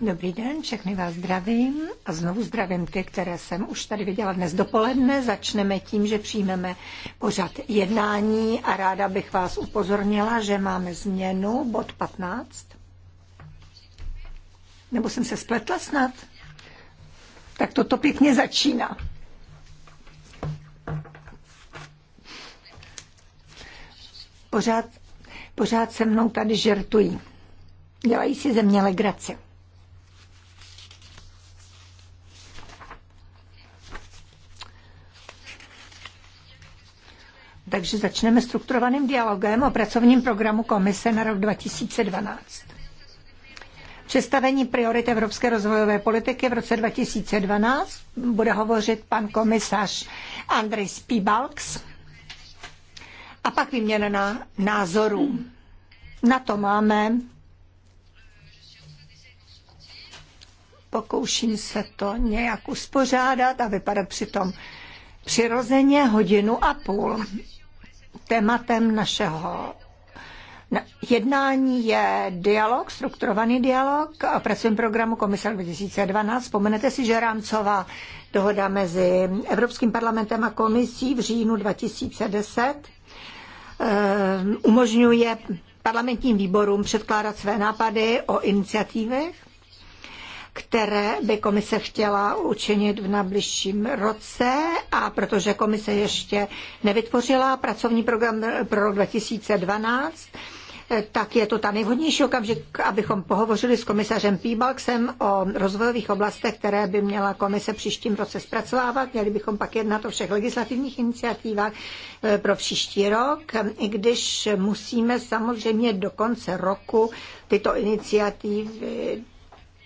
Dobrý den, všechny vás zdravím a znovu zdravím ty, které jsem už tady viděla dnes dopoledne. Začneme tím, že přijmeme pořad jednání a ráda bych vás upozornila, že máme změnu bod 15. Nebo jsem se spletla snad? Tak toto pěkně začíná. Pořád, pořád se mnou tady žertují. Dělají si ze mě legraci. Takže začneme strukturovaným dialogem o pracovním programu Komise na rok 2012. Představení priorit Evropské rozvojové politiky v roce 2012 bude hovořit pan komisař Andrej Spibalks a pak výměna názorů. Na to máme. Pokouším se to nějak uspořádat a vypadat přitom přirozeně hodinu a půl. Tématem našeho Jednání je dialog, strukturovaný dialog o pracovním programu Komise 2012. Vzpomenete si, že rámcová dohoda mezi Evropským parlamentem a komisí v říjnu 2010 Eh, umožňuje parlamentním výborům předkládat své nápady o iniciativách, které by komise chtěla učinit v najbližším roce a protože komise ještě nevytvořila pracovní program pro rok 2012, tak je to ta nejvhodnější okamžik, abychom pohovořili s komisařem Píbalksem o rozvojových oblastech, které by měla komise příštím roce zpracovávat. Měli bychom pak jednat o všech legislativních iniciativách eh, pro příští rok, i když musíme samozřejmě do konce roku tyto iniciativy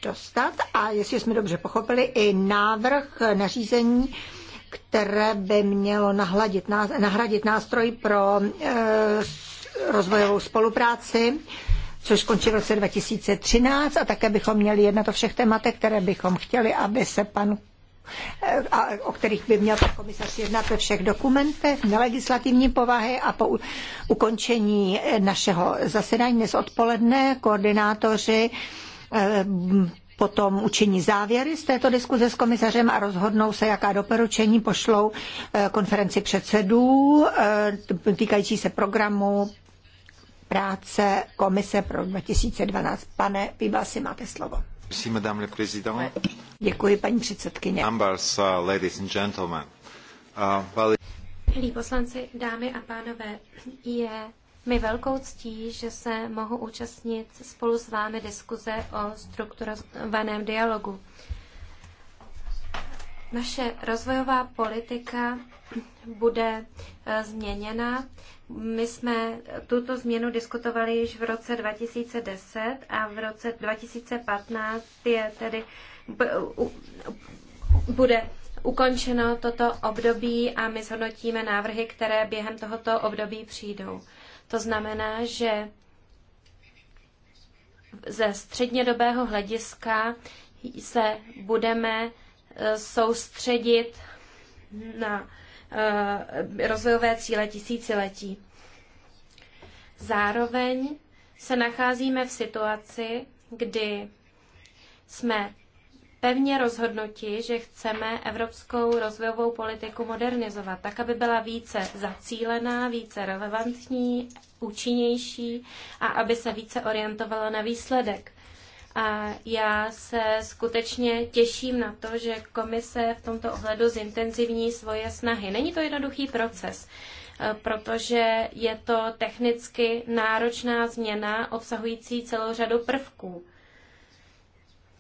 dostat. A jestli jsme dobře pochopili, i návrh nařízení které by mělo nahradit, nahradit nástroj pro e, rozvojovou spolupráci což skončí v roce 2013 a také bychom měli jednat o všech tématech, které bychom chtěli, aby se pan eh, a, o kterých by měl pan komisař jednat ve všech dokumentech nelegislativní povahy a po ukončení eh, našeho zasedání dnes odpoledne koordinátoři eh, potom učiní závěry z této diskuze s komisařem a rozhodnou se, jaká doporučení pošlou konferenci předsedů týkající se programu práce Komise pro 2012. Pane Pibasi, máte slovo. Děkuji, paní předsedkyně. ladies and gentlemen. Milí poslanci, dámy a pánové, je mi velkou ctí, že se mohu účastnit spolu s vámi diskuze o strukturovaném dialogu. Naše rozvojová politika bude eh, změněna my jsme tuto změnu diskutovali již v roce 2010 a v roce 2015 je tedy bude ukončeno toto období a my zhodnotíme návrhy, které během tohoto období přijdou. To znamená, že ze střednědobého hlediska se budeme e, soustředit na Eh, rozvojové cíle tisíciletí. Zároveň se nacházíme v situaci, kdy jsme pevně rozhodnuti, že chceme evropskou rozvojovou politiku modernizovat, tak, aby byla více zacílená, více relevantní, účinnější a aby se více orientovala na výsledek. A já se skutečně těším na to, že komise v tomto ohledu zintenzivní svoje snahy. Není to jednoduchý proces, e, protože je to technicky náročná změna obsahující celou řadu prvků.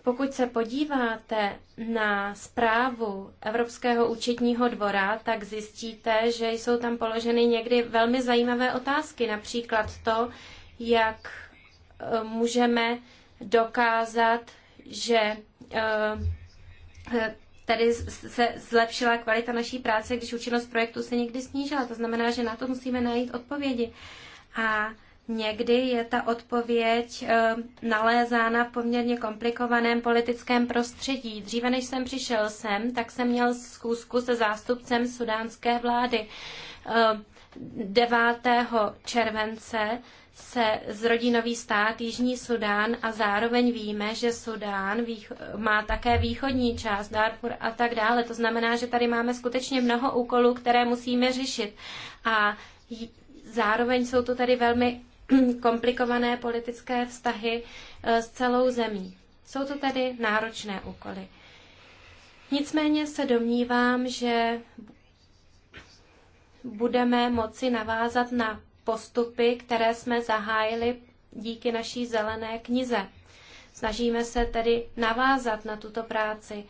Pokud se podíváte na zprávu Evropského účetního dvora, tak zjistíte, že jsou tam položeny někdy velmi zajímavé otázky, například to, jak e, můžeme dokázat, že eh, tady se zlepšila kvalita naší práce, když účinnost projektu se někdy snížila. To znamená, že na to musíme najít odpovědi. A Někdy je ta odpověď eh, nalézána v poměrně komplikovaném politickém prostředí. Dříve než jsem přišel sem, tak jsem měl zkusku se zástupcem sudánské vlády. 9. Eh, července se zrodí nový stát Jižní Sudán a zároveň víme, že Sudán má také východní část, Darfur a tak dále. To znamená, že tady máme skutečně mnoho úkolů, které musíme řešit. A zároveň jsou to tady velmi komplikované politické vztahy eh, s celou zemí. Jsou to tady náročné úkoly. Nicméně se domnívám, že budeme moci navázat na postupy, které jsme zahájili díky naší zelené knize. Snažíme se tedy navázat na tuto práci.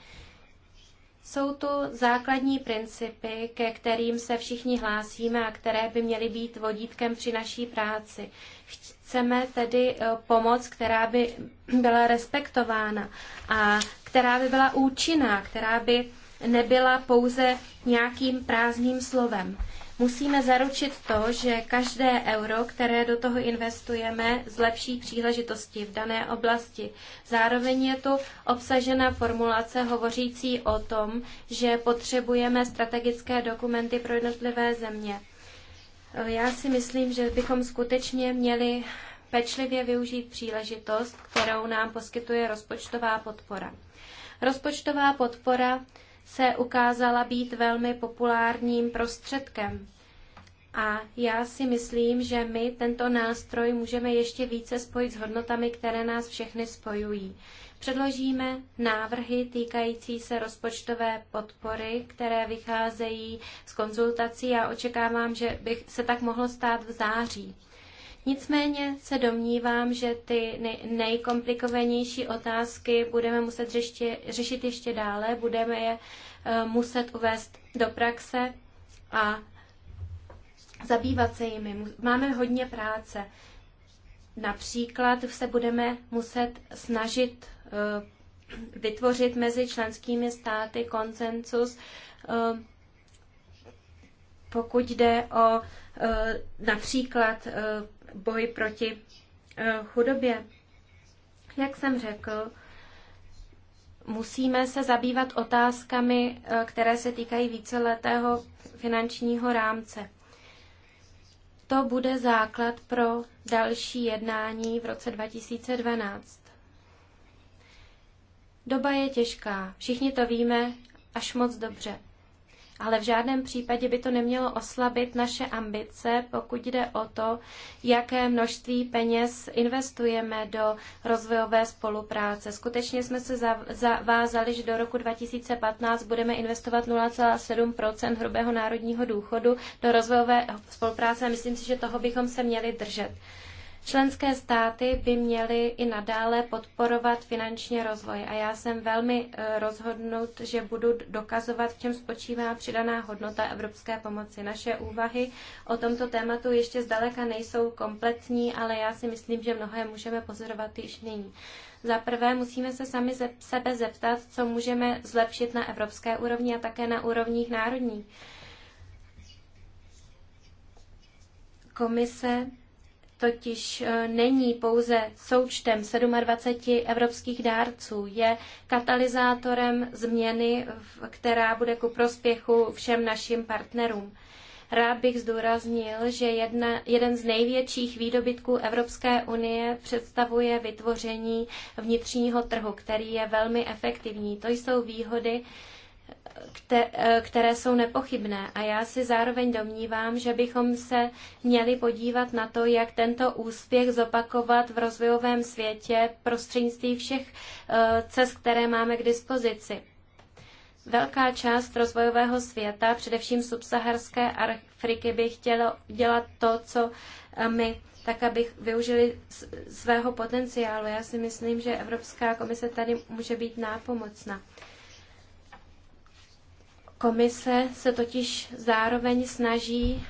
Jsou tu základní principy, ke kterým se všichni hlásíme a které by měly být vodítkem při naší práci. Chceme tedy eh, pomoc, která by byla respektována a která by byla účinná, která by nebyla pouze nějakým prázdným slovem. Musíme zaručit to, že každé euro, které do toho investujeme, zlepší příležitosti v dané oblasti. Zároveň je tu obsažena formulace hovořící o tom, že potřebujeme strategické dokumenty pro jednotlivé země. Já si myslím, že bychom skutečně měli pečlivě využít příležitost, kterou nám poskytuje rozpočtová podpora. Rozpočtová podpora se ukázala být velmi populárním prostředkem. A já si myslím, že my tento nástroj můžeme ještě více spojit s hodnotami, které nás všechny spojují. Předložíme návrhy týkající se rozpočtové podpory, které vycházejí z konzultací a očekávám, že bych se tak mohlo stát v září. Nicméně se domnívám, že ty nejkomplikovanější otázky budeme muset řeště, řešit ještě dále, budeme je eh, muset uvést do praxe a zabývat se jimi. Máme hodně práce. Například se budeme muset snažit eh, vytvořit mezi členskými státy konsenzus, eh, pokud jde o například boji proti eh, chudobě. Jak jsem řekl, musíme se zabývat otázkami, eh, které se týkají víceletého finančního rámce. To bude základ pro další jednání v roce 2012. Doba je těžká, všichni to víme až moc dobře ale v žádném případě by to nemělo oslabit naše ambice, pokud jde o to, jaké množství peněz investujeme do rozvojové spolupráce. Skutečně jsme se zavázali, že do roku 2015 budeme investovat 0,7 hrubého národního důchodu do rozvojové spolupráce a myslím si, že toho bychom se měli držet. Členské státy by měly i nadále podporovat finančně rozvoj a já jsem velmi eh, rozhodnut, že budu dokazovat, v čem spočívá přidaná hodnota evropské pomoci. Naše úvahy o tomto tématu ještě zdaleka nejsou kompletní, ale já si myslím, že mnohé můžeme pozorovat již nyní. Za prvé musíme se sami ze sebe zeptat, co můžeme zlepšit na evropské úrovni a také na úrovních národních. Komise totiž e, není pouze součtem 27 evropských dárců, je katalyzátorem změny, která bude ku prospěchu všem našim partnerům. Rád bych zdůraznil, že jedna, jeden z největších výdobytků Evropské unie představuje vytvoření vnitřního trhu, který je velmi efektivní. To jsou výhody, Eh, které jsou nepochybné. A já si zároveň domnívám, že bychom se měli podívat na to, jak tento úspěch zopakovat v rozvojovém světě prostřednictvím všech eh, cest, které máme k dispozici. Velká část rozvojového světa, především subsaharské Afriky, by chtěla dělat to, co eh, my, tak aby využili svého potenciálu. Já si myslím, že Evropská komise tady může být nápomocná. Komise se totiž zároveň snaží e,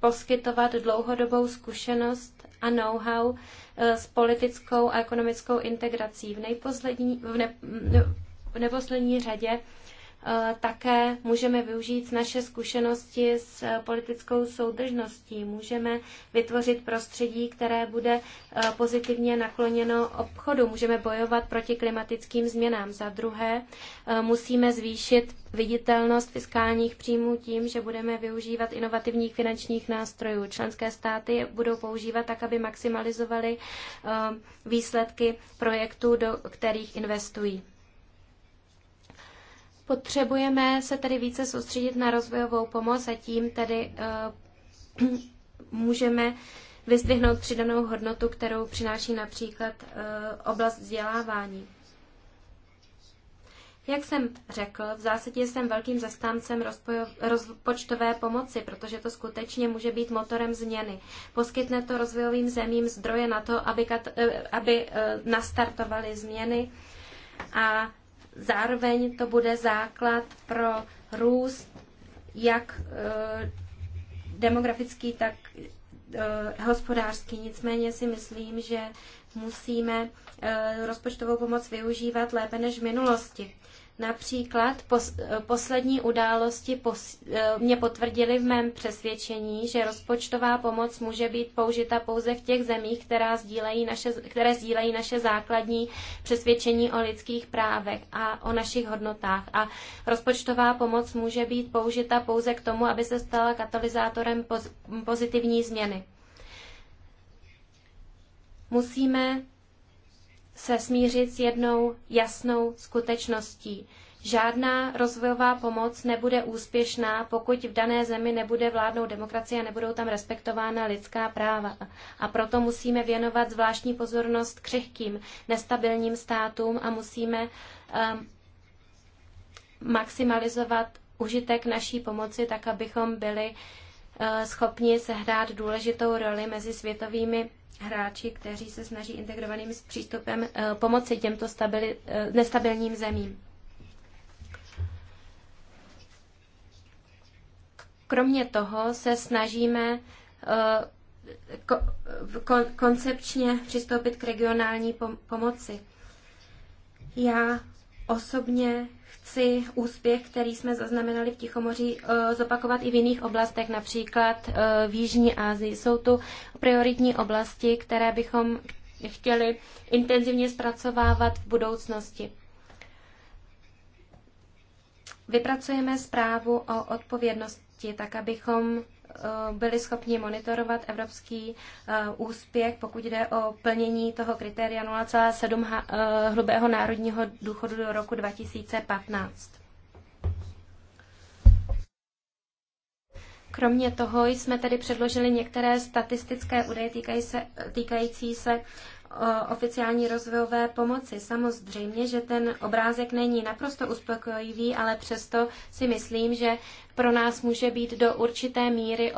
poskytovat dlouhodobou zkušenost a know-how e, s politickou a ekonomickou integrací. V, nejposlední, v, ne, v neposlední řadě Eh, také můžeme využít naše zkušenosti s eh, politickou soudržností. Můžeme vytvořit prostředí, které bude eh, pozitivně nakloněno obchodu. Můžeme bojovat proti klimatickým změnám. Za druhé, musíme zvýšit viditelnost fiskálních příjmů tím, že budeme využívat inovativních finančních nástrojů. Členské státy budou používat tak, aby maximalizovali výsledky projektů, do kterých investují. Potřebujeme se tedy více soustředit na rozvojovou pomoc a tím tedy uh, můžeme vyzdvihnout přidanou hodnotu, kterou přináší například uh, oblast vzdělávání. Jak jsem řekl, v zásadě jsem velkým zastáncem rozpočtové pomoci, protože to skutečně může být motorem změny. Poskytne to rozvojovým zemím zdroje na to, aby, kat, eh, aby nastartovali změny a Zároveň to bude základ pro růst jak e, demografický, tak e, hospodářský. Nicméně si myslím, že musíme e, rozpočtovou pomoc využívat lépe než v minulosti. Například pos, poslední události pos, eh, mě potvrdily v mém přesvědčení, že rozpočtová pomoc může být použita pouze v těch zemích, která sdílejí naše, které sdílejí naše základní přesvědčení o lidských právech a o našich hodnotách. A rozpočtová pomoc může být použita pouze k tomu, aby se stala katalyzátorem poz, pozitivní změny. Musíme se smířit s jednou jasnou skutečností. Žádná rozvojová pomoc nebude úspěšná, pokud v dané zemi nebude vládnout demokracie a nebudou tam respektována lidská práva. A proto musíme věnovat zvláštní pozornost křehkým, nestabilním státům a musíme um, maximalizovat užitek naší pomoci, tak abychom byli uh, schopni sehrát důležitou roli mezi světovými hráči, kteří se snaží integrovaným přístupem eh, pomoci těmto stabili, eh, nestabilním zemím. Kromě toho se snažíme eh, koncepčně přistoupit k regionální pomoci. Já osobně si úspěch, který jsme zaznamenali v Tichomoří, eh, zopakovat i v jiných oblastech, například eh, v Jižní Asii. Jsou tu prioritní oblasti, které bychom chtěli intenzivně zpracovávat v budoucnosti. Vypracujeme zprávu o odpovědnosti, tak abychom Eh, byli schopni monitorovat evropský eh, úspěch, pokud jde o plnění toho kritéria 0,7 eh, hrubého národního důchodu do roku 2015. Kromě toho jsme tedy předložili některé statistické údaje týkají se, týkající se oficiální rozvojové pomoci. Samozřejmě, že ten obrázek není naprosto uspokojivý, ale přesto si myslím, že pro nás může být do určité míry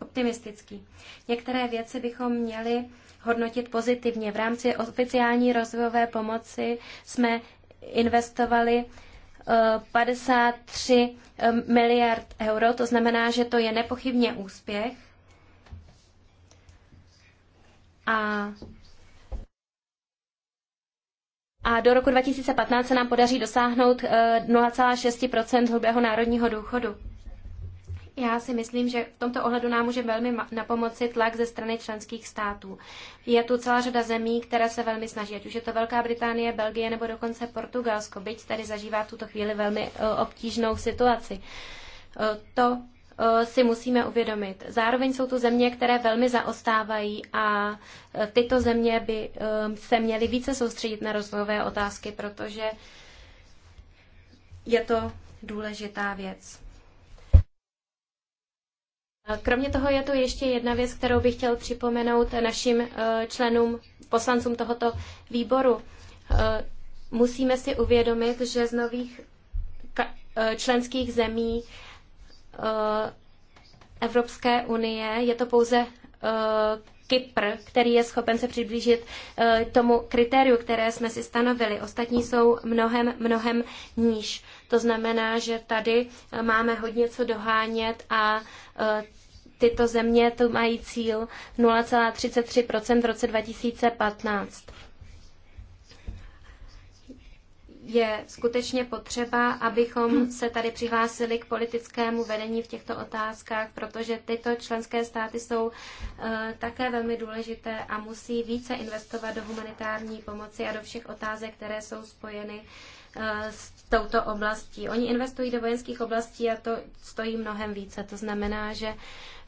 optimistický. Některé věci bychom měli hodnotit pozitivně. V rámci oficiální rozvojové pomoci jsme investovali 53 e, e, miliard euro, to znamená, že to je nepochybně úspěch a a do roku 2015 se nám podaří dosáhnout 0,6 eh, hrubého národního důchodu. Já si myslím, že v tomto ohledu nám může velmi napomoci tlak ze strany členských států. Je tu celá řada zemí, které se velmi snaží, ať už je to Velká Británie, Belgie nebo dokonce Portugalsko, byť tady zažívá v tuto chvíli velmi eh, obtížnou situaci. Eh, to Eh, si musíme uvědomit. Zároveň jsou to země, které velmi zaostávají a eh, tyto země by eh, se měly více soustředit na rozvojové otázky, protože je to důležitá věc. Kromě toho je tu ještě jedna věc, kterou bych chtěl připomenout našim členům, poslancům tohoto výboru. Musíme si uvědomit, že z nových členských zemí Eh, Evropské unie, je to pouze eh, Kypr, který je schopen se přiblížit eh, tomu kritériu, které jsme si stanovili. Ostatní jsou mnohem, mnohem níž. To znamená, že tady máme hodně co dohánět a tyto země tu mají cíl 0,33 v roce 2015 je skutečně potřeba, abychom se tady přihlásili k politickému vedení v těchto otázkách, protože tyto členské státy jsou eh, také velmi důležité a musí více investovat do humanitární pomoci a do všech otázek, které jsou spojeny eh, s touto oblastí. Oni investují do vojenských oblastí a to stojí mnohem více. To znamená, že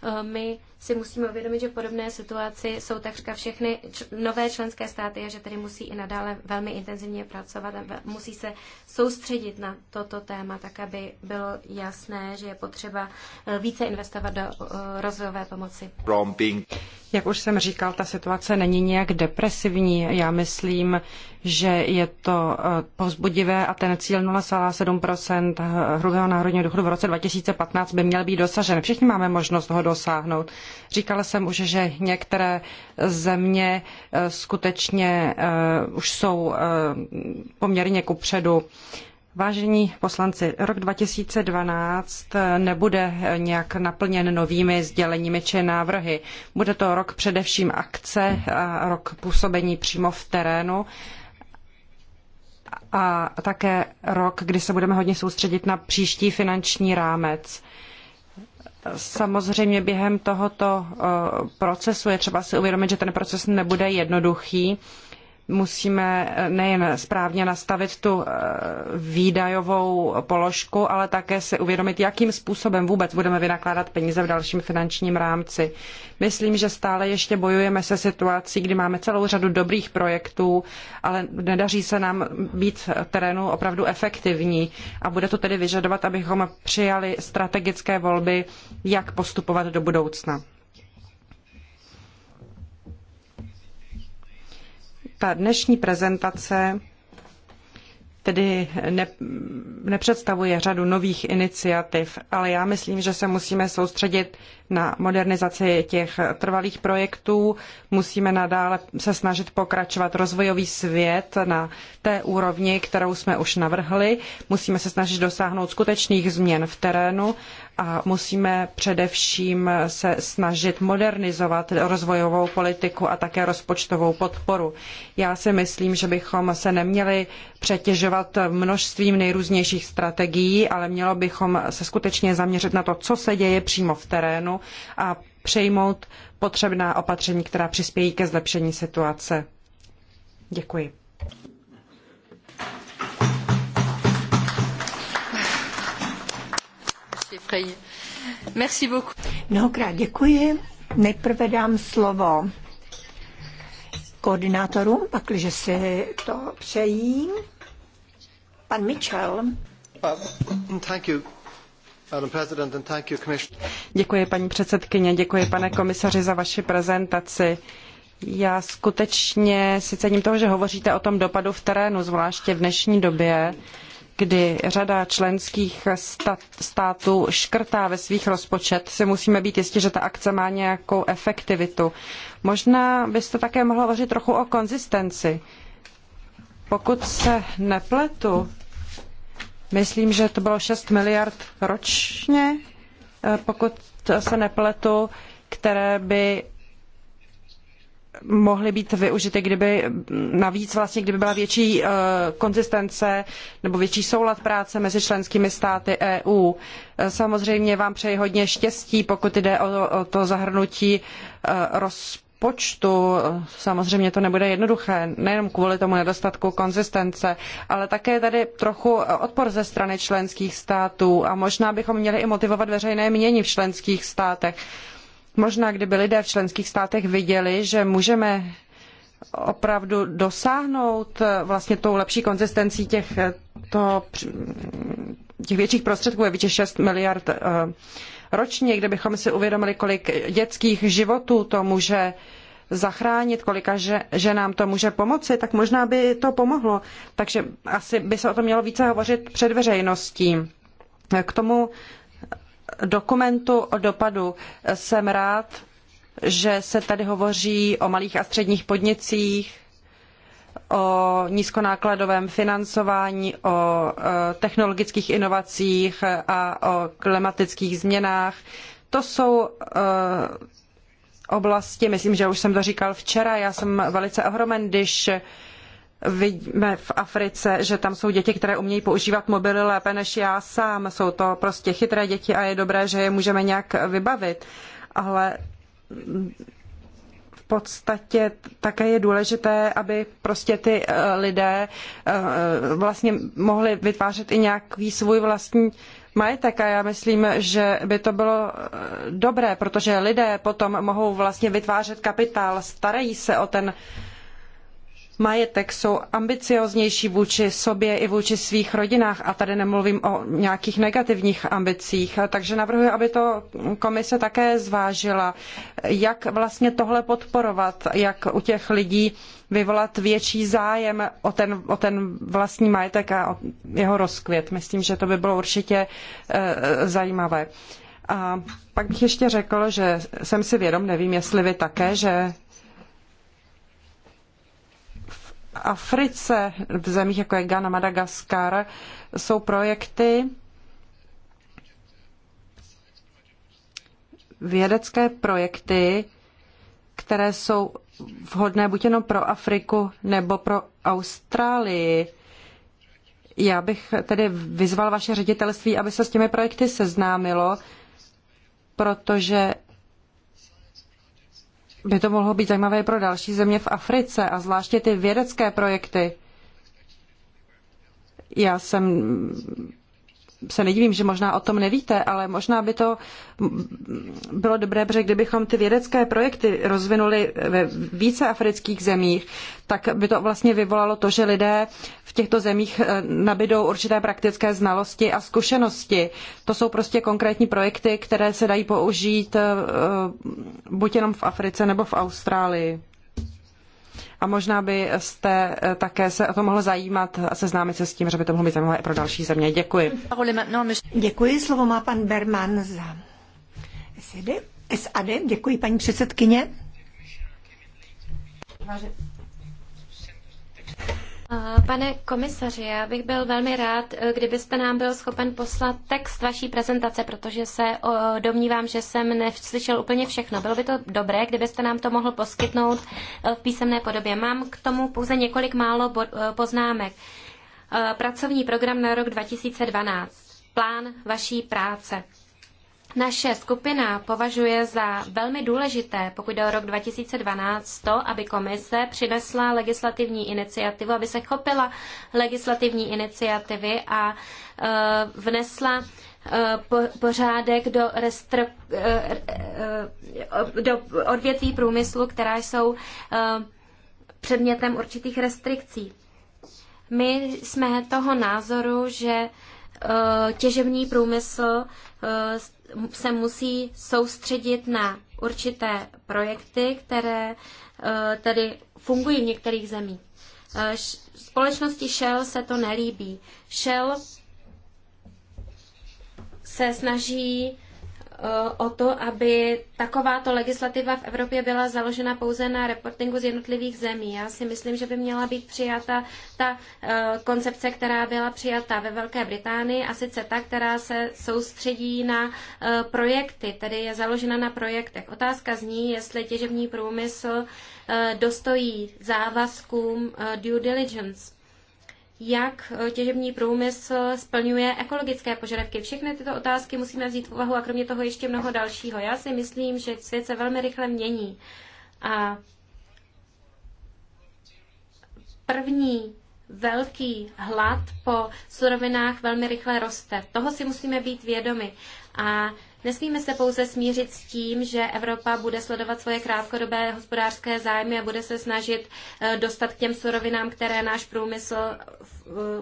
Eh, my si musíme uvědomit, že v podobné situaci jsou takřka všechny nové členské státy a že tedy musí i nadále velmi intenzivně pracovat a musí se soustředit na toto téma, tak aby bylo jasné, že je potřeba eh, více investovat do eh, rozvojové pomoci. Jak už jsem říkal, ta situace není nějak depresivní. Já myslím, že je to povzbudivé a ten cíl 0,7 hrubého národního dochodu v roce 2015 by měl být dosažen. Všichni máme možnost ho dosáhnout. Říkala jsem už, že některé země eh, skutečně eh, už jsou eh, poměrně kupředu. Vážení poslanci, rok 2012 nebude nějak naplněn novými sděleními či návrhy. Bude to rok především akce a rok působení přímo v terénu a také rok, kdy se budeme hodně soustředit na příští finanční rámec. Samozřejmě během tohoto eh, procesu je třeba si uvědomit, že ten proces nebude jednoduchý musíme eh, nejen správně nastavit tu eh, výdajovou položku, ale také si uvědomit, jakým způsobem vůbec budeme vynakládat peníze v dalším finančním rámci. Myslím, že stále ještě bojujeme se situací, kdy máme celou řadu dobrých projektů, ale nedaří se nám být v terénu opravdu efektivní a bude to tedy vyžadovat, abychom přijali strategické volby, jak postupovat do budoucna. Ta dnešní prezentace tedy ne, nepředstavuje řadu nových iniciativ, ale já myslím, že se musíme soustředit na modernizaci těch trvalých projektů. Musíme nadále se snažit pokračovat rozvojový svět na té úrovni, kterou jsme už navrhli. Musíme se snažit dosáhnout skutečných změn v terénu a musíme především se snažit modernizovat rozvojovou politiku a také rozpočtovou podporu. Já si myslím, že bychom se neměli přetěžovat množstvím nejrůznějších strategií, ale mělo bychom se skutečně zaměřit na to, co se děje přímo v terénu a přejmout potřebná opatření, která přispějí ke zlepšení situace. Děkuji. Merci beaucoup. Mnohokrát děkuji. Nejprve dám slovo koordinátorům, pakliže si to přejí. Pan Mitchell. Thank you. Děkuji paní předsedkyně, děkuji pane komisaři za vaši prezentaci. Já skutečně si cením toho, že hovoříte o tom dopadu v terénu, zvláště v dnešní době, kdy řada členských států škrtá ve svých rozpočtech. si musíme být jisti, že ta akce má nějakou efektivitu. Možná byste také mohl hovořit trochu o konzistenci. Pokud se nepletu, myslím, že to bylo 6 miliard ročně, eh, pokud se nepletu, které by mohly být využity, kdyby navíc vlastně, kdyby byla větší eh, konzistence nebo větší soulad práce mezi členskými státy EU. Eh, samozřejmě vám přeji hodně štěstí, pokud jde o, to zahrnutí roz počtu. Samozřejmě to nebude jednoduché, nejenom kvůli tomu nedostatku konzistence, ale také tady trochu odpor ze strany členských států a možná bychom měli i motivovat veřejné mění v členských státech. Možná kdyby lidé v členských státech viděli, že můžeme opravdu dosáhnout eh, vlastně tou lepší konzistencí těch, eh, to, těch větších prostředků je více 6 miliard eh, ročně, kdybychom si uvědomili, kolik dětských životů to může zachránit, kolika že, že nám to může pomoci, tak možná by to pomohlo. Takže asi by se o tom mělo více hovořit před veřejností. K tomu dokumentu o dopadu jsem rád, že se tady hovoří o malých a středních podnicích, o nízkonákladovém financování, o e, technologických inovacích a o klimatických změnách. To jsou e, oblasti, myslím, že už jsem to říkal včera, já jsem velice ohromen, když vidíme v Africe, že tam jsou děti, které umějí používat mobily lépe než já sám. Jsou to prostě chytré děti a je dobré, že je můžeme nějak vybavit. Ale podstatě také je důležité, aby prostě ty eh, lidé eh, vlastně mohli vytvářet i nějaký svůj vlastní majetek a já myslím, že by to bylo eh, dobré, protože lidé potom mohou vlastně vytvářet kapitál, starají se o ten majetek, jsou ambicióznější vůči sobě i vůči svých rodinách a tady nemluvím o nějakých negativních ambicích, takže navrhuji, aby to komise také zvážila, jak vlastně tohle podporovat, jak u těch lidí vyvolat větší zájem o ten, o ten vlastní majetek a o jeho rozkvět. Myslím, že to by bylo určitě e, zajímavé. A pak bych ještě řekl, že jsem si vědom, nevím, jestli vy také, že Africe, v zemích jako je Ghana, Madagaskar, jsou projekty, vědecké projekty, které jsou vhodné buď jenom pro Afriku nebo pro Austrálii. Já bych tedy vyzval vaše ředitelství, aby se s těmi projekty seznámilo, protože by to mohlo být zajímavé pro další země v Africe a zvláště ty vědecké projekty. Já jsem se nedivím, že možná o tom nevíte, ale možná by to bylo dobré, protože kdybychom ty vědecké projekty rozvinuli ve více afrických zemích, tak by to vlastně vyvolalo to, že lidé v těchto zemích eh, nabydou určité praktické znalosti a zkušenosti. To jsou prostě konkrétní projekty, které se dají použít eh, buď jenom v Africe nebo v Austrálii. A možná byste eh, také se o to mohl zajímat a seznámit se s tím, že by to mohlo být zajímavé i pro další země. Děkuji. Děkuji, slovo má pan Berman za SAD. Děkuji, paní předsedkyně. Vážený. Pane komisaři, já bych byl velmi rád, eh, kdybyste nám byl schopen poslat text vaší prezentace, protože se domnívám, že jsem neslyšel úplně všechno. Bylo by to dobré, kdybyste nám to mohl poskytnout eh, v písemné podobě. Mám k tomu pouze několik málo eh, poznámek. Pracovní program na rok 2012. Plán vaší práce. Naše skupina považuje za velmi důležité, pokud jde o rok 2012, to, aby komise přinesla legislativní iniciativu, aby se chopila legislativní iniciativy a e, vnesla e, po, pořádek do, restr, e, do odvětví průmyslu, která jsou předmětem určitých restrikcí. My jsme toho názoru, že těžební průmysl se musí soustředit na určité projekty, které eh, tedy fungují v některých zemích. Eh, společnosti Shell se to nelíbí. Shell se snaží o to, aby takováto legislativa v Evropě byla založena pouze na reportingu z jednotlivých zemí. Já si myslím, že by měla být přijata ta e, koncepce, která byla přijata ve Velké Británii, a sice ta, která se soustředí na e, projekty, tedy je založena na projektech. Otázka zní, jestli těžební průmysl e, dostojí závazkům due diligence jak eh, těžební průmysl splňuje ekologické požadavky. Všechny tyto otázky musíme vzít v úvahu a kromě toho ještě mnoho dalšího. Já si myslím, že svět se velmi rychle mění. A první velký hlad po surovinách velmi rychle roste. Toho si musíme být vědomi. A Nesmíme se pouze smířit s tím, že Evropa bude sledovat svoje krátkodobé hospodářské zájmy a bude se snažit eh, dostat k těm surovinám, které náš průmysl eh,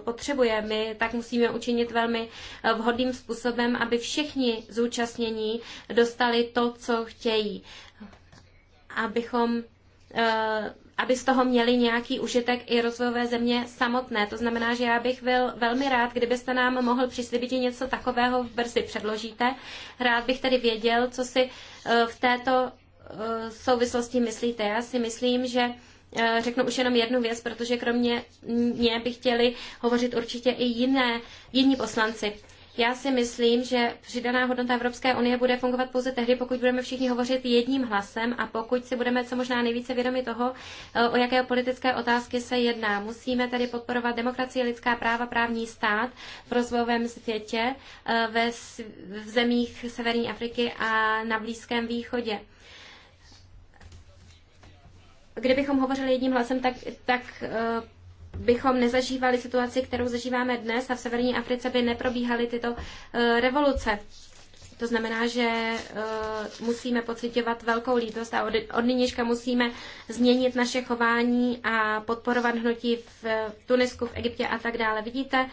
potřebuje. My tak musíme učinit velmi eh, vhodným způsobem, aby všichni zúčastnění dostali to, co chtějí. Abychom aby z toho měli nějaký užitek i rozvojové země samotné. To znamená, že já bych byl velmi rád, kdybyste nám mohl přislíbit, že něco takového v brzy předložíte. Rád bych tedy věděl, co si eh, v této eh, souvislosti myslíte. Já si myslím, že eh, řeknu už jenom jednu věc, protože kromě mě by chtěli hovořit určitě i jiné, jiní poslanci. Já si myslím, že přidaná hodnota Evropské unie bude fungovat pouze tehdy, pokud budeme všichni hovořit jedním hlasem a pokud si budeme co možná nejvíce vědomi toho, eh, o jaké politické otázky se jedná. Musíme tedy podporovat demokracii, lidská práva, právní stát v rozvojovém světě, eh, ve, v zemích Severní Afriky a na Blízkém východě kdybychom hovořili jedním hlasem, tak, tak eh, bychom nezažívali situaci, kterou zažíváme dnes a v severní Africe by neprobíhaly tyto eh, revoluce. To znamená, že eh, musíme pocitovat velkou lítost a od, od nynějška musíme změnit naše chování a podporovat hnutí v Tunisku, v Egyptě a tak dále. Vidíte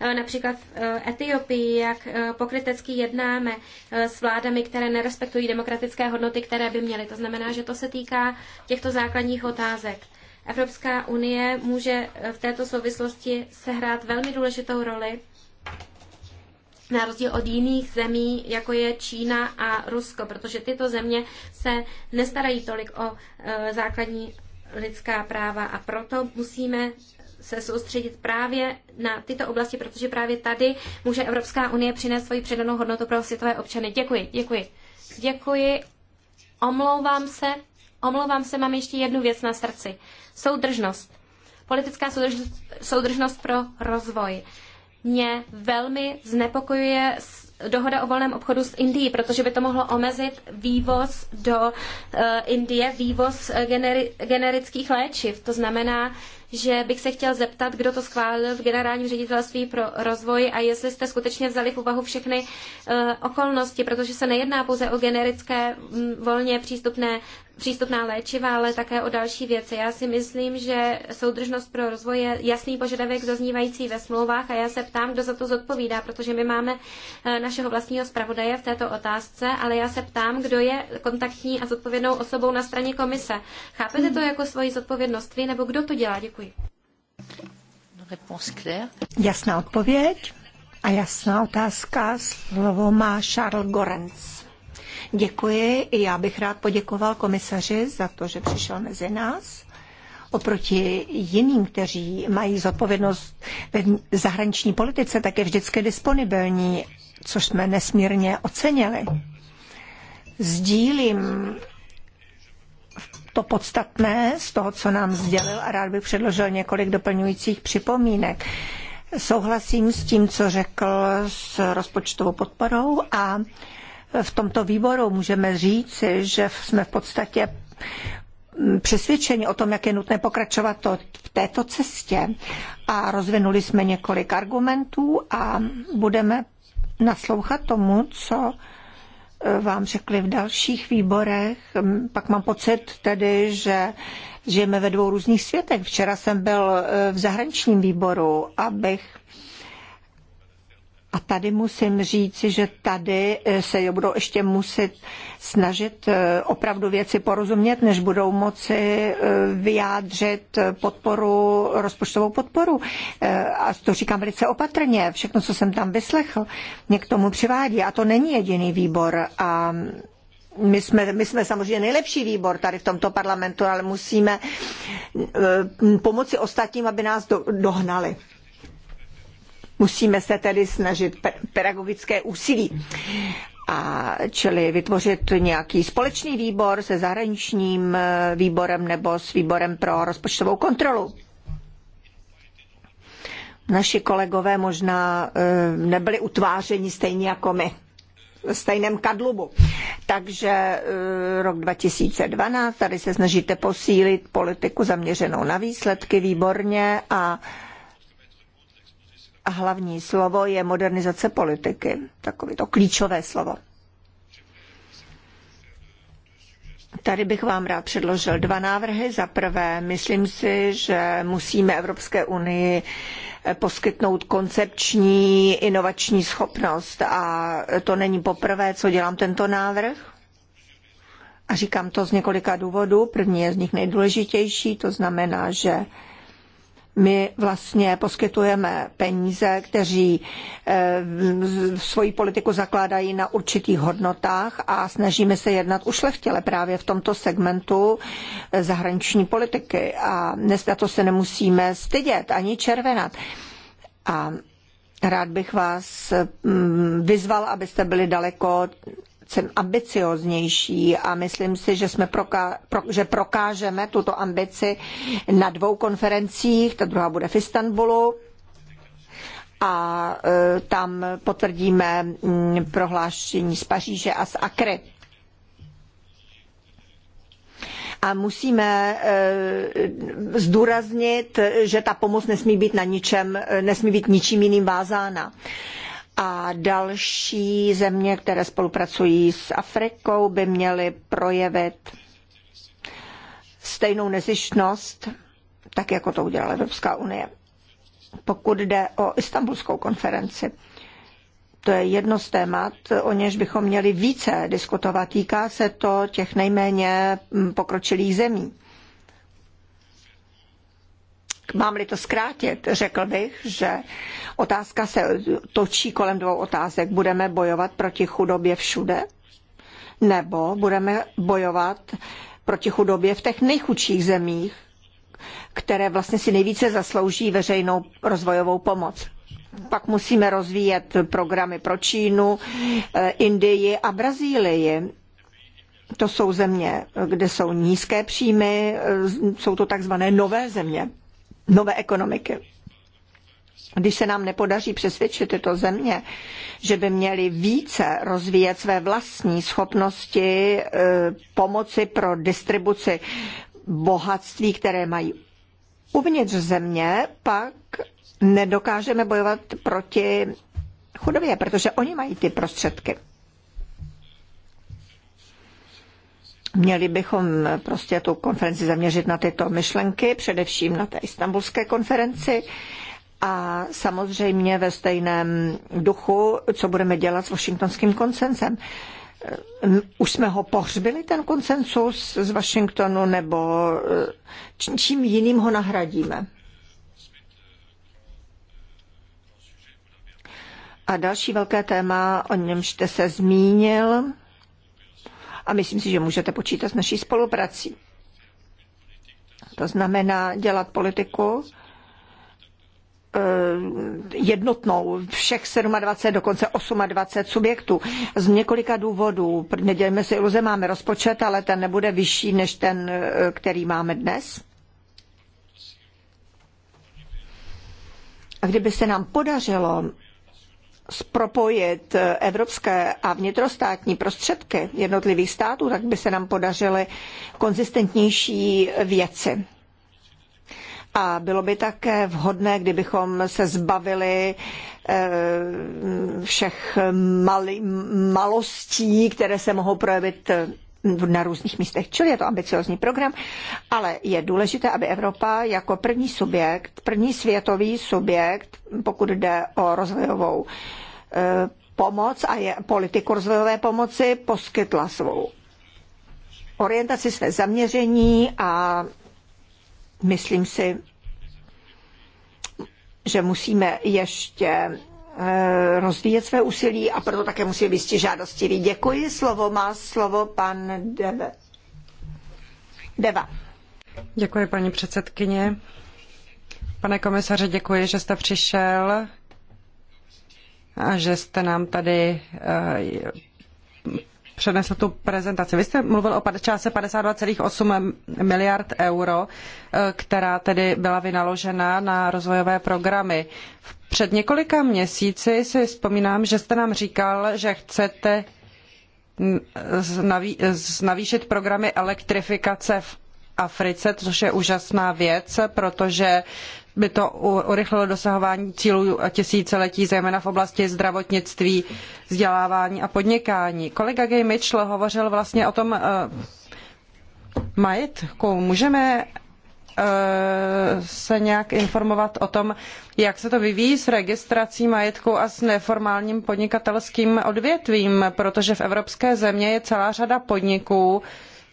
eh, například v Etiopii, jak pokrytecky jednáme s vládami, které nerespektují demokratické hodnoty, které by měly. To znamená, že to se týká těchto základních otázek. Evropská unie může eh, v této souvislosti sehrát velmi důležitou roli, na rozdíl od jiných zemí, jako je Čína a Rusko, protože tyto země se nestarají tolik o eh, základní lidská práva a proto musíme se soustředit právě na tyto oblasti, protože právě tady může Evropská unie přinést svoji předanou hodnotu pro světové občany. Děkuji, děkuji. Děkuji, omlouvám se. Omlouvám se, mám ještě jednu věc na srdci. Soudržnost. Politická soudržnost, soudržnost pro rozvoj. Mě velmi znepokojuje dohoda o volném obchodu s Indií, protože by to mohlo omezit vývoz do eh, Indie, vývoz eh, generi, generických léčiv. To znamená, že bych se chtěl zeptat, kdo to schválil v generálním ředitelství pro rozvoj a jestli jste skutečně vzali v úvahu všechny uh, okolnosti, protože se nejedná pouze o generické m, mm, volně přístupné přístupná léčiva, ale také o další věci. Já si myslím, že soudržnost pro rozvoj je jasný požadavek zaznívající ve smlouvách a já se ptám, kdo za to zodpovídá, protože my máme eh, našeho vlastního zpravodaje v této otázce, ale já se ptám, kdo je kontaktní a zodpovědnou osobou na straně komise. Chápete to jako svoji zodpovědnost vy, nebo kdo to dělá? Děkuji. Jasná odpověď a jasná otázka. Slovo má Charles Gorenc. Děkuji. Já bych rád poděkoval komisaři za to, že přišel mezi nás oproti jiným, kteří mají zodpovědnost ve zahraniční politice, tak je vždycky disponibilní, což jsme nesmírně ocenili. Sdílím to podstatné z toho, co nám sdělil a rád bych předložil několik doplňujících připomínek. Souhlasím s tím, co řekl s rozpočtovou podporou a v tomto výboru můžeme říci, že jsme v podstatě přesvědčení o tom, jak je nutné pokračovat to, v této cestě a rozvinuli jsme několik argumentů a budeme naslouchat tomu, co eh, vám řekli v dalších výborech. Mm, pak mám pocit tedy, že žijeme ve dvou různých světech. Včera jsem byl eh, v zahraničním výboru, abych a tady musím říci, že tady eh, se budou ještě muset snažit eh, opravdu věci porozumět, než budou moci eh, vyjádřit podporu, rozpočtovou podporu. A to říkám velice opatrně. Všechno, co jsem tam vyslechl, mě k tomu přivádí. A to není jediný výbor. A my jsme, my jsme samozřejmě nejlepší výbor tady v tomto parlamentu, ale musíme pomoci ostatním, aby nás do, dohnali. Musíme se tedy snažit pedagogické úsilí a čili vytvořit nějaký společný výbor se zahraničním eh, výborem nebo s výborem pro rozpočtovou kontrolu. Naši kolegové možná eh, nebyli utvářeni stejně jako my v stejném kadlubu. Takže eh, rok 2012, tady se snažíte posílit politiku zaměřenou na výsledky výborně a a hlavní slovo je modernizace politiky. Takové to klíčové slovo. Tady bych vám rád předložil dva návrhy. Za prvé, myslím si, že musíme Evropské unii poskytnout koncepční inovační schopnost. A to není poprvé, co dělám tento návrh. A říkám to z několika důvodů. První je z nich nejdůležitější, to znamená, že my vlastně poskytujeme peníze, kteří eh, svoji politiku zakládají na určitých hodnotách a snažíme se jednat ušlechtěle právě v tomto segmentu eh, zahraniční politiky. A dnes na to se nemusíme stydět ani červenat. A rád bych vás mm, vyzval, abyste byli daleko jsem ambicioznější a myslím si, že, jsme proka- pro, že prokážeme tuto ambici na dvou konferencích, ta druhá bude v Istanbulu a e, tam potvrdíme mm, prohlášení z Paříže a z Akry. A musíme e, zdůraznit, že ta pomoc nesmí být na ničem, e, nesmí být ničím jiným vázána. E, a další země, které spolupracují s Afrikou, by měly projevit stejnou nezištnost, tak jako to udělala Evropská unie. Pokud jde o istambulskou konferenci, to je jedno z témat, o něž bychom měli více diskutovat. Týká se to těch nejméně pokročilých zemí mám-li to zkrátit, řekl bych, že otázka se točí kolem dvou otázek. Budeme bojovat proti chudobě všude? Nebo budeme bojovat proti chudobě v těch nejchudších zemích, které vlastně si nejvíce zaslouží veřejnou rozvojovou pomoc? pak musíme rozvíjet programy pro Čínu, eh, Indii a Brazílii. To jsou země, kde jsou nízké příjmy, eh, jsou to takzvané nové země nové ekonomiky. Když se nám nepodaří přesvědčit tyto země, že by měly více rozvíjet své vlastní schopnosti e, pomoci pro distribuci bohatství, které mají uvnitř země, pak nedokážeme bojovat proti chudobě, protože oni mají ty prostředky. Měli bychom prostě tu konferenci zaměřit na tyto myšlenky, především na té istambulské konferenci a samozřejmě ve stejném duchu, co budeme dělat s washingtonským koncensem. Eh, už jsme ho pohřbili, ten koncensus z Washingtonu, nebo eh, čím jiným ho nahradíme? A další velké téma, o němž jste se zmínil, a myslím si, že můžete počítat s naší spoluprací. To znamená dělat politiku eh, jednotnou všech 27, dokonce 28 subjektů. Z několika důvodů. Nedělíme si iluze, máme rozpočet, ale ten nebude vyšší než ten, eh, který máme dnes. A kdyby se nám podařilo spropojit eh, evropské a vnitrostátní prostředky jednotlivých států, tak by se nám podařily konzistentnější věci. A bylo by také vhodné, kdybychom se zbavili eh, všech malostí, které se mohou projevit na různých místech, čili je to ambiciozní program, ale je důležité, aby Evropa jako první subjekt, první světový subjekt, pokud jde o rozvojovou eh, pomoc a je, politiku rozvojové pomoci, poskytla svou orientaci, své zaměření a myslím si, že musíme ještě Eh, rozvíjet své úsilí a proto také musí být žádostiví. Děkuji. Slovo má slovo pan Deve. Deva. Děkuji, paní předsedkyně. Pane komisaře, děkuji, že jste přišel a že jste nám tady eh, přednesl tu prezentaci. Vy jste mluvil o částce 52,8 miliard euro, eh, která tedy byla vynaložena na rozvojové programy. V před několika měsíci si vzpomínám, že jste nám říkal, že chcete navýšit programy elektrifikace v Africe, což je úžasná věc, protože by to urychlilo dosahování cílů tisíciletí, zejména v oblasti zdravotnictví, vzdělávání a podnikání. Kolega Gay Mitchell hovořil vlastně o tom eh, majetku. Můžeme Eh, se nějak informovat o tom, jak se to vyvíjí s registrací majetku a s neformálním podnikatelským odvětvím, protože v evropské země je celá řada podniků,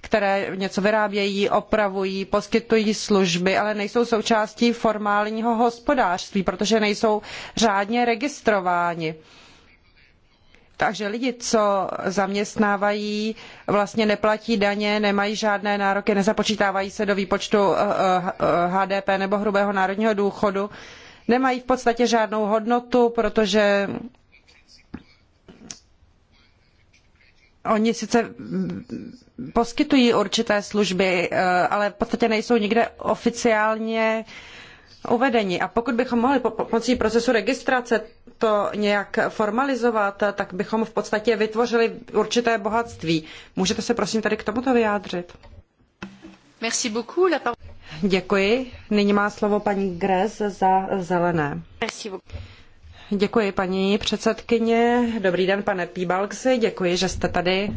které něco vyrábějí, opravují, poskytují služby, ale nejsou součástí formálního hospodářství, protože nejsou řádně registrováni. Takže lidi, co zaměstnávají, vlastně neplatí daně, nemají žádné nároky, nezapočítávají se do výpočtu HDP eh, eh, eh, nebo hrubého národního důchodu, nemají v podstatě žádnou hodnotu, protože oni sice poskytují určité služby, ale v podstatě nejsou nikde oficiálně uh, uvedení. A pokud bychom mohli pomocí procesu registrace to nějak formalizovat, tak bychom v podstatě vytvořili určité bohatství. Můžete se prosím tady k tomuto vyjádřit? Merci beaucoup. La Děkuji. Nyní má slovo paní Grez za zelené. Merci Děkuji paní předsedkyně. Dobrý den, pane Píbalksi. Děkuji, že jste tady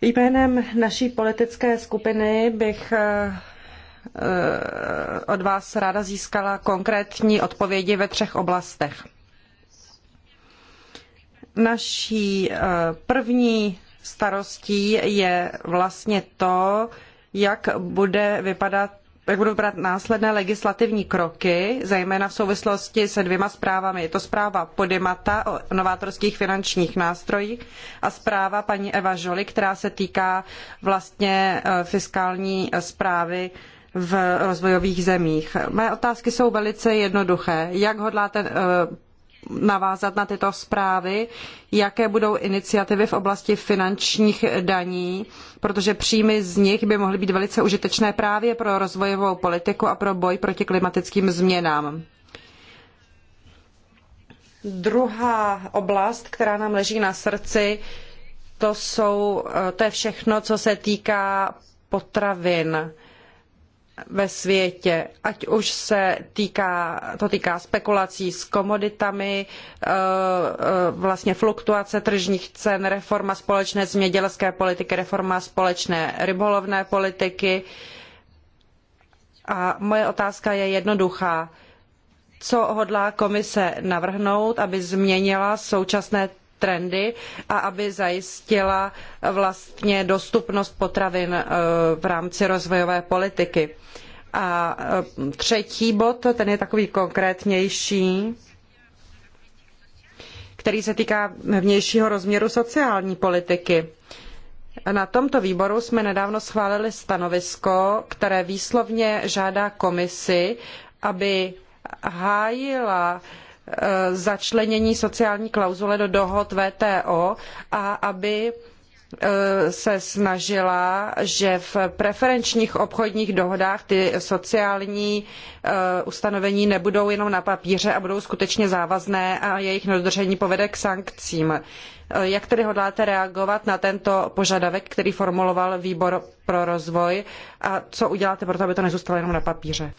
Jménem naší politické skupiny bych eh, eh, od vás ráda získala konkrétní odpovědi ve třech oblastech. Naší eh, první starostí je vlastně to, jak bude vypadat jak budou brát následné legislativní kroky, zejména v souvislosti se dvěma zprávami. Je to zpráva Podimata o novátorských finančních nástrojích a zpráva paní Eva Žoli, která se týká vlastně eh, fiskální zprávy v rozvojových zemích. Mé otázky jsou velice jednoduché. Jak hodláte eh, navázat na tyto zprávy, jaké budou iniciativy v oblasti finančních daní, protože příjmy z nich by mohly být velice užitečné právě pro rozvojovou politiku a pro boj proti klimatickým změnám. Druhá oblast, která nám leží na srdci, to, jsou, eh, to je všechno, co se týká potravin ve světě, ať už se týká, to týká spekulací s komoditami, eh, eh, vlastně fluktuace tržních cen, reforma společné zemědělské politiky, reforma společné rybolovné politiky. A moje otázka je jednoduchá. Co hodlá komise navrhnout, aby změnila současné trendy a aby zajistila vlastně dostupnost potravin eh, v rámci rozvojové politiky. A eh, třetí bod, ten je takový konkrétnější, který se týká vnějšího rozměru sociální politiky. Na tomto výboru jsme nedávno schválili stanovisko, které výslovně žádá komisi, aby hájila uh, Eh, začlenění sociální klauzule do dohod WTO a aby eh, se snažila, že v preferenčních obchodních dohodách ty sociální eh, ustanovení nebudou jenom na papíře a budou skutečně závazné a jejich nedodržení povede k sankcím. Eh, jak tedy hodláte reagovat na tento požadavek, který formuloval výbor pro rozvoj a co uděláte pro to, aby to nezůstalo jenom na papíře?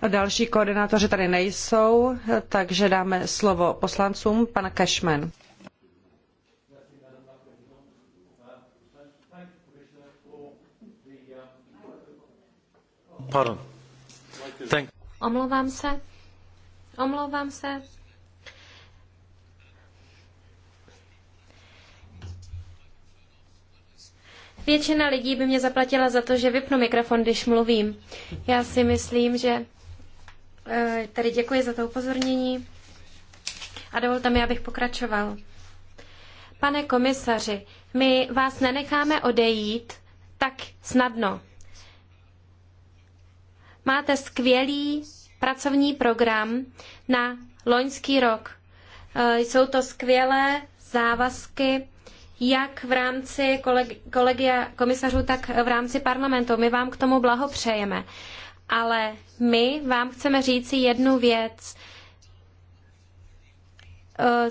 Eh, další koordinátoři tady nejsou, takže dáme slovo poslancům. Pan Cashman. Pardon. Thank. Omlouvám se. Omlouvám se. Většina lidí by mě zaplatila za to, že vypnu mikrofon, když mluvím. Já si myslím, že eh, tady děkuji za to upozornění a dovolte mi, abych pokračoval. Pane komisaři, my vás nenecháme odejít tak snadno. Máte skvělý pracovní program na loňský rok. E, jsou to skvělé závazky, jak v rámci kolegia komisařů, tak v rámci parlamentu. My vám k tomu blahopřejeme. Ale my vám chceme říci jednu věc e,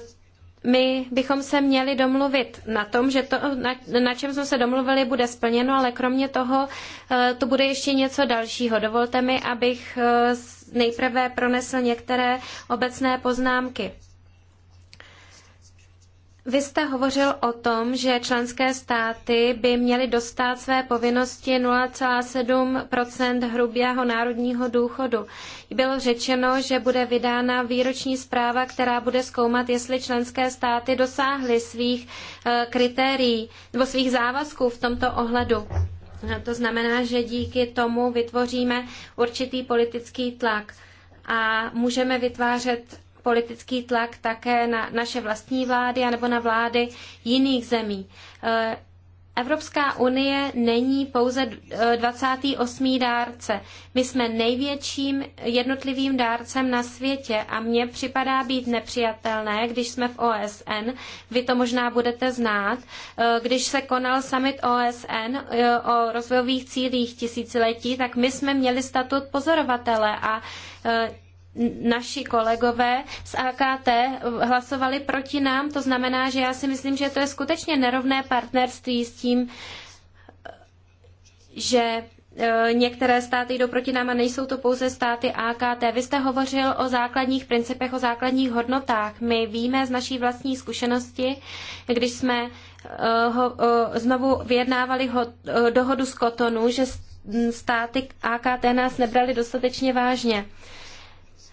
my bychom se měli domluvit na tom, že to, na, na čem jsme se domluvili, bude splněno, ale kromě toho eh, to bude ještě něco dalšího. Dovolte mi, abych eh, nejprve pronesl některé obecné poznámky. Vy jste hovořil o tom, že členské státy by měly dostat své povinnosti 0,7 hrubého národního důchodu. Bylo řečeno, že bude vydána výroční zpráva, která bude zkoumat, jestli členské státy dosáhly svých eh, kritérií nebo svých závazků v tomto ohledu. To znamená, že díky tomu vytvoříme určitý politický tlak a můžeme vytvářet politický tlak také na naše vlastní vlády anebo na vlády jiných zemí. E, Evropská unie není pouze 28. E, dárce. My jsme největším jednotlivým dárcem na světě a mně připadá být nepřijatelné, když jsme v OSN, vy to možná budete znát, e, když se konal summit OSN o rozvojových cílích tisíciletí, tak my jsme měli statut pozorovatele a naši kolegové z AKT hlasovali proti nám. To znamená, že já si myslím, že to je skutečně nerovné partnerství s tím, že e, některé státy jdou proti nám a nejsou to pouze státy AKT. Vy jste hovořil o základních principech, o základních hodnotách. My víme z naší vlastní zkušenosti, když jsme e, e, znovu vyjednávali dohodu z Kotonu, že státy AKT nás nebrali dostatečně vážně.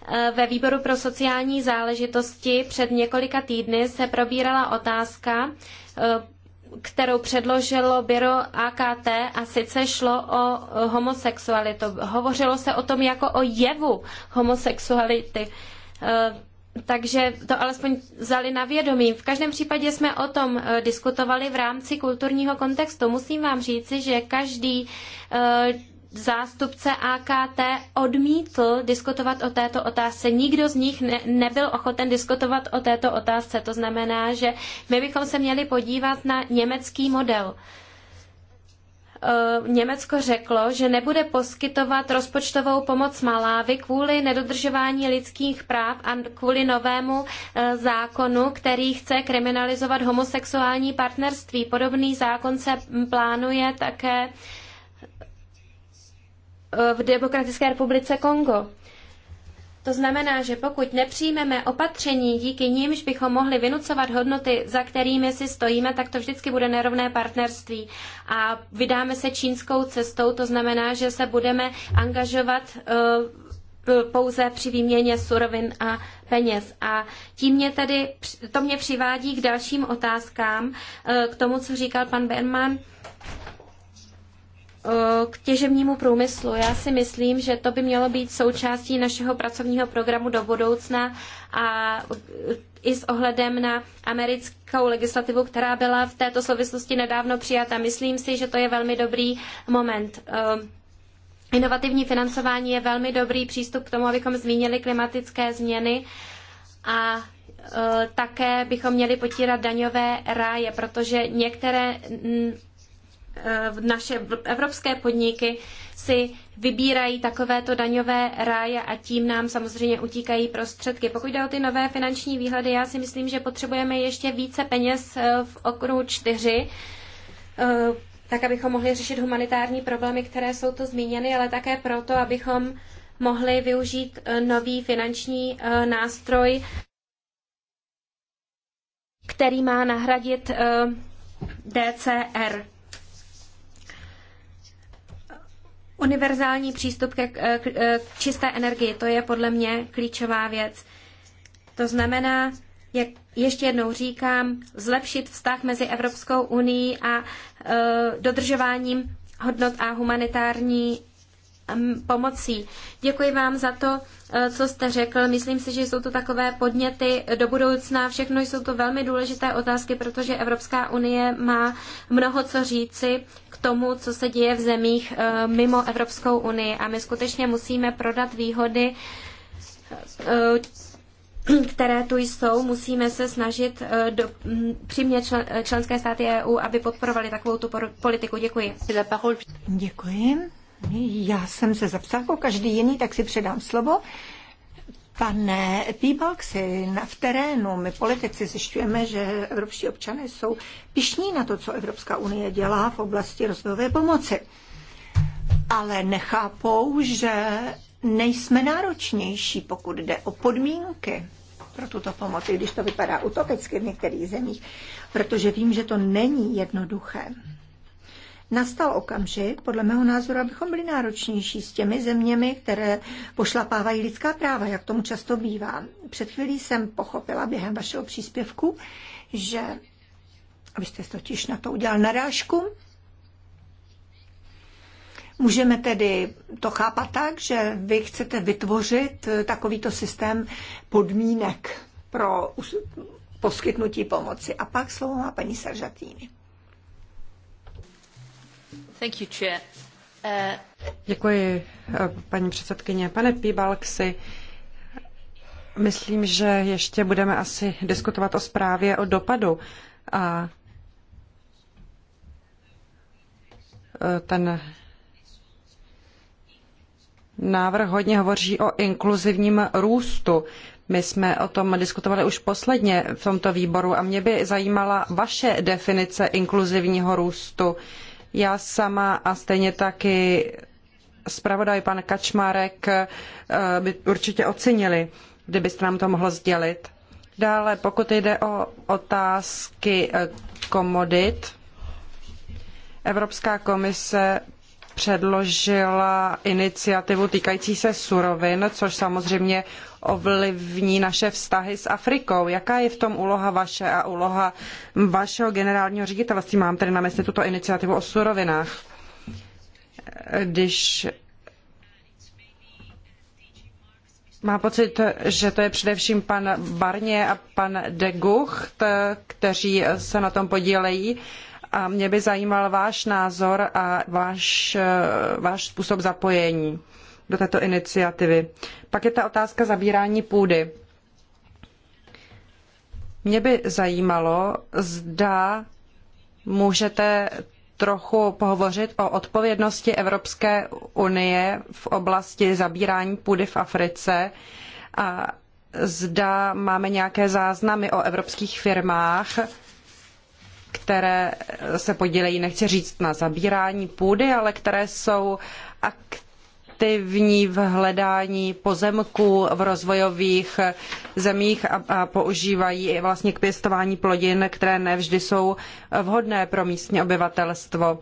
E, ve výboru pro sociální záležitosti před několika týdny se probírala otázka, e, kterou předložilo byro AKT a sice šlo o homosexualitu. Hovořilo se o tom jako o jevu homosexuality. E, takže to alespoň vzali na vědomí. V každém případě jsme o tom diskutovali v rámci kulturního kontextu. Musím vám říci, že každý zástupce AKT odmítl diskutovat o této otázce. Nikdo z nich ne, nebyl ochoten diskutovat o této otázce. To znamená, že my bychom se měli podívat na německý model. E, Německo řeklo, že nebude poskytovat rozpočtovou pomoc Malávy kvůli nedodržování lidských práv a kvůli novému e, zákonu, který chce kriminalizovat homosexuální partnerství. Podobný zákon se plánuje také v Demokratické republice Kongo. To znamená, že pokud nepřijmeme opatření, díky nímž bychom mohli vynucovat hodnoty, za kterými si stojíme, tak to vždycky bude nerovné partnerství. A vydáme se čínskou cestou, to znamená, že se budeme angažovat eh, pouze při výměně surovin a peněz. A tím mě tedy, to mě přivádí k dalším otázkám, eh, k tomu, co říkal pan Berman Eh, k těžebnímu průmyslu. Já si myslím, že to by mělo být součástí našeho pracovního programu do budoucna a eh, i s ohledem na americkou legislativu, která byla v této souvislosti nedávno přijata. Myslím si, že to je velmi dobrý moment. Eh, inovativní financování je velmi dobrý přístup k tomu, abychom zmínili klimatické změny a také bychom měli potírat daňové ráje, protože některé mm, naše evropské podniky si vybírají takovéto daňové ráje a tím nám samozřejmě utíkají prostředky. Pokud jde o ty nové finanční výhledy, já si myslím, že potřebujeme ještě více peněz eh, v okruhu čtyři, eh, tak abychom mohli řešit humanitární problémy, které jsou to zmíněny, ale také proto, abychom mohli využít eh, nový finanční nástroj, který má nahradit DCR. univerzální přístup eh, k, k, eh, k čisté energii, to je podle mě klíčová věc. To znamená, jak ještě jednou říkám, zlepšit vztah mezi Evropskou unii a eh, dodržováním hodnot a humanitární pomocí. Děkuji vám za to, co jste řekl. Myslím si, že jsou to takové podněty do budoucna. Všechno jsou to velmi důležité otázky, protože Evropská unie má mnoho co říci k tomu, co se děje v zemích eh, mimo Evropskou unii. A my skutečně musíme prodat výhody, eh, eh, které tu jsou. Musíme se snažit do, přimět členské státy EU, aby podporovali takovou tu politiku. Děkuji. Děkuji. Já jsem se zapsal jako každý jiný, tak si předám slovo. Pane Piboxy, v terénu my politici zjišťujeme, že evropští občané jsou pišní na to, co Evropská unie dělá v oblasti rozvojové pomoci. Ale nechápou, že nejsme náročnější, pokud jde o podmínky pro tuto pomoc, i když to vypadá utopicky v některých zemích, protože vím, že to není jednoduché nastal okamžik, podle mého názoru, abychom byli náročnější s těmi zeměmi, které pošlapávají lidská práva, jak tomu často bývá. Před chvílí jsem pochopila během vašeho příspěvku, že abyste totiž na to udělal narážku, Můžeme tedy to chápat tak, že vy chcete vytvořit takovýto systém podmínek pro poskytnutí pomoci. A pak slovo má paní Saržatýny. Uh, Děkuji, eh, paní předsedkyně. Pane Píbalksi, myslím, že ještě budeme asi diskutovat o zprávě o dopadu a eh, ten návrh hodně hovoří o inkluzivním růstu. My jsme o tom diskutovali už posledně v tomto výboru a mě by zajímala vaše definice inkluzivního růstu. Uh, já sama a stejně tak i zpravodaj pan Kačmarek eh, by určitě ocenili, kdybyste nám to mohl sdělit. Dále, pokud jde o otázky eh, komodit, Evropská komise předložila iniciativu týkající se surovin, což samozřejmě ovlivní naše vztahy s Afrikou. Jaká je v tom úloha vaše a úloha vašeho generálního ředitelství? Mám tedy na mysli tuto iniciativu o surovinách. Když Mám pocit, že to je především pan Barnier a pan de Gucht, kteří se na tom podílejí a mě by zajímal váš názor a váš, eh, váš způsob zapojení do této iniciativy. Pak je ta otázka zabírání půdy. Mě by zajímalo, zda můžete trochu pohovořit o odpovědnosti Evropské unie v oblasti zabírání půdy v Africe a zda máme nějaké záznamy o evropských firmách, které se podílejí, nechci říct na zabírání půdy, ale které jsou aktivní v hledání pozemků v rozvojových zemích a, používají i vlastně k pěstování plodin, které nevždy jsou vhodné pro místní obyvatelstvo.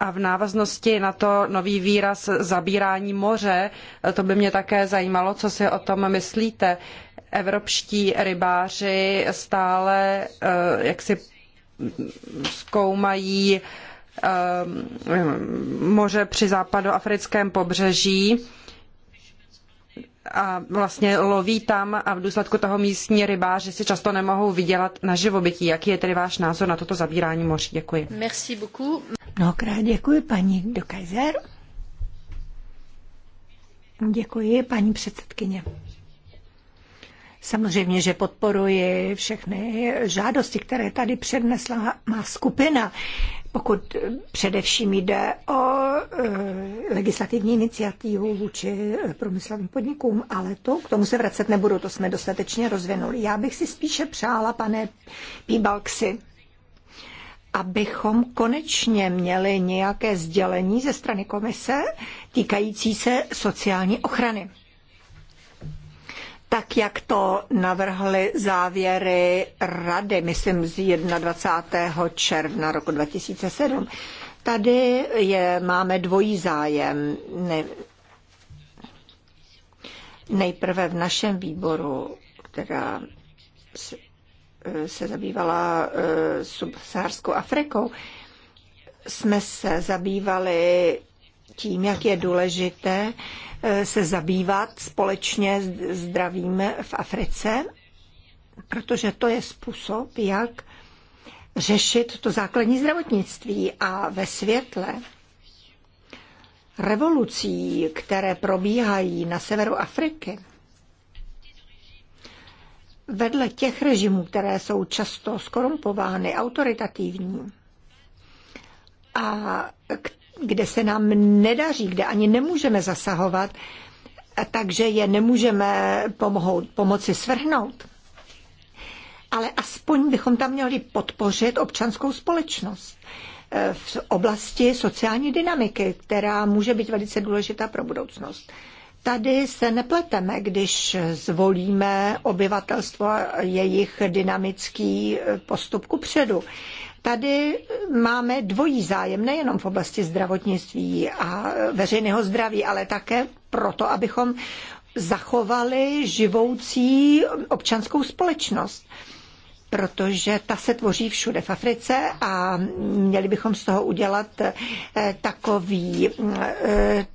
A v návaznosti na to nový výraz zabírání moře, to by mě také zajímalo, co si o tom myslíte evropští rybáři stále eh, jaksi zkoumají ehm, moře při západoafrickém pobřeží a vlastně loví tam a v důsledku toho místní rybáři si často nemohou vydělat na živobytí. Jaký je tedy váš názor na toto zabírání moří? Děkuji. Merci beaucoup. Mnohokrát děkuji paní do Děkuji paní předsedkyně. Samozřejmě, že podporuji všechny žádosti, které tady přednesla má skupina, pokud především jde o e, legislativní iniciativu vůči průmyslovým podnikům, ale to k tomu se vracet nebudu, to jsme dostatečně rozvinuli. Já bych si spíše přála, pane Píbalksi, abychom konečně měli nějaké sdělení ze strany komise týkající se sociální ochrany tak jak to navrhly závěry rady, myslím z 21. června roku 2007. Tady je, máme dvojí zájem. Ne, nejprve v našem výboru, která se, se zabývala e, subsaharskou Afrikou, jsme se zabývali tím, jak je důležité e, se zabývat společně zdravím v Africe, protože to je způsob, jak řešit to základní zdravotnictví a ve světle revolucí, které probíhají na severu Afriky, vedle těch režimů, které jsou často skorumpovány, autoritativní, a kde se nám nedaří, kde ani nemůžeme zasahovat, takže je nemůžeme pomohou, pomoci svrhnout. Ale aspoň bychom tam měli podpořit občanskou společnost eh, v oblasti sociální dynamiky, která může být velice důležitá pro budoucnost. Tady se nepleteme, když zvolíme obyvatelstvo a jejich dynamický eh, postup ku předu. Tady máme dvojí zájem, nejenom v oblasti zdravotnictví a veřejného zdraví, ale také proto, abychom zachovali živoucí občanskou společnost protože ta se tvoří všude v Africe a měli bychom z toho udělat eh, takový, eh,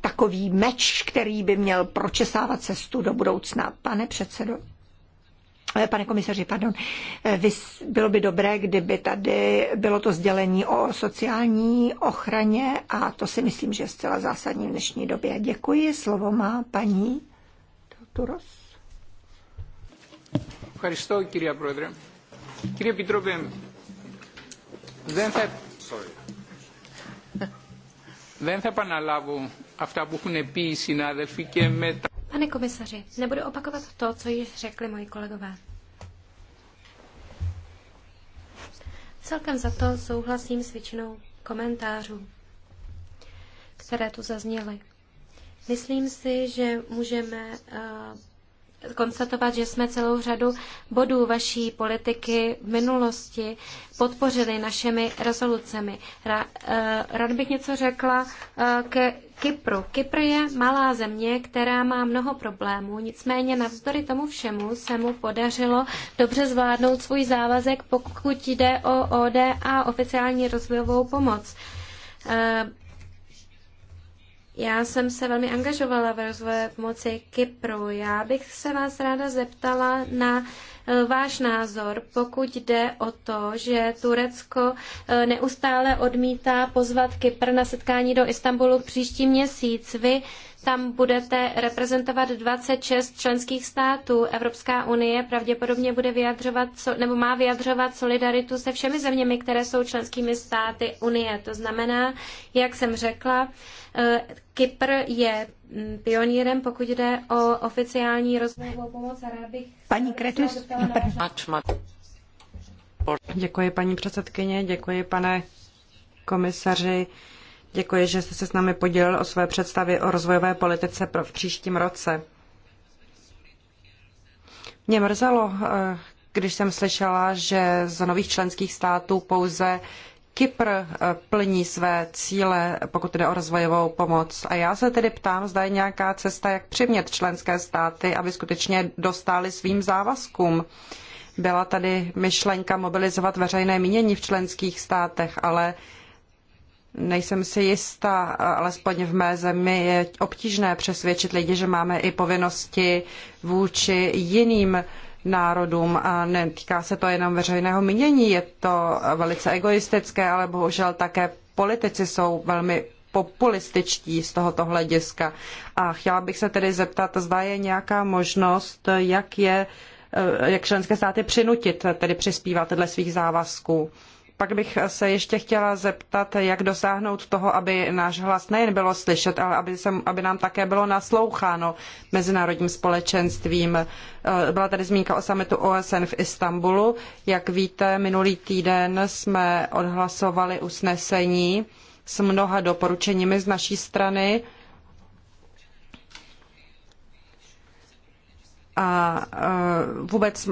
takový meč, který by měl pročesávat cestu do budoucna. Pane předsedo. Eh, pane komisaři, pardon, eh, bylo by dobré, kdyby tady bylo to sdělení o sociální ochraně a to si myslím, že je zcela zásadní v dnešní době. Děkuji, slovo má paní Turos. Ευχαριστώ, κυρία Πρόεδρε. Κύριε Επιτρόπε, δεν θα, δεν θα επαναλάβω αυτά που έχουν πει οι συνάδελφοι και μετά. Pane komisaři, nebudu opakovat to, co již řekli moji kolegové. Celkem za to souhlasím s většinou komentářů, které tu zazněly. Myslím si, že můžeme eh, konstatovat, že jsme celou řadu bodů vaší politiky v minulosti podpořili našimi rezolucemi. Eh, rád bych něco řekla eh, ke Kypru. Kypr je malá země, která má mnoho problémů, nicméně navzdory tomu všemu se mu podařilo dobře zvládnout svůj závazek, pokud jde o ODA, oficiální rozvojovou pomoc. Eh, já jsem se velmi angažovala v rozvoji pomoci Kypru. Já bych se vás ráda zeptala na Eh, váš názor, pokud jde o to, že Turecko eh, neustále odmítá pozvat Kypr na setkání do Istanbulu příští měsíc. Vy tam budete reprezentovat 26 členských států. Evropská unie pravděpodobně bude vyjadřovat, nebo má vyjadřovat solidaritu se všemi zeměmi, které jsou členskými státy unie. To znamená, jak jsem řekla, eh, Kypr je mm, pionýrem, pokud jde o oficiální rozvojovou pomoc a rád bych Paní Kretus. Děkuji, paní předsedkyně, děkuji, pane komisaři. Děkuji, že jste se s námi podělil o své představy o rozvojové politice v příštím roce. Mě mrzelo, eh, když jsem slyšela, že z nových členských států pouze Kypr eh, plní své cíle, pokud jde o rozvojovou pomoc. A já se tedy ptám, zda je nějaká cesta, jak přimět členské státy, aby skutečně dostály svým závazkům. Byla tady myšlenka mobilizovat veřejné mínění v členských státech, ale nejsem si jistá, eh, alespoň v mé zemi je obtížné přesvědčit lidi, že máme i povinnosti vůči jiným národům a netýká se to jenom veřejného mínění, je to velice egoistické, ale bohužel také politici jsou velmi populističtí z tohoto hlediska. A chtěla bych se tedy zeptat, zda je nějaká možnost, jak je eh, jak členské státy přinutit tedy přispívat dle svých závazků. Pak bych se ještě chtěla zeptat, jak dosáhnout toho, aby náš hlas nejen bylo slyšet, ale aby, se, aby nám také bylo nasloucháno mezinárodním společenstvím. Eh, byla tady zmínka o summitu OSN v Istanbulu. Jak víte, minulý týden jsme odhlasovali usnesení s mnoha doporučeními z naší strany. a vůbec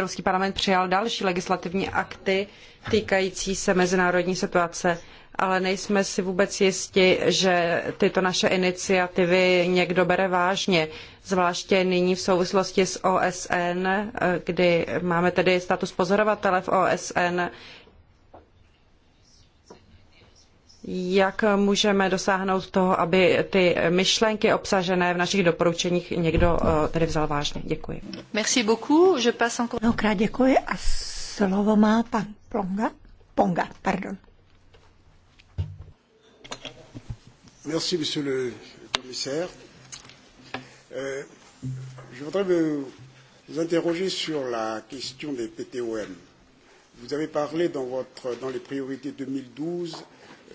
Ruský parlament přijal další legislativní akty týkající se mezinárodní situace, ale nejsme si vůbec jisti, že tyto naše iniciativy někdo bere vážně, zvláště nyní v souvislosti s OSN, eh, kdy máme tedy status pozorovatele v OSN, jak můžeme dosáhnout toho, aby ty myšlenky obsažené v našich doporučeních někdo eh, tedy vzal vážně. Děkuji. Merci beaucoup. Je passe encore... Mnohokrát děkuji a slovo má pan Plonga. Ponga, pardon. Merci, monsieur le commissaire. Euh, je voudrais vous, vous interroger sur la question des PTOM. Vous avez parlé dans, votre, dans les priorités 2012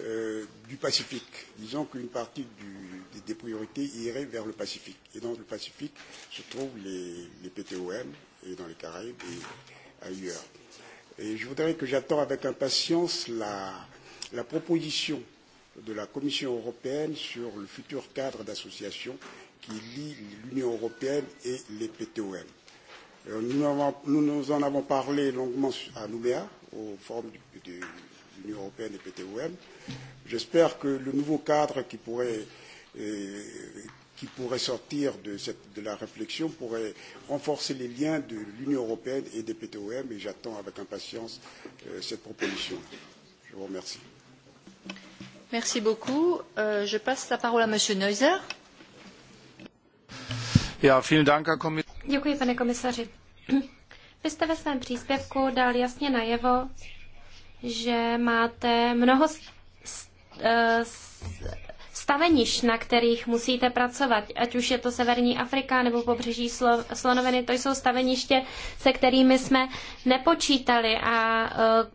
Euh, du Pacifique. Disons qu'une partie du, des, des priorités irait vers le Pacifique. Et dans le Pacifique se trouvent les, les PTOM, et dans les Caraïbes et ailleurs. Et je voudrais que j'attends avec impatience la, la proposition de la Commission européenne sur le futur cadre d'association qui lie l'Union européenne et les PTOM. Euh, nous, avons, nous, nous en avons parlé longuement à Nouméa, au forum du, du, l'Union européenne et PTOM. J'espère que le nouveau cadre qui pourrait, euh, qui pourrait sortir de, cette, de la réflexion pourrait renforcer les liens de l'Union européenne et des PTOM et j'attends avec impatience euh, cette proposition. Je vous remercie. Merci beaucoup. Euh, je passe la parole à Monsieur Neuser. Děkuji, pane komisaři. Vy jste ve svém příspěvku dal jasně najevo, že máte mnoho s, eh, s, s, stavenišť, na kterých musíte pracovat, ať už je to Severní Afrika nebo pobřeží Slo- Slonoviny, to jsou staveniště, se kterými jsme nepočítali a e,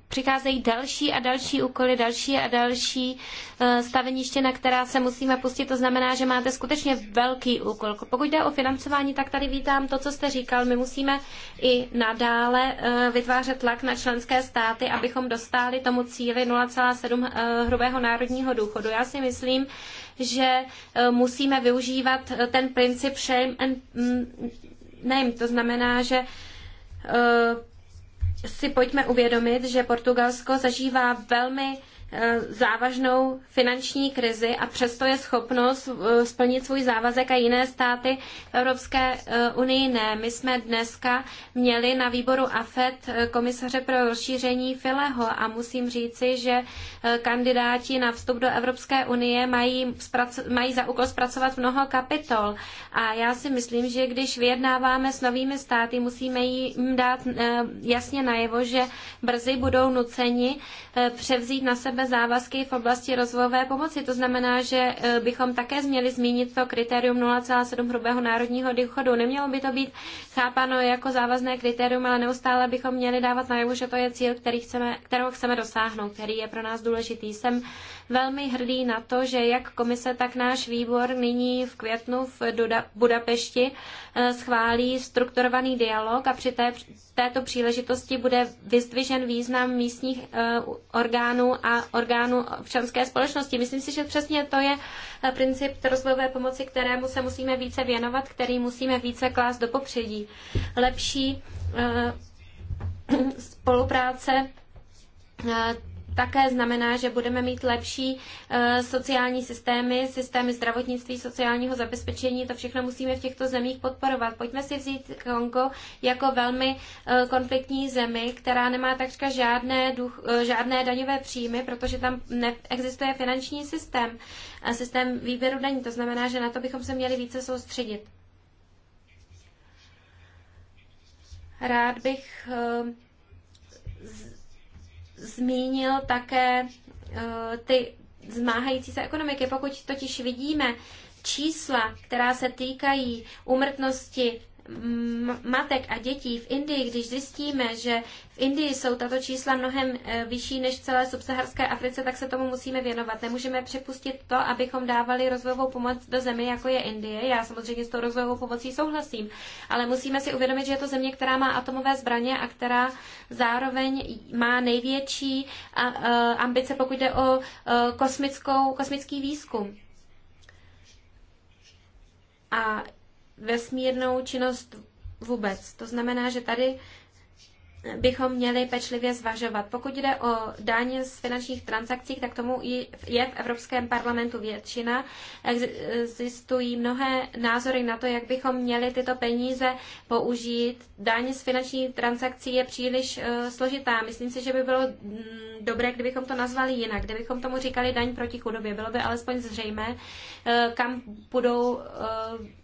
přicházejí další a další úkoly, další a další e, staveniště, na která se musíme pustit. To znamená, že máte skutečně velký úkol. Pokud jde o financování, tak tady vítám to, co jste říkal. My musíme i nadále e, vytvářet tlak na členské státy, abychom dostáli tomu cíli 0,7 hrubého národního důchodu. Já si myslím, že eh, musíme využívat eh, ten princip shame and mm, name. To znamená, že eh, si pojďme uvědomit, že Portugalsko zažívá velmi Eh, závažnou finanční krizi a přesto je schopno eh, splnit svůj závazek a jiné státy v Evropské eh, unii ne. My jsme dneska měli na výboru AFET komisaře pro rozšíření Fileho a musím říci, že kandidáti na vstup do Evropské unie mají, mají za úkol zpracovat mnoho kapitol a já si myslím, že když vyjednáváme s novými státy, musíme jim mm, dát jasně najevo, že brzy budou nuceni převzít na sebe sebe závazky v oblasti rozvojové pomoci. To znamená, že e, bychom také změli zmínit to kritérium 0,7 hrubého národního důchodu. Nemělo by to být chápáno jako závazné kritérium, ale neustále bychom měli dávat najevu, že to je cíl, který chceme, kterého chceme dosáhnout, který je pro nás důležitý. Jsem velmi hrdý na to, že jak komise, tak náš výbor nyní v květnu v Budapešti eh, schválí strukturovaný dialog a při té, této příležitosti bude vyzdvižen význam místních eh, orgánů a orgánů občanské společnosti. Myslím si, že přesně to je eh, princip rozvojové pomoci, kterému se musíme více věnovat, který musíme více klást do popředí. Lepší spolupráce také znamená, že budeme mít lepší eh, sociální systémy, systémy zdravotnictví, sociálního zabezpečení. To všechno musíme v těchto zemích podporovat. Pojďme si vzít Kongo jako velmi eh, konfliktní zemi, která nemá takřka žádné, duch, eh, žádné daňové příjmy, protože tam neexistuje finanční systém, systém výběru daní. To znamená, že na to bychom se měli více soustředit. Rád bych zmínil také eh, ty zmáhající se ekonomiky. Pokud totiž vidíme čísla, která se týkají umrtnosti matek a dětí v Indii, když zjistíme, že v Indii jsou tato čísla mnohem e, vyšší než v celé subsaharské Africe, tak se tomu musíme věnovat. Nemůžeme připustit to, abychom dávali rozvojovou pomoc do země, jako je Indie. Já samozřejmě s tou rozvojovou pomocí souhlasím, ale musíme si uvědomit, že je to země, která má atomové zbraně a která zároveň má největší e, ambice, pokud jde o e, kosmickou, kosmický výzkum. A vesmírnou činnost vůbec. To znamená, že tady bychom měli pečlivě zvažovat. Pokud jde o dáně z finančních transakcí, tak tomu je v Evropském parlamentu většina. Existují mnohé názory na to, jak bychom měli tyto peníze použít. Dáně z finančních transakcí je příliš eh, složitá. Myslím si, že by bylo mm, dobré, kdybychom to nazvali jinak, kdybychom tomu říkali daň proti chudobě. Bylo by alespoň zřejmé, eh, kam budou eh,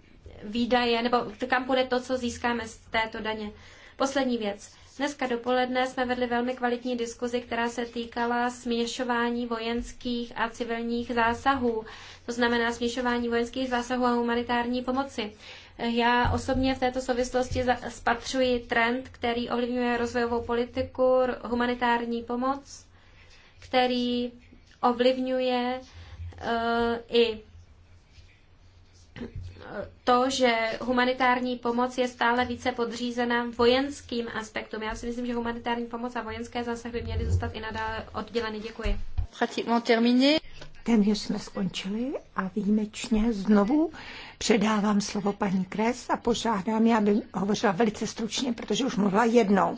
výdaje, nebo kam půjde to, co získáme z této daně. Poslední věc. Dneska dopoledne jsme vedli velmi kvalitní diskuzi, která se týkala směšování vojenských a civilních zásahů, to znamená směšování vojenských zásahů a humanitární pomoci. Já osobně v této souvislosti spatřuji trend, který ovlivňuje rozvojovou politiku, humanitární pomoc, který ovlivňuje uh, i to, že humanitární pomoc je stále více podřízena vojenským aspektům. Já si myslím, že humanitární pomoc a vojenské zásahy by měly zůstat i nadále odděleny. Děkuji. Téměř jsme skončili a výjimečně znovu předávám slovo paní Kres a požádám ji, aby hovořila velice stručně, protože už mluvila jednou.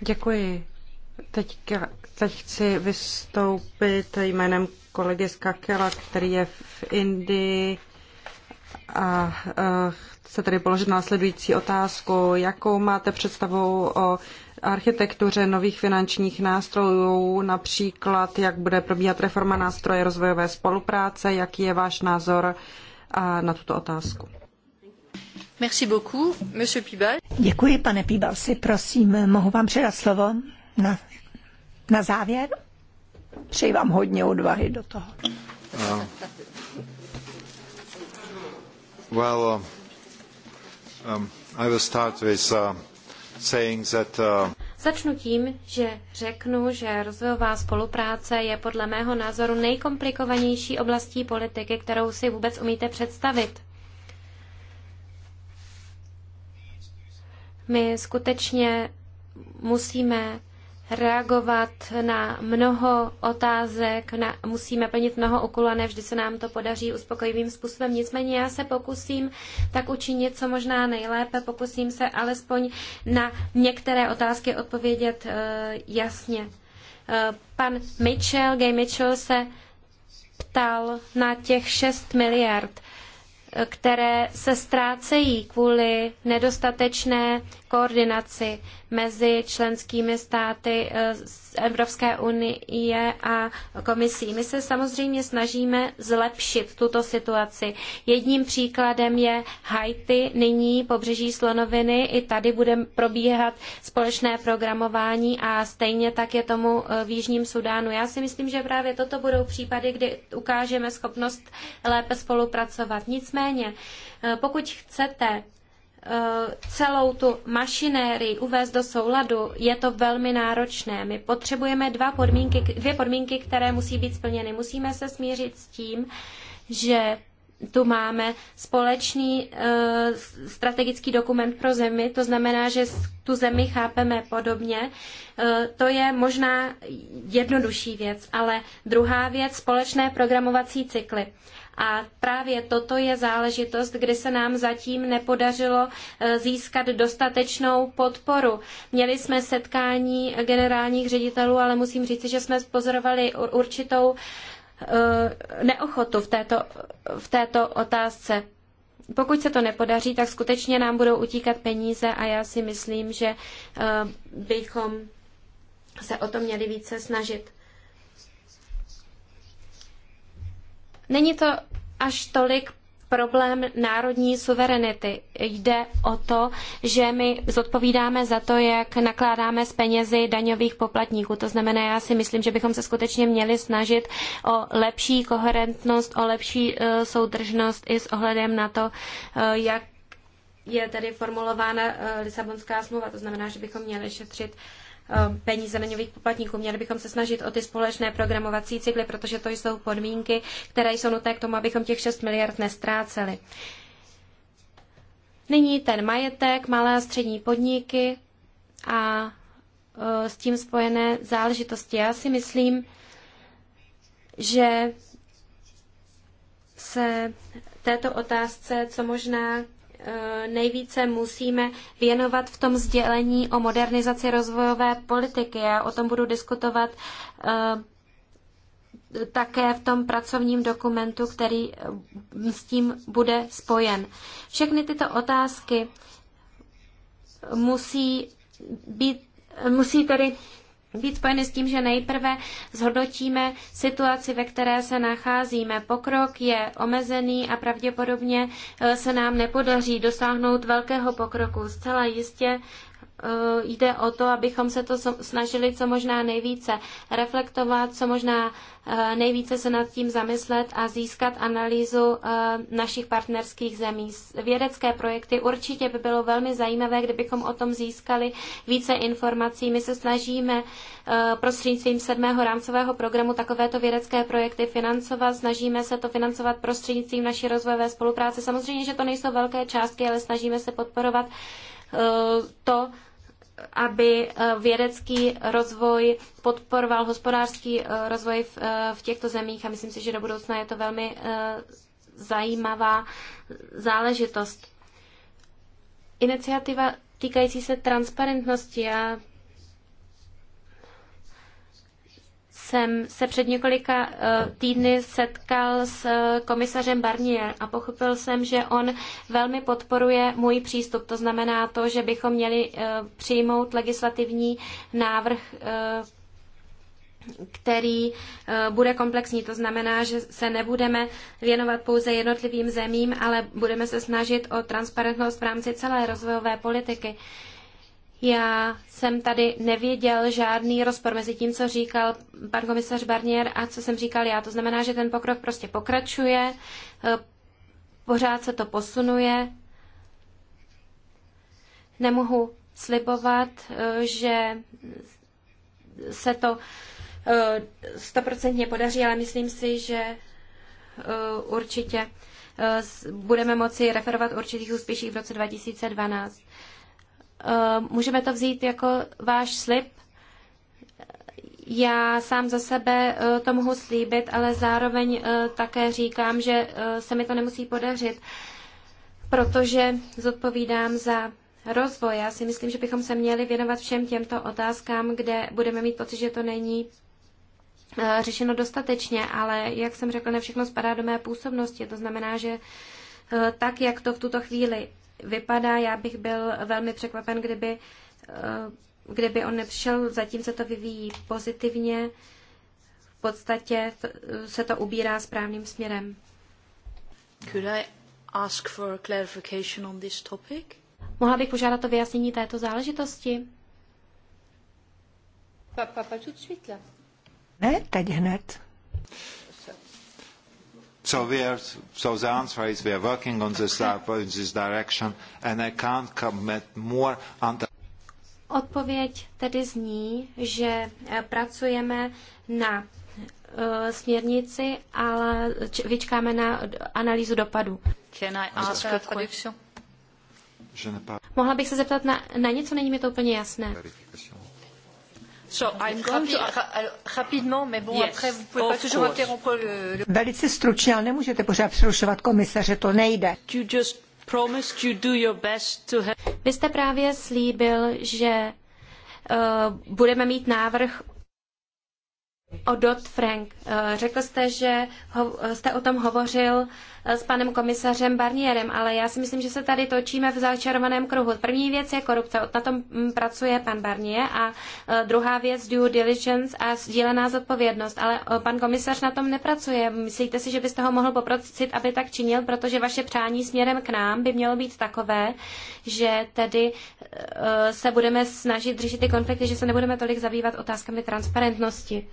Děkuji. Teďka, teď chci vystoupit jménem kolegy Skakela, který je v Indii a e, chce tedy položit následující otázku. Jakou máte představu o architektuře nových finančních nástrojů, například jak bude probíhat reforma nástroje rozvojové spolupráce, jaký je váš názor e, na tuto otázku? Merci beaucoup, monsieur Pibal. Děkuji, pane Pibalsi, prosím, mohu vám předat slovo? na, na závěr. Přeji vám hodně odvahy do toho. Uh, well, um, um, I will start with uh, saying that uh, Začnu tím, že řeknu, že rozvojová spolupráce je podle mého názoru nejkomplikovanější oblastí politiky, kterou si vůbec umíte představit. My skutečně musíme reagovat na mnoho otázek, na, musíme plnit mnoho úkolů a ne vždy se nám to podaří uspokojivým způsobem. Nicméně já se pokusím tak učinit, co možná nejlépe. Pokusím se alespoň na některé otázky odpovědět uh, jasně. Uh, pan Mitchell, Gay Mitchell se ptal na těch 6 miliard eh, které se ztrácejí kvůli nedostatečné koordinaci mezi členskými státy eh, Evropské unie a komisí. My se samozřejmě snažíme zlepšit tuto situaci. Jedním příkladem je Haiti, nyní pobřeží Slonoviny. I tady bude probíhat společné programování a stejně tak je tomu eh, v Jižním Sudánu. Já si myslím, že právě toto budou případy, kdy ukážeme schopnost lépe spolupracovat. Nicméně, eh, pokud chcete Eh, celou tu mašinérii uvést do souladu, je to velmi náročné. My potřebujeme dva podmínky, dvě podmínky, které musí být splněny. Musíme se smířit s tím, že tu máme společný eh, strategický dokument pro zemi, to znamená, že tu zemi chápeme podobně. Eh, to je možná jednodušší věc, ale druhá věc, společné programovací cykly. E, a právě toto je záležitost, kdy se nám zatím nepodařilo eh, získat dostatečnou podporu. Měli jsme setkání generálních ředitelů, ale musím říci, že jsme pozorovali určitou eh, neochotu v této, v této otázce. Pokud se to nepodaří, tak skutečně nám budou utíkat peníze a já si myslím, že eh, bychom se o to měli více snažit. Není to až tolik problém národní suverenity. Jde o to, že my zodpovídáme za to, jak nakládáme s penězi daňových poplatníků. To znamená, já si myslím, že bychom se skutečně měli snažit o lepší koherentnost, o lepší uh, soudržnost i s ohledem na to, uh, jak je tedy formulována uh, Lisabonská smlouva. To znamená, že bychom měli šetřit uh, Eh, peníze daňových poplatníků. Měli bychom se snažit o ty společné programovací cykly, protože to jsou podmínky, které jsou nutné k tomu, abychom těch 6 miliard nestráceli. Nyní ten majetek, malé a střední podniky a eh, s tím spojené záležitosti. Já si myslím, že se této otázce co možná Eh, nejvíce musíme věnovat v tom sdělení o modernizaci rozvojové politiky. Já o tom budu diskutovat eh, také v tom pracovním dokumentu, který eh, s tím bude spojen. Všechny tyto otázky musí být, musí tedy být spojeny s tím, že nejprve zhodnotíme situaci, ve které se nacházíme. Pokrok je omezený a pravděpodobně eh, se nám nepodaří dosáhnout velkého pokroku. Zcela jistě Eh, jde o to, abychom se to snažili co možná nejvíce reflektovat, co možná eh, nejvíce se nad tím zamyslet a získat analýzu eh, našich partnerských zemí. Vědecké projekty určitě by bylo velmi zajímavé, kdybychom o tom získali více informací. My se snažíme prostřednictvím sedmého rámcového programu takovéto vědecké projekty financovat. Snažíme se to financovat prostřednictvím naší rozvojové spolupráce. Samozřejmě, že to nejsou velké částky, ale snažíme se podporovat to, aby eh, vědecký rozvoj podporoval hospodářský eh, rozvoj v, eh, v těchto zemích a myslím si, že do budoucna je to velmi zajímavá záležitost. Iniciativa týkající se transparentnosti a jsem se před několika eh, týdny setkal s eh, komisařem Barnier a pochopil jsem, že on velmi podporuje můj přístup. To znamená to, že bychom měli eh, přijmout legislativní návrh který bude komplexní. To znamená, že se nebudeme věnovat pouze jednotlivým zemím, ale budeme se snažit o transparentnost v rámci celé rozvojové politiky. Uh, já jsem tady nevěděl žádný rozpor mezi tím, co říkal pan komisař Barnier a co jsem říkal já. To znamená, že ten pokrok prostě pokračuje, eh, pořád se to posunuje. Nemohu slibovat, eh, že se to eh, stoprocentně podaří, ale myslím si, že určitě budeme moci referovat určitých úspěších v roce 2012. Eh, můžeme to vzít jako váš slib? Já sám za sebe eh, to mohu slíbit, ale zároveň eh, také říkám, že se mi to nemusí podařit, protože zodpovídám za rozvoj. Já si myslím, že bychom se měli věnovat všem těmto otázkám, kde budeme mít pocit, že to není řešeno dostatečně, ale jak jsem řekl, ne všechno spadá do mé působnosti. To znamená, že tak, jak to v tuto chvíli vypadá. Já bych byl velmi překvapen, kdyby, eh, kdyby on nepřišel. Zatím se to vyvíjí pozitivně. V podstatě se to ubírá správným směrem. Could I ask for clarification on this topic? Mohla bych požádat o vyjasnění této záležitosti? Pa, pa, pa, Ne, teď hned. So, the answer is we are working on this, in this direction and I can't commit more until Odpověď tedy zní, že eh, pracujeme na eh, směrnici, ale vyčkáme na analýzu dopadu. Mohla bych se zeptat na, na něco, není mi to úplně jasné. Velice stručně, ale nemůžete pořád přerušovat komisaře, to nejde. Vy jste právě slíbil, že uh, budeme mít návrh o Dodd-Frank. Uh, řekl jste, že ho, jste o tom hovořil s panem komisařem Barnierem, ale já si myslím, že se tady točíme v začarovaném kruhu. První věc je korupce, na tom mm, pracuje pan Barnier a e, druhá věc due diligence a sdílená zodpovědnost, ale e, pan komisař na tom nepracuje. Myslíte si, že byste ho mohl poprosit, aby tak činil, protože vaše přání směrem k nám by mělo být takové, že tedy e, se budeme snažit řešit ty konflikty, že se nebudeme tolik zabývat otázkami transparentnosti.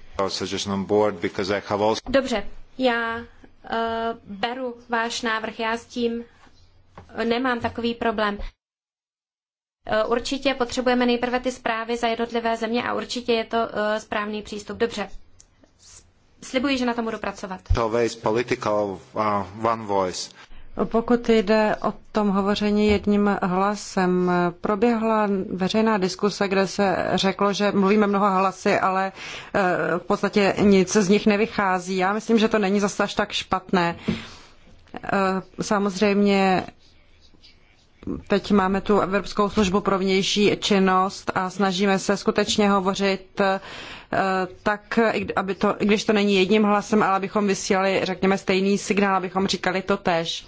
Dobře, já Eh, beru váš návrh, já s tím nemám takový problém. Eh, určitě potřebujeme nejprve ty zprávy za jednotlivé země a určitě je to eh, správný přístup. Dobře. Slibuji, že na tom budu pracovat. political one voice. Pokud jde o tom hovoření jedním hlasem, proběhla veřejná diskuse, kde se řeklo, že mluvíme mnoho hlasy, ale e, v podstatě nic z nich nevychází. Já myslím, že to není zase až tak špatné. E, samozřejmě teď máme tu Evropskou službu pro vnější činnost a snažíme se skutečně hovořit eh, tak, aby to, i když to není jedním hlasem, ale abychom vysílali, řekněme, stejný signál, abychom říkali to tež.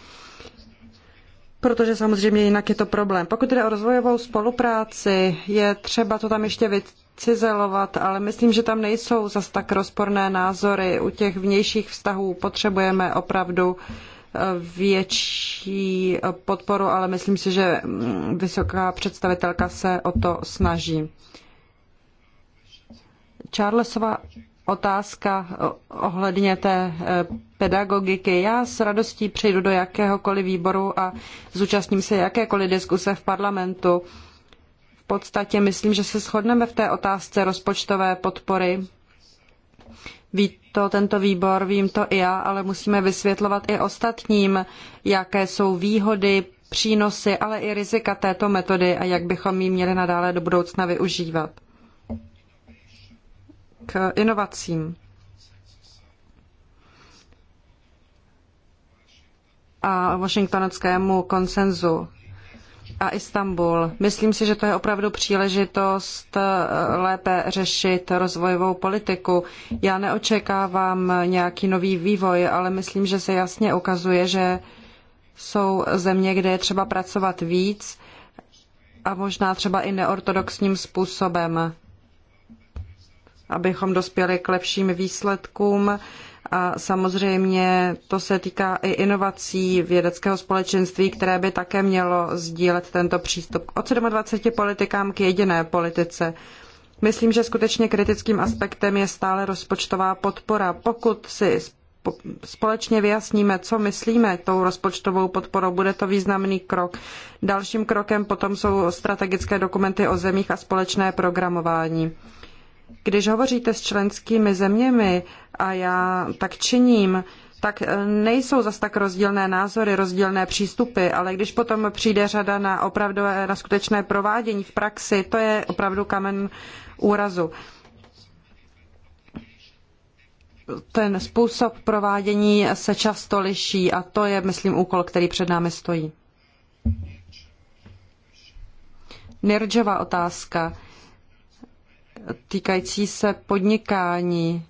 Protože samozřejmě jinak je to problém. Pokud jde o rozvojovou spolupráci, je třeba to tam ještě vycizelovat, ale myslím, že tam nejsou zas tak rozporné názory. U těch vnějších vztahů potřebujeme opravdu uh, větší podporu, ale myslím si, že mm, vysoká představitelka se o to snaží. Charlesova otázka eh, ohledně té eh, pedagogiky. Já s radostí přijdu do jakéhokoliv výboru a zúčastním se jakékoliv diskuse v parlamentu. V podstatě myslím, že se shodneme v té otázce rozpočtové podpory. Víte to tento výbor, vím to i já, ale musíme vysvětlovat i ostatním, jaké jsou výhody, přínosy, ale i rizika této metody a jak bychom ji měli nadále do budoucna využívat. K inovacím. A Washingtonskému konsenzu a Istanbul. Myslím si, že to je opravdu příležitost eh, lépe řešit rozvojovou politiku. Já neočekávám nějaký nový vývoj, ale myslím, že se jasně ukazuje, že jsou země, kde je třeba pracovat víc a možná třeba i neortodoxním způsobem, abychom dospěli k lepším výsledkům a samozřejmě to se týká i inovací vědeckého společenství, které by také mělo sdílet tento přístup od 27 politikám k jediné politice. Myslím, že skutečně kritickým aspektem je stále rozpočtová podpora. Pokud si společně vyjasníme, co myslíme tou rozpočtovou podporou, bude to významný krok. Dalším krokem potom jsou strategické dokumenty o zemích a společné programování. Když hovoříte s členskými zeměmi, a já tak činím, tak eh, nejsou zas tak rozdílné názory, rozdílné přístupy, ale když potom přijde řada na opravdové, eh, na skutečné provádění v praxi, to je opravdu kamen úrazu. Ten způsob provádění se často liší a to je, myslím, úkol, který před námi stojí. Nirdžová otázka týkající se podnikání.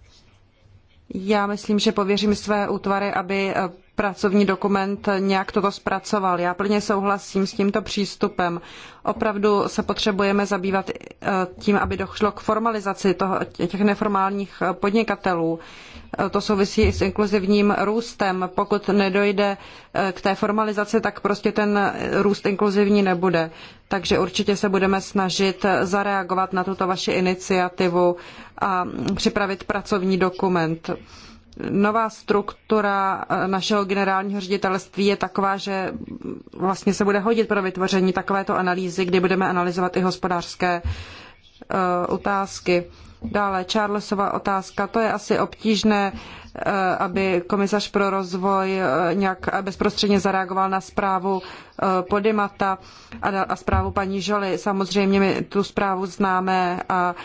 Já myslím, že pověřím své útvary, aby pracovní dokument nějak toto zpracoval. Já plně souhlasím s tímto přístupem. Opravdu se potřebujeme zabývat eh, tím, aby došlo k formalizaci toho, těch neformálních eh, podnikatelů. Eh, to souvisí i s inkluzivním růstem. Pokud nedojde k té formalizaci, tak prostě ten růst inkluzivní nebude. Takže určitě se budeme snažit zareagovat na tuto vaši iniciativu a mm, připravit pracovní dokument nová struktura eh, našeho generálního ředitelství je taková, že vlastně se bude hodit pro vytvoření takovéto analýzy, kdy budeme analyzovat i hospodářské eh, otázky. Dále Charlesova otázka, to je asi obtížné Eh, aby komisař pro rozvoj eh, nějak eh, bezprostředně zareagoval na zprávu Podimata a, zprávu paní Žoly. Samozřejmě my tu zprávu známe a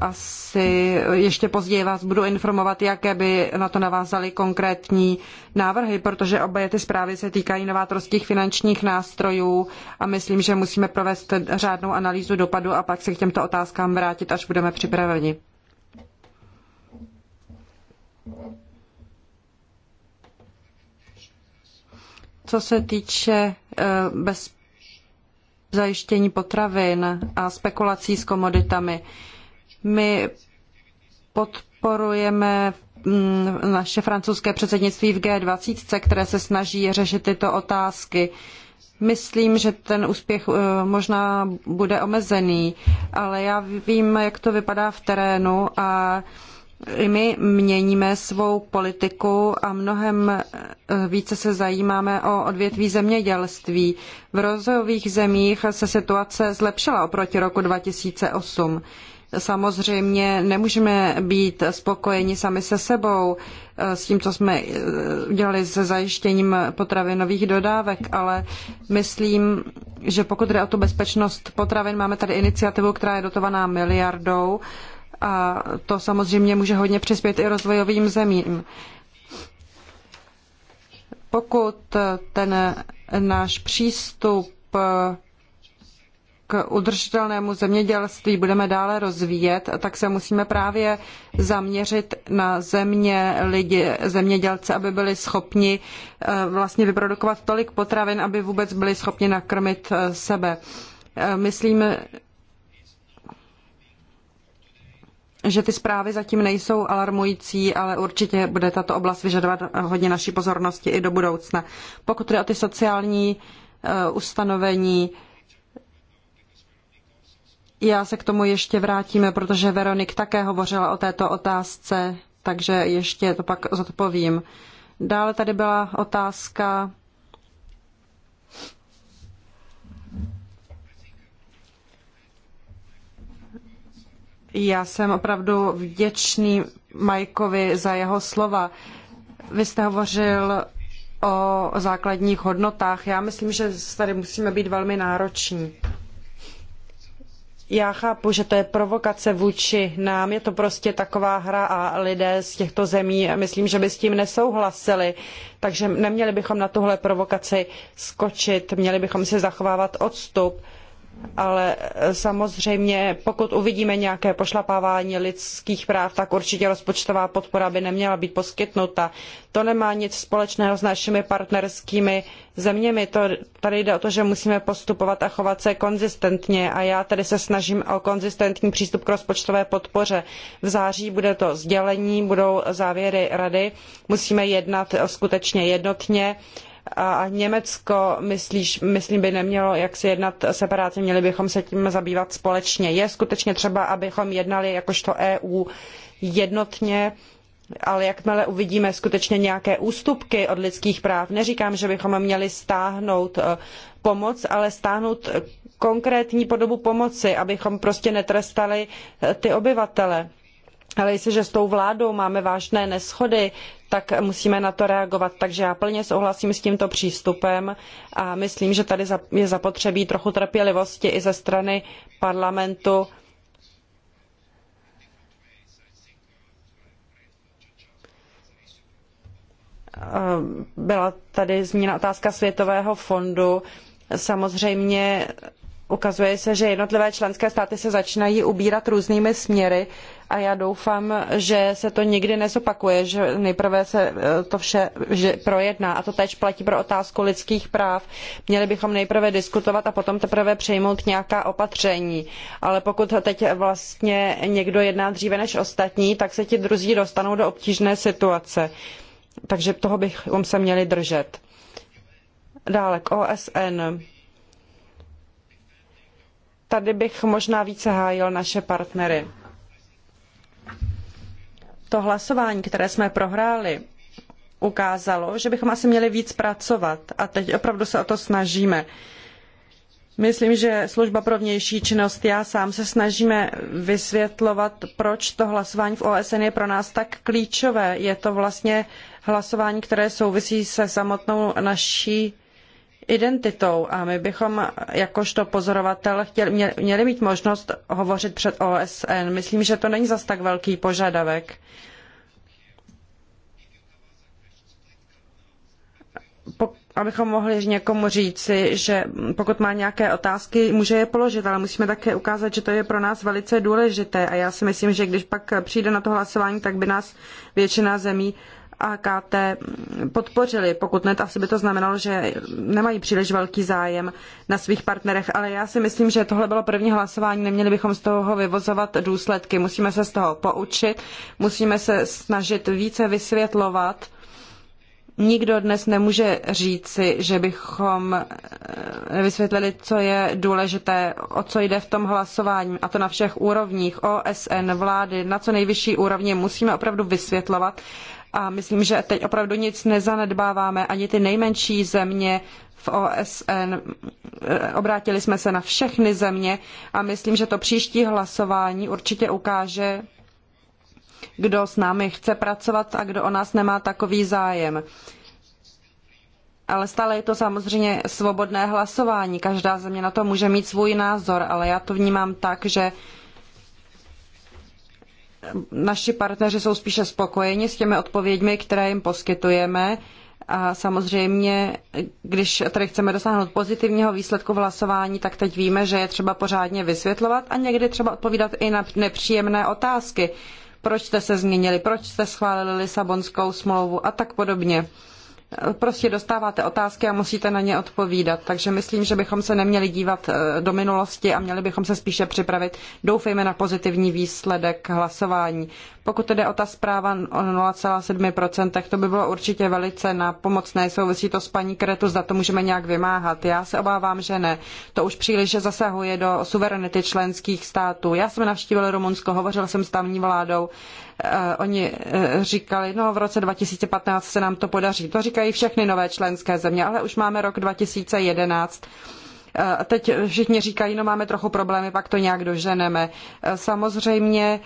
asi ještě později vás budu informovat, jaké by na to navázaly konkrétní návrhy, protože obě ty zprávy se týkají novátorských finančních nástrojů a myslím, že musíme provést řádnou analýzu dopadu a pak se k těmto otázkám vrátit, až budeme připraveni. Co se týče eh, bez zajištění potravin a spekulací s komoditami, my podporujeme mm, naše francouzské předsednictví v G20, které se snaží řešit tyto otázky. Myslím, že ten úspěch eh, možná bude omezený, ale já vím, jak to vypadá v terénu a i my měníme svou politiku a mnohem eh, více se zajímáme o odvětví zemědělství. V rozvojových zemích se situace zlepšila oproti roku 2008. Samozřejmě nemůžeme být spokojeni sami se sebou eh, s tím, co jsme eh, udělali se zajištěním potravinových dodávek, ale myslím, že pokud jde o tu bezpečnost potravin, máme tady iniciativu, která je dotovaná miliardou a to samozřejmě může hodně přispět i rozvojovým zemím. Pokud ten náš přístup k udržitelnému zemědělství budeme dále rozvíjet, tak se musíme právě zaměřit na země, lidi, zemědělce, aby byli schopni eh, vlastně vyprodukovat tolik potravin, aby vůbec byli schopni nakrmit eh, sebe. Eh, myslím, že ty zprávy zatím nejsou alarmující, ale určitě bude tato oblast vyžadovat hodně naší pozornosti i do budoucna. Pokud jde o ty sociální eh, ustanovení, já se k tomu ještě vrátím, protože Veronik také hovořila o této otázce, takže ještě to pak zodpovím. Dále tady byla otázka Já jsem opravdu vděčný Majkovi za jeho slova. Vy jste hovořil o základních hodnotách. Já myslím, že tady musíme být velmi nároční. Já chápu, že to je provokace vůči nám, je to prostě taková hra a lidé z těchto zemí, myslím, že by s tím nesouhlasili, takže neměli bychom na tuhle provokaci skočit, měli bychom si zachovávat odstup ale eh, samozřejmě pokud uvidíme nějaké pošlapávání lidských práv, tak určitě rozpočtová podpora by neměla být poskytnuta. To nemá nic společného s našimi partnerskými zeměmi. tady jde o to, že musíme postupovat a chovat se konzistentně a já tedy se snažím o konzistentní přístup k rozpočtové podpoře. V září bude to sdělení, budou závěry rady, musíme jednat eh, skutečně jednotně a Německo, myslíš, myslím, by nemělo jak si jednat separátně, měli bychom se tím zabývat společně. Je skutečně třeba, abychom jednali jakožto EU jednotně, ale jakmile uvidíme skutečně nějaké ústupky od lidských práv, neříkám, že bychom měli stáhnout eh, pomoc, ale stáhnout konkrétní podobu pomoci, abychom prostě netrestali eh, ty obyvatele. Ale jestliže s tou vládou máme vážné neshody, tak musíme na to reagovat. Takže já plně souhlasím s tímto přístupem a myslím, že tady je zapotřebí trochu trpělivosti i ze strany parlamentu. Byla tady zmíněna otázka Světového fondu. Samozřejmě ukazuje se, že jednotlivé členské státy se začínají ubírat různými směry a já doufám, že se to nikdy nezopakuje, že nejprve se eh, to vše projedná a to tež platí pro otázku lidských práv. Měli bychom nejprve diskutovat a potom teprve přijmout nějaká opatření. Ale pokud teď vlastně někdo jedná dříve než ostatní, tak se ti druzí dostanou do obtížné situace. Takže toho bychom um se měli držet. Dále k OSN tady bych možná více hájil naše partnery. To hlasování, které jsme prohráli, ukázalo, že bychom asi měli víc pracovat a teď opravdu se o to snažíme. Myslím, že služba pro vnější činnost, já sám se snažíme vysvětlovat, proč to hlasování v OSN je pro nás tak klíčové. Je to vlastně hlasování, které souvisí se samotnou naší identitou a my bychom jakožto pozorovatel chtěli, měli mít možnost hovořit před OSN. Myslím, že to není zas tak velký požadavek. abychom mohli někomu říci, že pokud má nějaké otázky, může je položit, ale musíme také ukázat, že to je pro nás velice důležité. A já si myslím, že když pak přijde na to hlasování, tak by nás většina zemí AKT podpořili. Pokud ne, asi by to znamenalo, že nemají příliš velký zájem na svých partnerech. Ale já si myslím, že tohle bylo první hlasování, neměli bychom z toho vyvozovat důsledky. Musíme se z toho poučit, musíme se snažit více vysvětlovat. Nikdo dnes nemůže říci, že bychom eh, vysvětlili, co je důležité, o co jde v tom hlasování, a to na všech úrovních, OSN, vlády, na co nejvyšší úrovni musíme opravdu vysvětlovat a myslím, že teď opravdu nic nezanedbáváme, ani ty nejmenší země v OSN. Eh, obrátili jsme se na všechny země a myslím, že to příští hlasování určitě ukáže, kdo s námi chce pracovat a kdo o nás nemá takový zájem. Ale stále je to samozřejmě svobodné hlasování. Každá země na to může mít svůj názor, ale já to vnímám tak, že naši partneři jsou spíše spokojeni s těmi odpověďmi, které jim poskytujeme. A samozřejmě, když tady chceme dosáhnout pozitivního výsledku v hlasování, tak teď víme, že je třeba pořádně vysvětlovat a někdy třeba odpovídat i na nepříjemné otázky. Proč jste se změnili, proč jste schválili Lisabonskou smlouvu a tak podobně prostě dostáváte otázky a musíte na ně odpovídat. Takže myslím, že bychom se neměli dívat eh, do minulosti a měli bychom se spíše připravit, doufejme na pozitivní výsledek hlasování. Pokud jde o ta zpráva o 0,7%, to by bylo určitě velice na pomocné. Souvisí to s paní Kretu, zda to můžeme nějak vymáhat. Já se obávám, že ne. To už příliš zasahuje do suverenity členských států. Já jsem navštívil Rumunsko, hovořil jsem s tamní vládou. Eh, oni eh, říkali, no v roce 2015 se nám to podaří. To říkají netýkají všechny nové členské země, ale už máme rok 2011. A eh, teď všichni říkají, no máme trochu problémy, pak to nějak doženeme. Eh, samozřejmě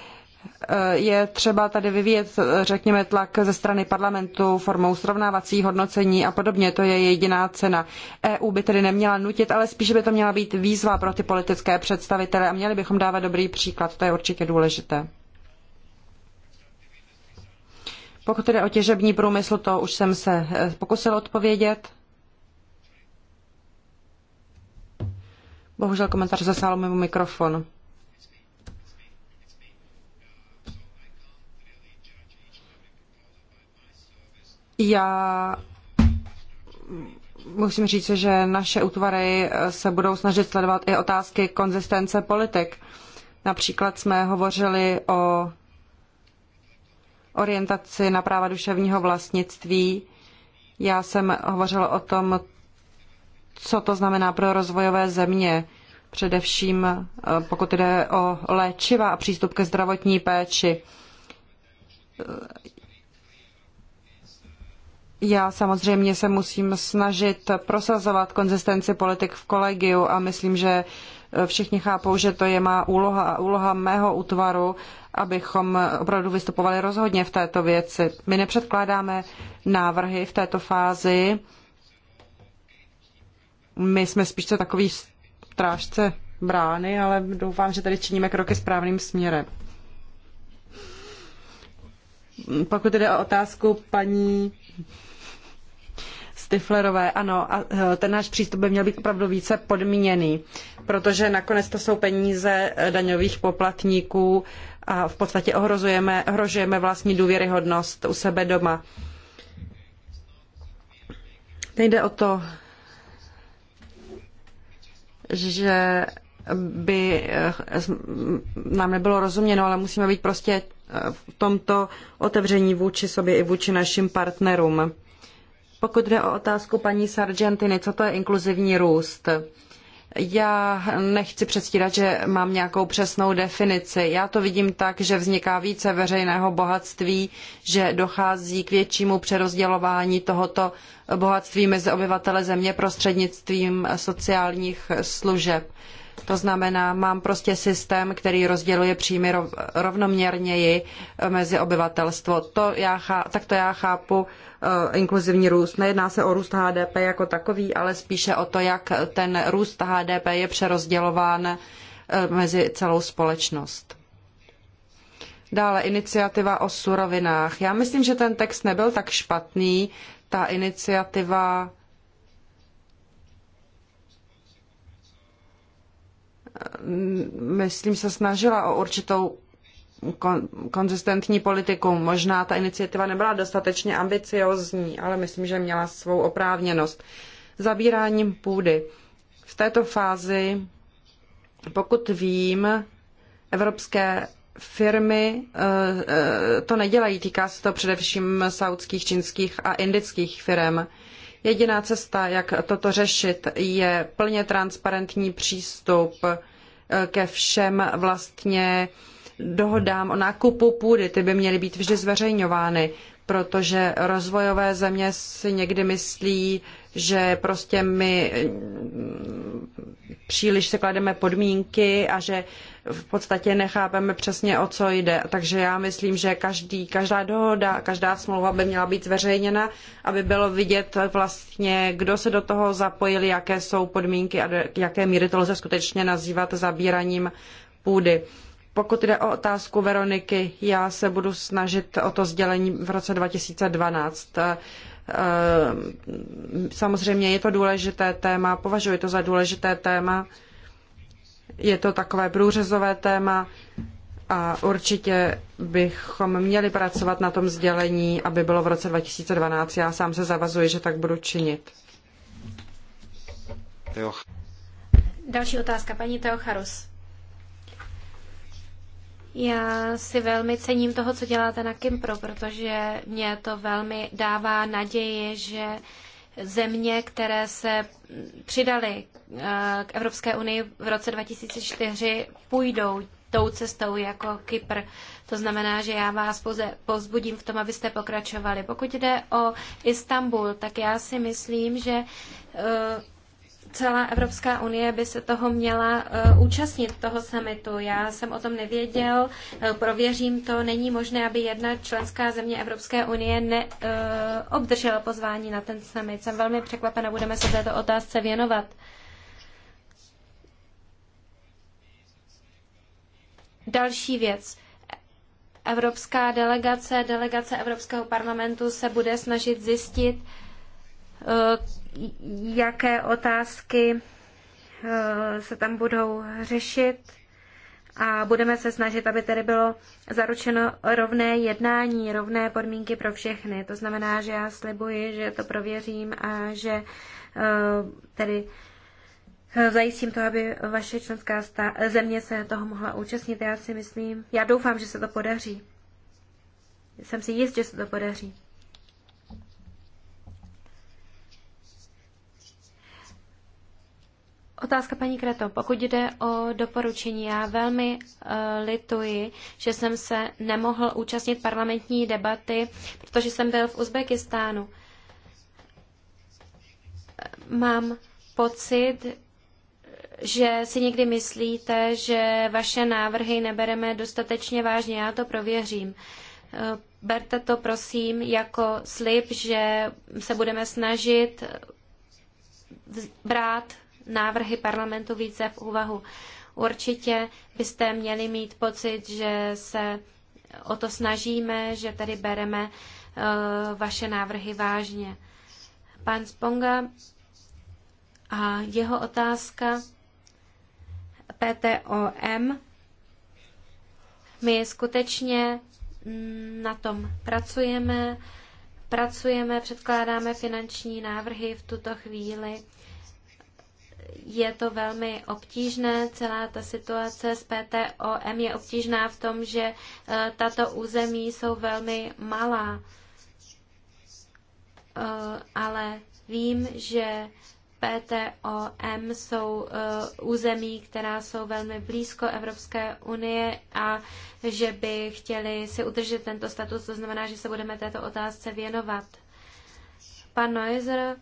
eh, je třeba tady vyvíjet, řekněme, tlak ze strany parlamentu formou srovnávací hodnocení a podobně. To je jediná cena. EU by tedy neměla nutit, ale spíše by to měla být výzva pro ty politické představitele a měli bychom dávat dobrý příklad. To je určitě důležité. Pokud jde o těžební průmysl, to už jsem se eh, pokusil odpovědět. Bohužel komentář zasáhl mimo mikrofon. Já musím říct, že naše útvary eh, se budou snažit sledovat i otázky konzistence politik. Například jsme hovořili o orientaci na práva duševního vlastnictví. Já jsem hovořila o tom, co to znamená pro rozvojové země, především eh, pokud jde o léčiva a přístup ke zdravotní péči. Eh, já samozřejmě se musím snažit prosazovat konzistenci politik v kolegiu a myslím, že uh, Všichni chápou, že to je má úloha a úloha mého útvaru, abychom opravdu vystupovali rozhodně v této věci. My nepředkládáme návrhy v této fázi. My jsme spíše takový strážce brány, ale doufám, že tady činíme kroky správným směrem. Pokud jde o otázku paní Stiflerové, ano, a e, ten náš přístup by měl být opravdu více podmíněný, protože nakonec to jsou peníze e, daňových poplatníků a v podstatě ohrožujeme, ohrožujeme vlastní důvěryhodnost u sebe doma. Nejde o to, že by e, nám nebylo rozuměno, ale musíme být prostě v tomto otevření vůči sobě i vůči našim partnerům. Pokud jde o otázku paní Sargentiny, co to je inkluzivní růst? Já nechci předstírat, že mám nějakou přesnou definici. Já to vidím tak, že vzniká více veřejného bohatství, že dochází k většímu přerozdělování tohoto bohatství mezi obyvatele země prostřednictvím sociálních služeb. To znamená, mám prostě systém, který rozděluje příjmy rovnoměrněji mezi obyvatelstvo. To já, tak to já chápu eh, inkluzivní růst. Nejedná se o růst HDP jako takový, ale spíše o to, jak ten růst HDP je přerozdělován eh, mezi celou společnost. Dále iniciativa o surovinách. Já myslím, že ten text nebyl tak špatný. Ta iniciativa myslím, se snažila o určitou kon, konzistentní politiku. Možná ta iniciativa nebyla dostatečně ambiciozní, ale myslím, že měla svou oprávněnost. Zabíráním půdy. V této fázi, pokud vím, evropské firmy eh, eh, to nedělají. Týká se to především saudských, čínských a indických firm. Jediná cesta, jak toto řešit, je plně transparentní přístup eh, ke všem vlastně dohodám o nákupu půdy. Ty by měly být vždy zveřejňovány, protože rozvojové země si někdy myslí, že prostě my mm, příliš se klademe podmínky a že v podstatě nechápeme přesně, o co jde. Takže já myslím, že každý, každá dohoda, každá smlouva by měla být zveřejněna, aby bylo vidět vlastně, kdo se do toho zapojil, jaké jsou podmínky a do jaké míry to lze skutečně nazývat zabíraním půdy. Pokud jde o otázku Veroniky, já se budu snažit o to sdělení v roce 2012. Ehm, samozřejmě je to důležité téma, považuji to za důležité téma, je to takové průřezové téma a určitě bychom měli pracovat na tom sdělení, aby bylo v roce 2012. Já sám se zavazuji, že tak budu činit. Další otázka, paní Teocharus. Já si velmi cením toho, co děláte na Kimpro, protože mě to velmi dává naději, že země, které se přidaly eh, k Evropské unii v roce 2004, půjdou tou cestou jako Kypr. To znamená, že já vás pouze pozbudím v tom, abyste pokračovali. Pokud jde o Istanbul, tak já si myslím, že eh, celá Evropská unie by se toho měla uh, účastnit, toho summitu. Já jsem o tom nevěděl, uh, prověřím to. Není možné, aby jedna členská země Evropské unie neobdržela eh, uh, pozvání na ten summit. Jsem velmi překvapena, budeme se této otázce věnovat. Další věc. Evropská delegace, delegace Evropského parlamentu se bude snažit zjistit, jaké otázky eh, se tam budou řešit a budeme se snažit, aby tedy bylo zaručeno rovné jednání, rovné podmínky pro všechny. To znamená, že já slibuji, že to prověřím a že eh, tedy eh, zajistím to, aby vaše členská země se toho mohla účastnit. Já si myslím, já doufám, že se to podaří. Jsem si jist, že se to podaří. Otázka paní Kreto. Pokud jde o doporučení, já velmi uh, lituji, že jsem se nemohl účastnit parlamentní debaty, protože jsem byl v Uzbekistánu. Mám pocit, že si někdy myslíte, že vaše návrhy nebereme dostatečně vážně. Já to prověřím. Eh, berte to prosím jako slib, že se budeme snažit brát návrhy parlamentu více v úvahu. Určitě byste měli mít pocit, že se o to snažíme, že tady bereme eh, vaše návrhy vážně. Pan Sponga a jeho otázka PTOM. My skutečně na tom pracujeme, pracujeme, předkládáme finanční návrhy v tuto chvíli je to velmi obtížné. Celá ta situace s PTOM je obtížná v tom, že eh, tato území jsou velmi malá. Eh, ale vím, že PTOM jsou eh, území, která jsou velmi blízko Evropské unie a že by chtěli si udržet tento status, to znamená, že se budeme této otázce věnovat. Pan Neuser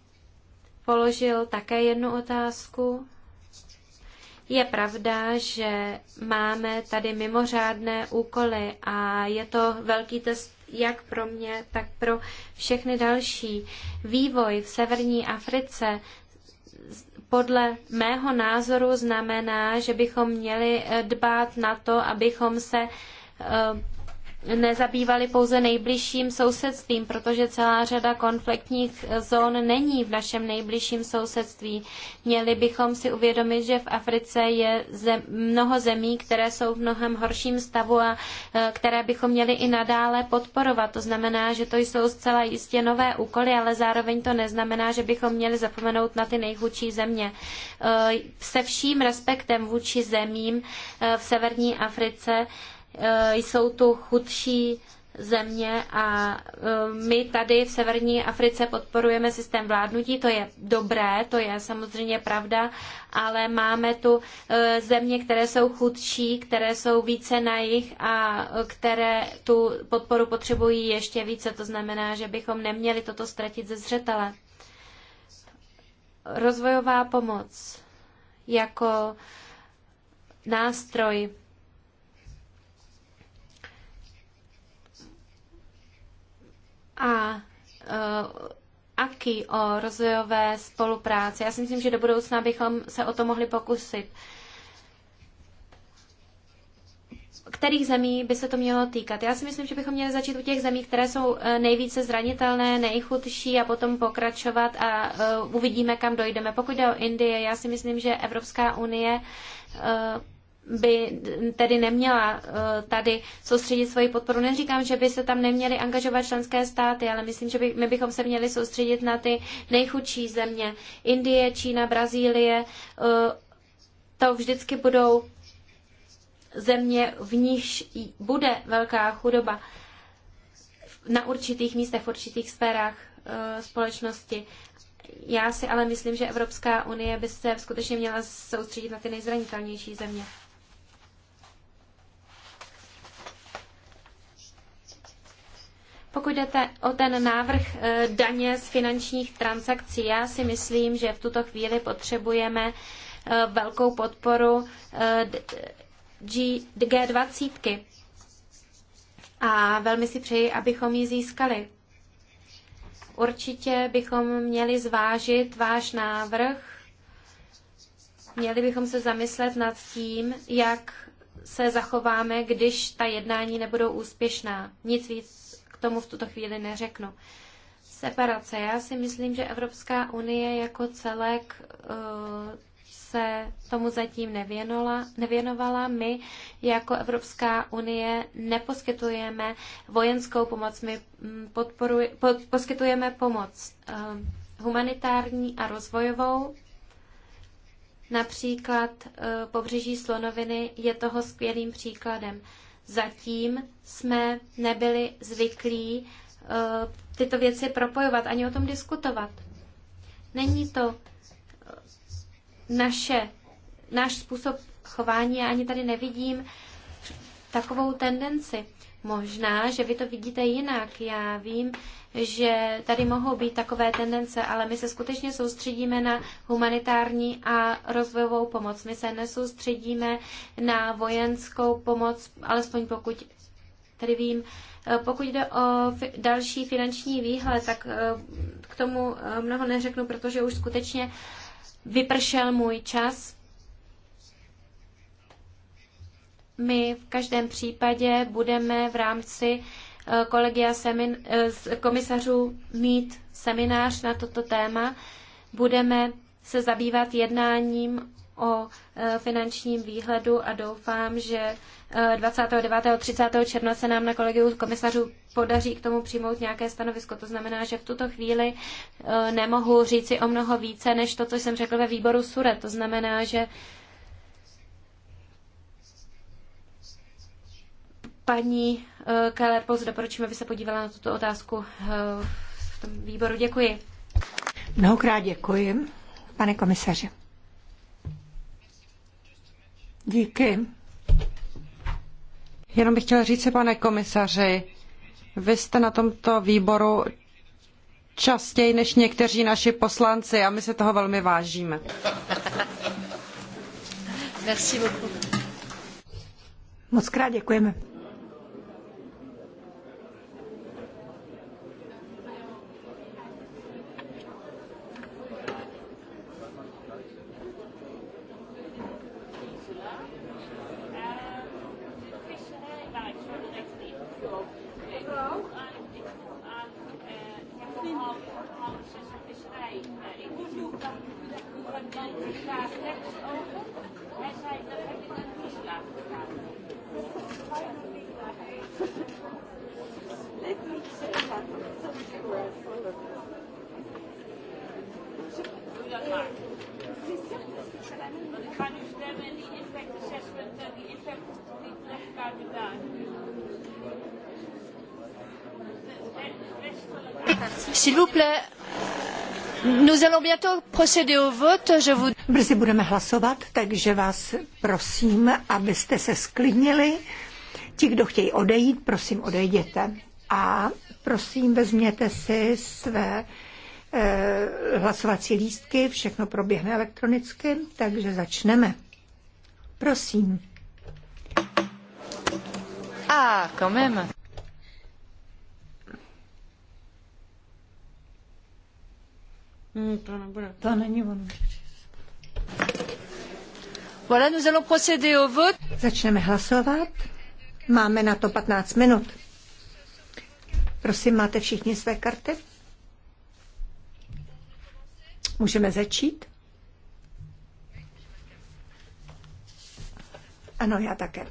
položil také jednu otázku. Je pravda, že máme tady mimořádné úkoly a je to velký test jak pro mě, tak pro všechny další. Vývoj v severní Africe podle mého názoru znamená, že bychom měli dbát na to, abychom se eh, nezabývali pouze nejbližším sousedstvím, protože celá řada konfliktních zón není v našem nejbližším sousedství. Měli bychom si uvědomit, že v Africe je zem, mnoho zemí, které jsou v mnohem horším stavu a e, které bychom měli i nadále podporovat. To znamená, že to jsou zcela jistě nové úkoly, ale zároveň to neznamená, že bychom měli zapomenout na ty nejhudší země. E, se vším respektem vůči zemím e, v severní Africe, Eh, jsou tu chudší země a eh, my tady v severní Africe podporujeme systém vládnutí, to je dobré, to je samozřejmě pravda, ale máme tu eh, země, které jsou chudší, které jsou více na jich a které tu podporu potřebují ještě více, to znamená, že bychom neměli toto ztratit ze zřetele. Rozvojová pomoc jako nástroj a eh, aký o rozvojové spolupráci. Já si myslím, že do budoucna bychom se o to mohli pokusit. Kterých zemí by se to mělo týkat? Já si myslím, že bychom měli začít u těch zemí, které jsou eh, nejvíce zranitelné, nejchudší a potom pokračovat a eh, uvidíme, kam dojdeme. Pokud jde o Indie, já si myslím, že Evropská unie by tedy neměla eh, tady soustředit svoji podporu. Neříkám, že by se tam neměly angažovat členské státy, ale myslím, že by, my bychom se měli soustředit na ty nejchudší země. Indie, Čína, Brazílie, eh, to vždycky budou země, v níž bude velká chudoba na určitých místech, v určitých sférách eh, společnosti. Já si ale myslím, že Evropská unie by se skutečně měla soustředit na ty nejzranitelnější země. Pokud jde o ten návrh eh, daně z finančních transakcí, já si myslím, že v tuto chvíli potřebujeme eh, velkou podporu eh, G20. A velmi si přeji, abychom ji získali. Určitě bychom měli zvážit váš návrh. Měli bychom se zamyslet nad tím, jak se zachováme, když ta jednání nebudou úspěšná. Nic víc tomu v tuto chvíli neřeknu. Separace. Já si myslím, že Evropská unie jako celek uh, se tomu zatím nevěnovala, nevěnovala. My jako Evropská unie neposkytujeme vojenskou pomoc, my mm, podporuj, pod, poskytujeme pomoc um, humanitární a rozvojovou. Například uh, pobřeží Slonoviny je toho skvělým příkladem. Zatím jsme nebyli zvyklí eh, tyto věci propojovat, ani o tom diskutovat. Není to eh, naše, náš způsob chování, já ani tady nevidím takovou tendenci. Možná, že vy to vidíte jinak. Já vím, že tady mohou být takové tendence, ale my se skutečně soustředíme na humanitární a rozvojovou pomoc. My se nesoustředíme na vojenskou pomoc, alespoň pokud tady vím. Pokud jde o další finanční výhled, tak eh, k tomu eh, mnoho neřeknu, protože už skutečně vypršel můj čas. My v každém případě budeme v rámci eh, kolegia semin, eh, komisařů mít seminář na toto téma. Budeme se zabývat jednáním o eh, finančním výhledu a doufám, že 29. a 30. června se nám na kolegiu komisařů podaří k tomu přijmout nějaké stanovisko. To znamená, že v tuto chvíli nemohu říci o mnoho více, než to, co jsem řekl ve výboru SURE. To znamená, že Paní eh, Keller, pouze doporučím, aby se podívala na tuto otázku eh, v tom výboru. Děkuji. Mnohokrát děkuji, pane komisaři. Díky. Jenom bych chtěla říct, pane komisaři, vy jste na tomto výboru častěji než někteří naši poslanci a my se toho velmi vážíme. Moc krát děkujeme. Brzy budeme hlasovat, takže vás prosím, abyste se sklidnili. Ti, kdo chtějí odejít, prosím, odejděte. A prosím, vezměte si své eh, hlasovací lístky, všechno proběhne elektronicky, takže začneme. Prosím. A, ah, quand même. Hmm, to nebude, to není on. Voilà, nous allons procéder au vote. Začneme hlasovat. Máme na to 15 minut. Prosím, máte všichni své karty? Můžeme začít? Ano, já také.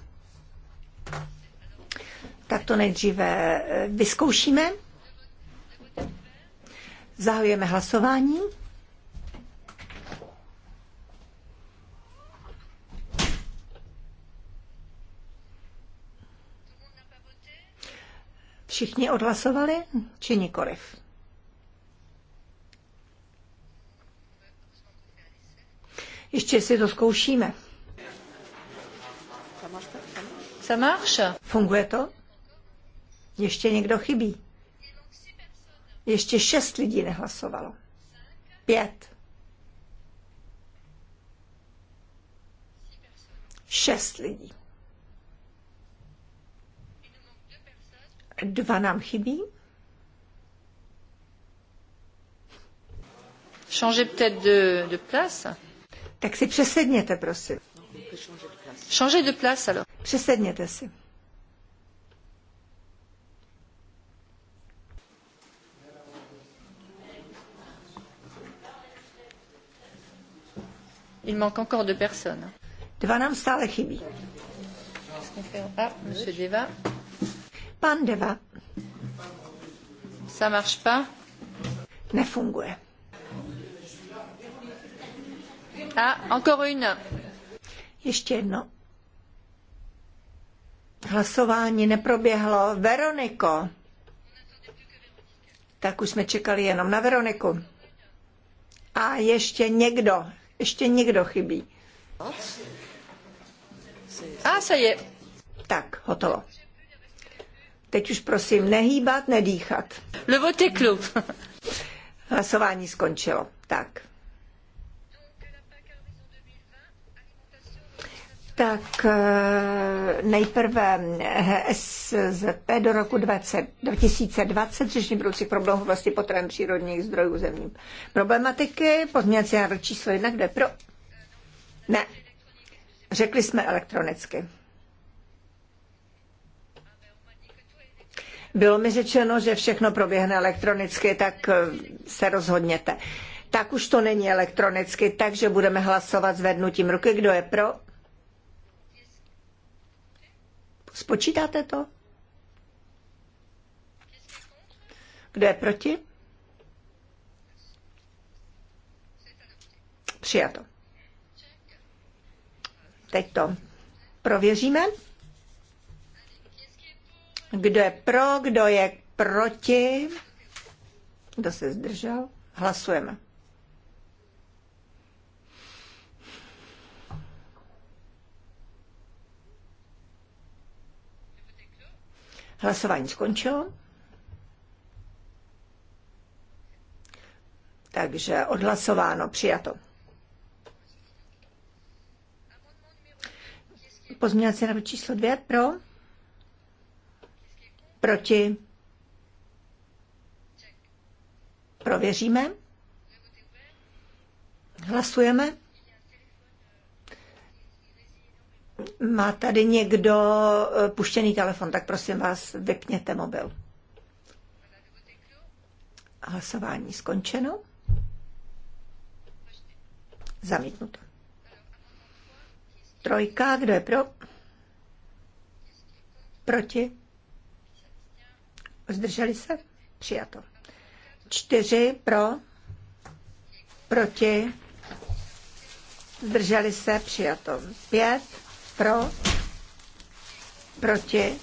Tak to nejdříve eh, vyzkoušíme. Zahajujeme hlasování. Všichni odhlasovali, či nikoliv? Ještě si to zkoušíme. Funguje to? Ještě někdo chybí. Ještě šest lidí nehlasovalo. Pět. Šest lidí. Dva nám chybí. Changez peut-être de, de place. Tak si přesedněte, prosím. Changez de place alors. Přesedněte si. Il manque encore deux personnes. Dva nám stále chybí. Ah, Deva. Pan Deva. Ça marche pas. Nefunguje. Ah, encore une. Ještě jedno. Hlasování neproběhlo. Veroniko. Tak už jsme čekali jenom na Veroniku. A ještě někdo ještě někdo chybí. A se je. Tak, hotovo. Teď už prosím nehýbat, nedýchat. Le Hlasování skončilo. Tak. tak eh, nejprve eh, SZP do roku 20, 2020 řešení budoucích problémů v oblasti potravin přírodních zdrojů zemní problematiky. Pozměňovací návrh číslo jedna, kde pro? Ne. Řekli jsme elektronicky. Bylo mi řečeno, že všechno proběhne elektronicky, tak eh, se rozhodněte. Tak už to není elektronicky, takže budeme hlasovat zvednutím ruky. Kdo je pro? Spočítáte to? Kdo je proti? Přijato. Teď to prověříme. Kdo je pro, kdo je proti? Kdo se zdržel? Hlasujeme. Hlasování skončilo. Takže odhlasováno, přijato. Pozměňovací návrh číslo dvě pro. Proti. Prověříme. Hlasujeme. Má tady někdo eh, puštěný telefon, tak prosím vás, vypněte mobil. Hlasování skončeno. Zamítnuto. Trojka, kdo je pro? Proti? Zdrželi se? Přijato. Čtyři pro? Proti? Zdrželi se? Přijato. Pět pro? Proti?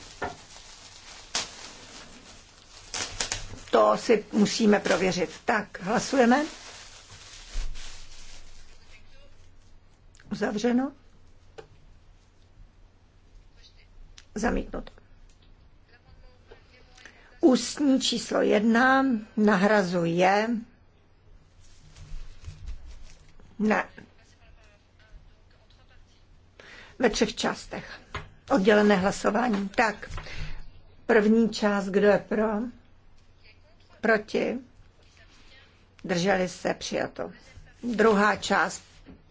To si musíme prověřit. Tak, hlasujeme. Uzavřeno. Zamítnuto. Ústní číslo jedna nahrazuje ne, ve třech částech. Oddělené hlasování. Tak, první část, kdo je pro? Proti? Drželi se, přijato. Druhá část,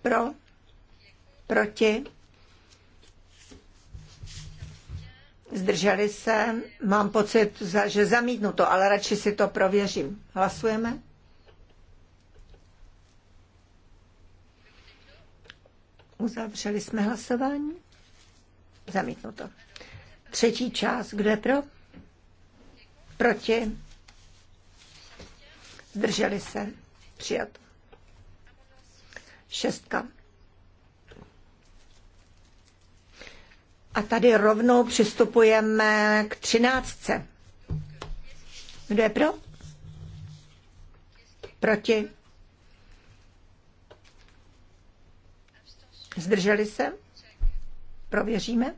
pro? Proti? Zdrželi se, mám pocit, že zamítnu to, ale radši si to prověřím. Hlasujeme. Uzavřeli jsme hlasování. Zamítnuto. Třetí část. Kdo je pro? Proti? Zdrželi se. Přijat. Šestka. A tady rovnou přistupujeme k třináctce. Kdo je pro? Proti? Zdrželi se? Prověříme.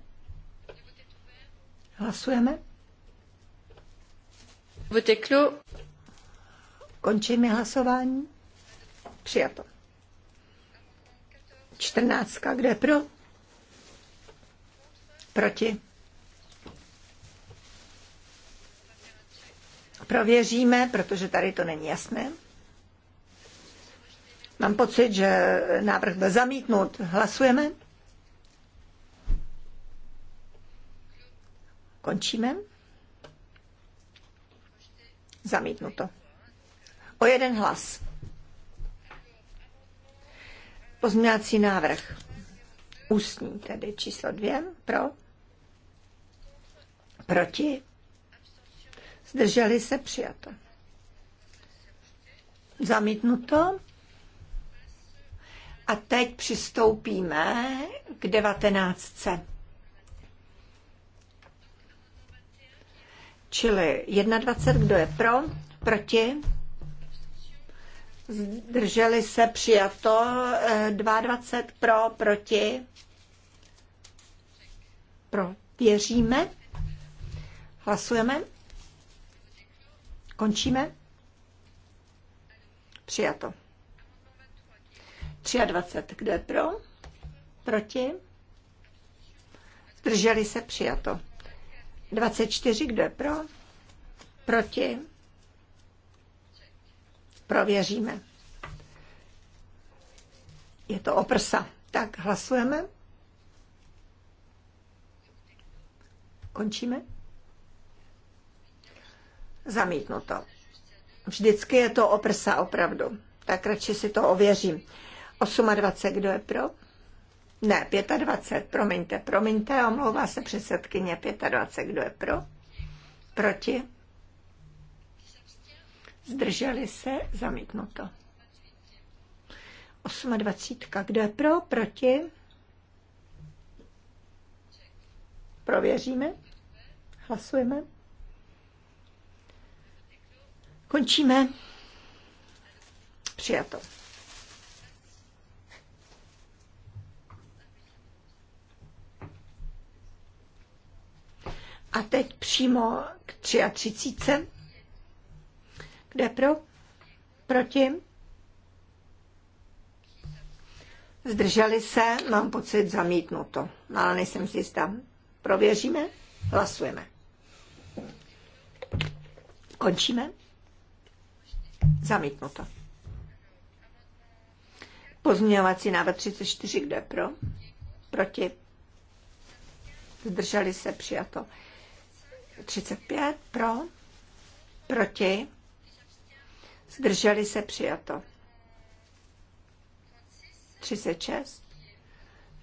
Hlasujeme. Vyteklu. Končíme hlasování. Přijato. Čtrnáctka, kde pro? Proti. Prověříme, protože tady to není jasné. Mám pocit, že návrh byl zamítnut. Hlasujeme? Končíme? Zamítnuto. O jeden hlas. Pozměňovací návrh. Ústní, tedy číslo dvě. Pro? Proti? Zdrželi se přijato. Zamítnuto. A teď přistoupíme k devatenáctce. Čili 21, kdo je pro, proti, zdrželi se přijato, 22 eh, pro, proti, pro, věříme, hlasujeme, končíme, přijato. 23. Kdo je pro? Proti? Zdrželi se přijato. 24. Kdo je pro? Proti? Prověříme. Je to oprsa. Tak hlasujeme. Končíme. Zamítnuto. Vždycky je to oprsa opravdu. Tak radši si to ověřím. 28, kdo je pro? Ne, 25, promiňte, promiňte, omlouvá se předsedkyně 25, kdo je pro? Proti? Zdrželi se, zamítnuto. 28, kdo je pro? Proti? Prověříme. Hlasujeme. Končíme. Přijato. A teď přímo k 33. Kde pro? Proti? Zdrželi se, mám pocit zamítnuto, ale nejsem si jistá. Prověříme, hlasujeme. Končíme. Zamítnuto. Pozměňovací návrh 34, kde pro? Proti? Zdrželi se, přijato. 35 pro, proti, zdrželi se přijato. 36,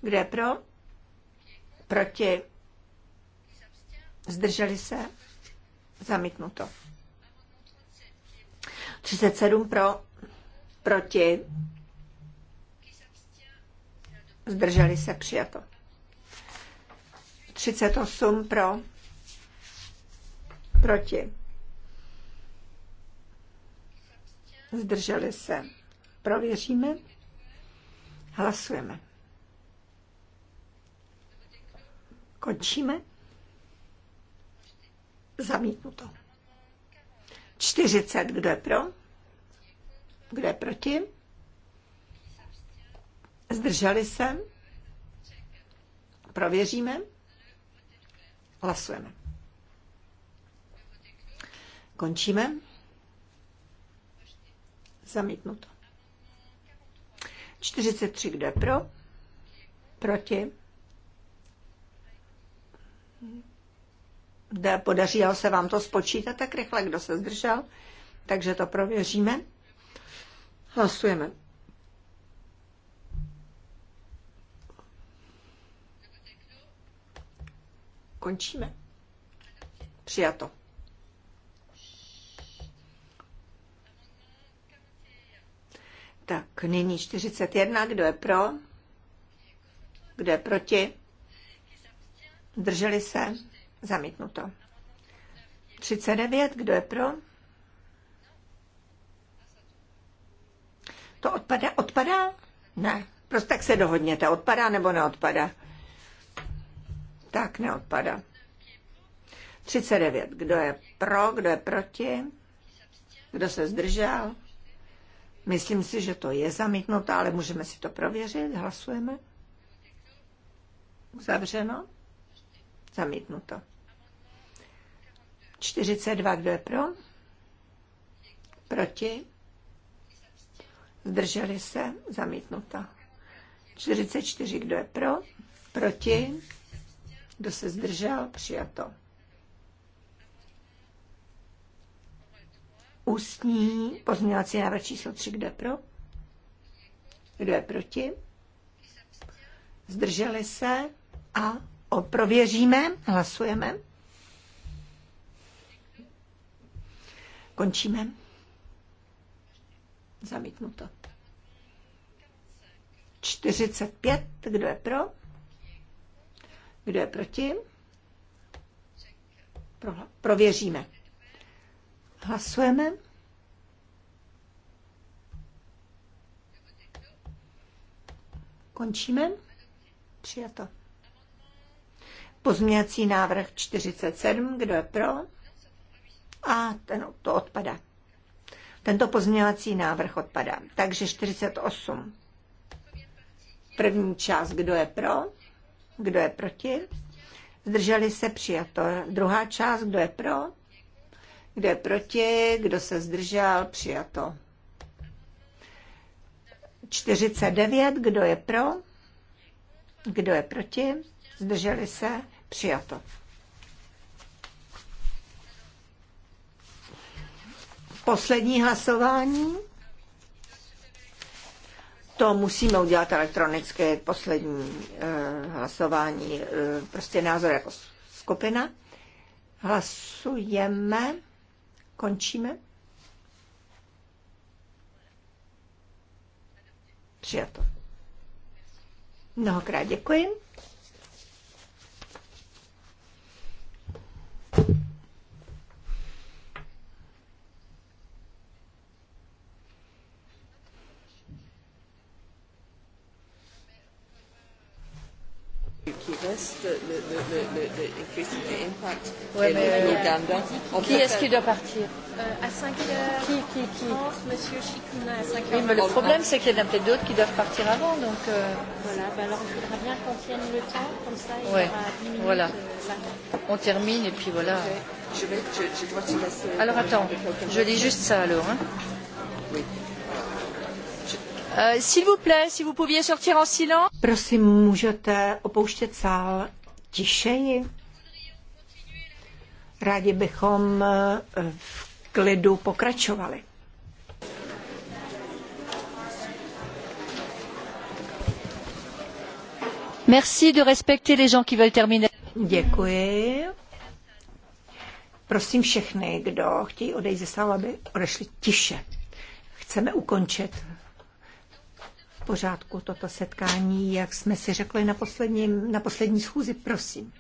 kde pro, proti, zdrželi se, zamítnuto. 37 pro, proti, zdrželi se, přijato. 38 pro, Proti. Zdrželi se. Prověříme. Hlasujeme. Končíme. Zamítnuto. 40. Kdo je pro? Kdo je proti? Zdrželi se? Prověříme. Hlasujeme. Končíme. Zamítnuto. 43, kde pro? Proti? Kde podařilo se vám to spočítat tak rychle, kdo se zdržel? Takže to prověříme. Hlasujeme. Končíme. Přijato. Tak nyní 41, kdo je pro? Kdo je proti? Drželi se? Zamítnuto. 39, kdo je pro? To odpadá? Odpadá? Ne. Prostě tak se dohodněte. Odpadá nebo neodpadá? Tak neodpadá. 39. Kdo je pro, kdo je proti? Kdo se zdržel? Myslím si, že to je zamítnuto, ale můžeme si to prověřit. Hlasujeme. Uzavřeno. Zamítnuto. 42, kdo je pro? Proti? Zdrželi se? Zamítnuto. 44, kdo je pro? Proti? Kdo se zdržel? Přijato. ústní pozměňovací návrh číslo 3, kdo je pro? Kdo je proti? Zdrželi se a prověříme, hlasujeme. Končíme. Zamítnuto. 45, kdo je pro? Kdo je proti? Pro, prověříme. Hlasujeme. Končíme. Přijato. Pozměňací návrh 47, kdo je pro? A ten, to odpadá. Tento pozměňovací návrh odpadá. Takže 48. První část, kdo je pro? Kdo je proti? Zdrželi se přijato. Druhá část, kdo je pro? Kdo je proti? Kdo se zdržel? Přijato. 49. Kdo je pro? Kdo je proti? Zdrželi se? Přijato. Poslední hlasování. To musíme udělat elektronicky, poslední eh, hlasování, eh, prostě názor jako skupina. Hlasujeme. Končíme. Přijato. Mnohokrát děkuji. conteste increasing the impact ouais, et euh, qui est-ce qui doit partir euh, À 5 heures. Qui, qui, qui Monsieur Chikuna à 5 heures. Oui, mais le problème, c'est qu'il y en a peut-être d'autres qui doivent partir avant. Donc, euh... Voilà, bah alors il faudra bien qu'on tienne le temps, comme ça il ouais, y aura 10 minutes. Voilà. Euh, On termine et puis voilà. Okay. Je, vais, je, je dois te laisser. Alors attends, je lis juste ça alors. Hein. Oui. Euh, s'il vous plaît, si vous pouviez sortir en silence. Prosím, můžete opouštět sál tišeji? Rádi bychom eh, v klidu pokračovali. Merci de respecter les gens qui veulent terminer. Děkuji. Prosím všechny, kdo chtějí odejít ze sálu, aby odešli tiše. Chceme ukončit pořádku toto setkání, jak jsme si řekli na, poslední na poslední schůzi, prosím.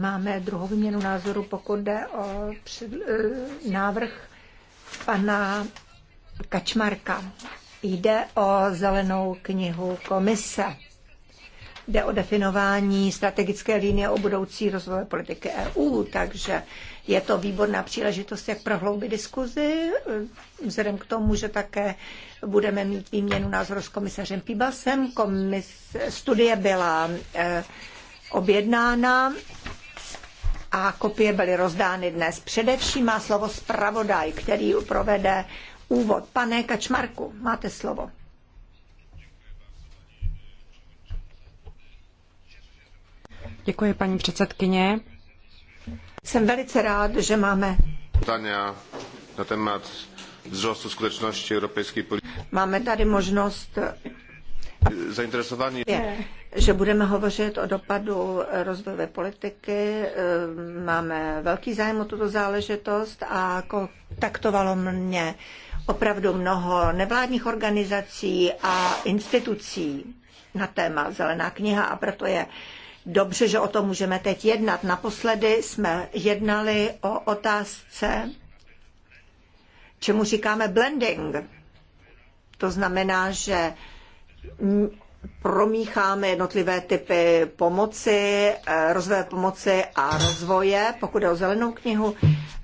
Máme druhou výměnu názoru, pokud jde o před, eh, návrh pana Kačmarka. Jde o zelenou knihu komise. Jde o definování strategické linie o budoucí rozvoje politiky EU, takže je to výborná příležitost, jak prohloubit diskuzi, eh, vzhledem k tomu, že také budeme mít výměnu názoru s komisařem Pibasem. Komis, studie byla eh, objednána a kopie byly rozdány dnes. Především má slovo zpravodaj, který provede úvod. Pane Kačmarku, máte slovo. Děkuji, paní předsedkyně. Jsem velice rád, že máme pytania na témat wzrostu skuteczności europejskiej politiky. Máme tady možnost zainteresovaní. Je, že budeme hovořit o dopadu rozvojové politiky. Ehm, máme velký zájem o tuto záležitost a kontaktovalo mě opravdu mnoho nevládních organizací a institucí na téma Zelená kniha a proto je dobře, že o tom můžeme teď jednat. Naposledy jsme jednali o otázce, čemu říkáme blending. To znamená, že promícháme jednotlivé typy pomoci, eh, rozvoje pomoci a rozvoje. Pokud je o zelenou knihu,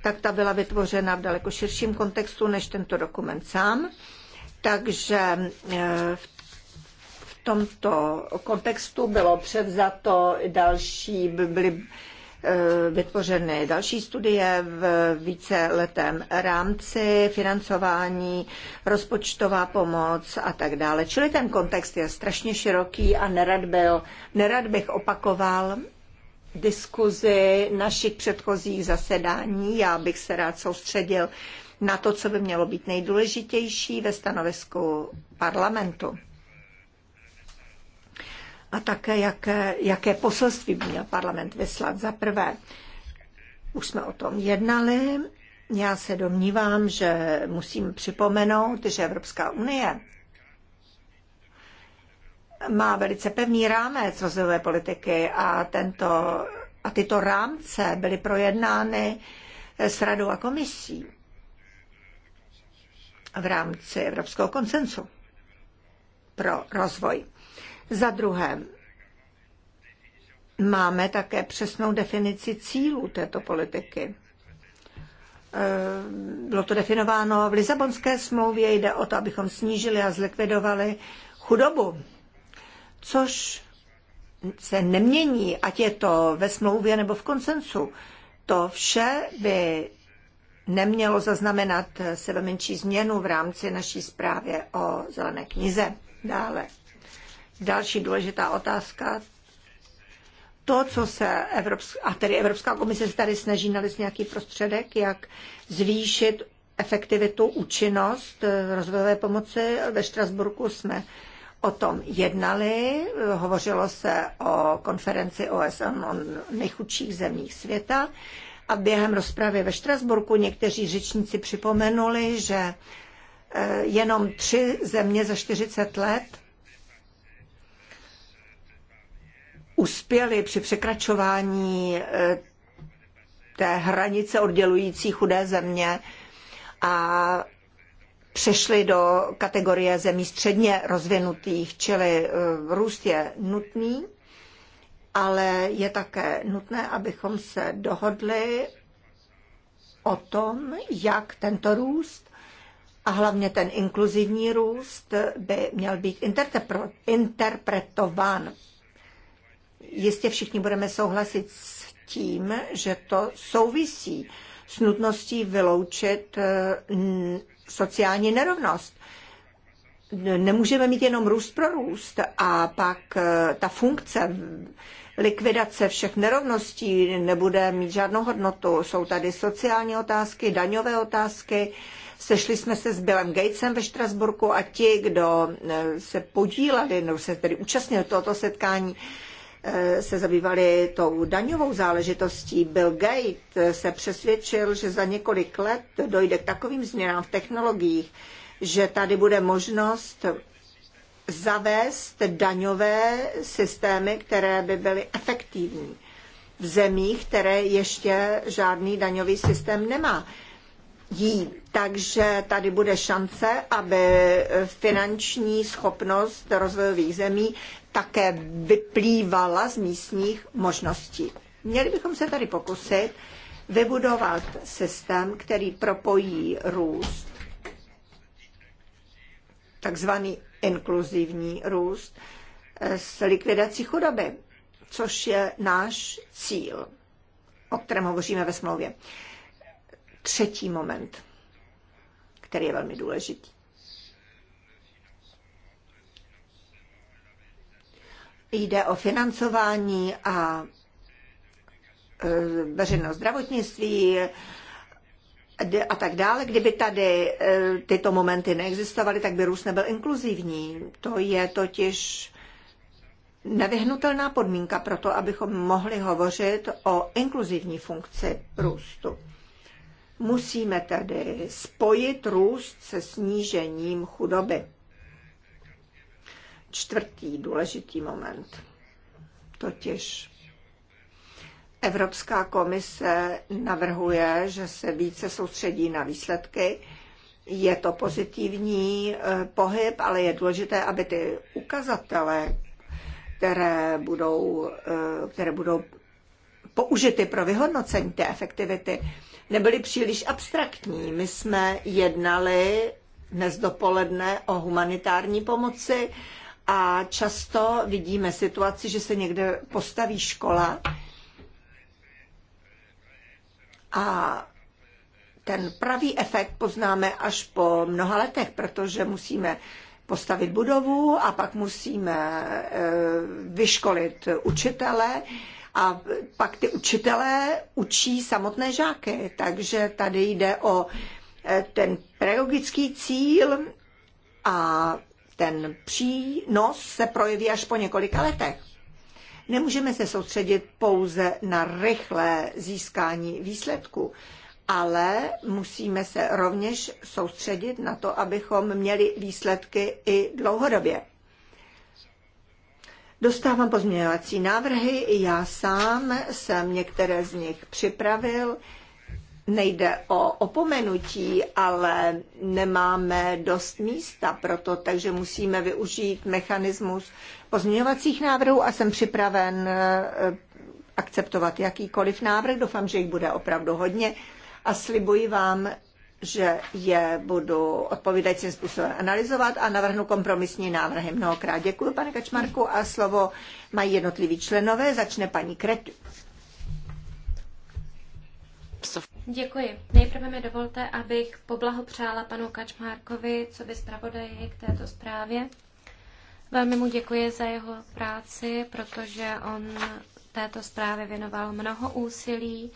tak ta byla vytvořena v daleko širším kontextu než tento dokument sám. Takže eh, v tomto kontextu bylo převzato další, byly eh, vytvořeny další studie v víceletém rámci, financování, rozpočtová pomoc a tak dále. Čili ten kontext je strašně široký a nerad, byl, nerad bych opakoval diskuzi našich předchozích zasedání. Já bych se rád soustředil na to, co by mělo být nejdůležitější ve stanovisku parlamentu a také jaké, jaké poselství by měl parlament vyslat. Za prvé, už jsme o tom jednali. Já se domnívám, že musím připomenout, že Evropská unie má velice pevný rámec rozvojové politiky a, tento, a tyto rámce byly projednány s radou a komisí v rámci Evropského koncensu pro rozvoj. Za druhé, máme také přesnou definici cílů této politiky. Eh, bylo to definováno v Lisabonské smlouvě, jde o to, abychom snížili a zlikvidovali chudobu, což se nemění, ať je to ve smlouvě nebo v konsensu. To vše by nemělo zaznamenat sebe menší změnu v rámci naší zprávy o zelené knize. Dále Další důležitá otázka. To, co se Evropská, a tedy Evropská komise se tady snaží nalézt nějaký prostředek, jak zvýšit efektivitu, účinnost eh, rozvojové pomoci ve Štrasburku jsme o tom jednali. Hovořilo se o konferenci OSN o nejchudších zemích světa a během rozpravy ve Štrasburku někteří řečníci připomenuli, že eh, jenom tři země za 40 let uspěli při překračování eh, té hranice oddělující chudé země a přešli do kategorie zemí středně rozvinutých, čili eh, růst je nutný, ale je také nutné, abychom se dohodli o tom, jak tento růst a hlavně ten inkluzivní růst by měl být interpretován jistě všichni budeme souhlasit s tím, že to souvisí s nutností vyloučit eh, sociální nerovnost. Nemůžeme mít jenom růst pro růst a pak eh, ta funkce likvidace všech nerovností nebude mít žádnou hodnotu. Jsou tady sociální otázky, daňové otázky. Sešli jsme se s Billem Gatesem ve Štrasburku a ti, kdo eh, se podíleli, nebo se tedy účastnili tohoto setkání, Eh, se zabývali tou daňovou záležitostí, Bill Gates eh, se přesvědčil, že za několik let dojde k takovým změnám v technologiích, že tady bude možnost zavést daňové systémy, které by byly efektivní v zemích, které ještě žádný daňový systém nemá. Jí. Takže tady bude šance, aby finanční schopnost rozvojových zemí také vyplývala z místních možností. Měli bychom se tady pokusit vybudovat systém, který propojí růst, takzvaný inkluzivní růst, s likvidací chudoby, což je náš cíl, o kterém hovoříme ve smlouvě. Třetí moment, který je velmi důležitý. Jde o financování a e, veřejného zdravotnictví a tak dále. Kdyby tady e, tyto momenty neexistovaly, tak by růst nebyl inkluzivní. To je totiž nevyhnutelná podmínka pro to, abychom mohli hovořit o inkluzivní funkci růstu. Musíme tedy spojit růst se snížením chudoby čtvrtý důležitý moment. Totiž Evropská komise navrhuje, že se více soustředí na výsledky. Je to pozitivní eh, pohyb, ale je důležité, aby ty ukazatele, které budou, eh, které budou použity pro vyhodnocení té efektivity, nebyly příliš abstraktní. My jsme jednali dnes dopoledne o humanitární pomoci a často vidíme situaci, že se někde postaví škola a ten pravý efekt poznáme až po mnoha letech, protože musíme postavit budovu a pak musíme e, vyškolit učitele a pak ty učitelé učí samotné žáky. Takže tady jde o e, ten pedagogický cíl a ten přínos se projeví až po několika letech. Nemůžeme se soustředit pouze na rychlé získání výsledku, ale musíme se rovněž soustředit na to, abychom měli výsledky i dlouhodobě. Dostávám pozměňovací návrhy, já sám jsem některé z nich připravil nejde o opomenutí, ale nemáme dost místa pro to, takže musíme využít mechanismus pozměňovacích návrhů a jsem připraven eh, akceptovat jakýkoliv návrh. Doufám, že jich bude opravdu hodně a slibuji vám, že je budu odpovídajícím způsobem analyzovat a navrhnu kompromisní návrhy. Mnohokrát děkuji, pane Kačmarku, a slovo mají jednotliví členové. Začne paní Kretu. Děkuji. Nejprve mi dovolte, abych poblahopřála panu Kačmárkovi, co by zpravodaji k této zprávě. Velmi mu děkuji za jeho práci, protože on této zprávě věnoval mnoho úsilí.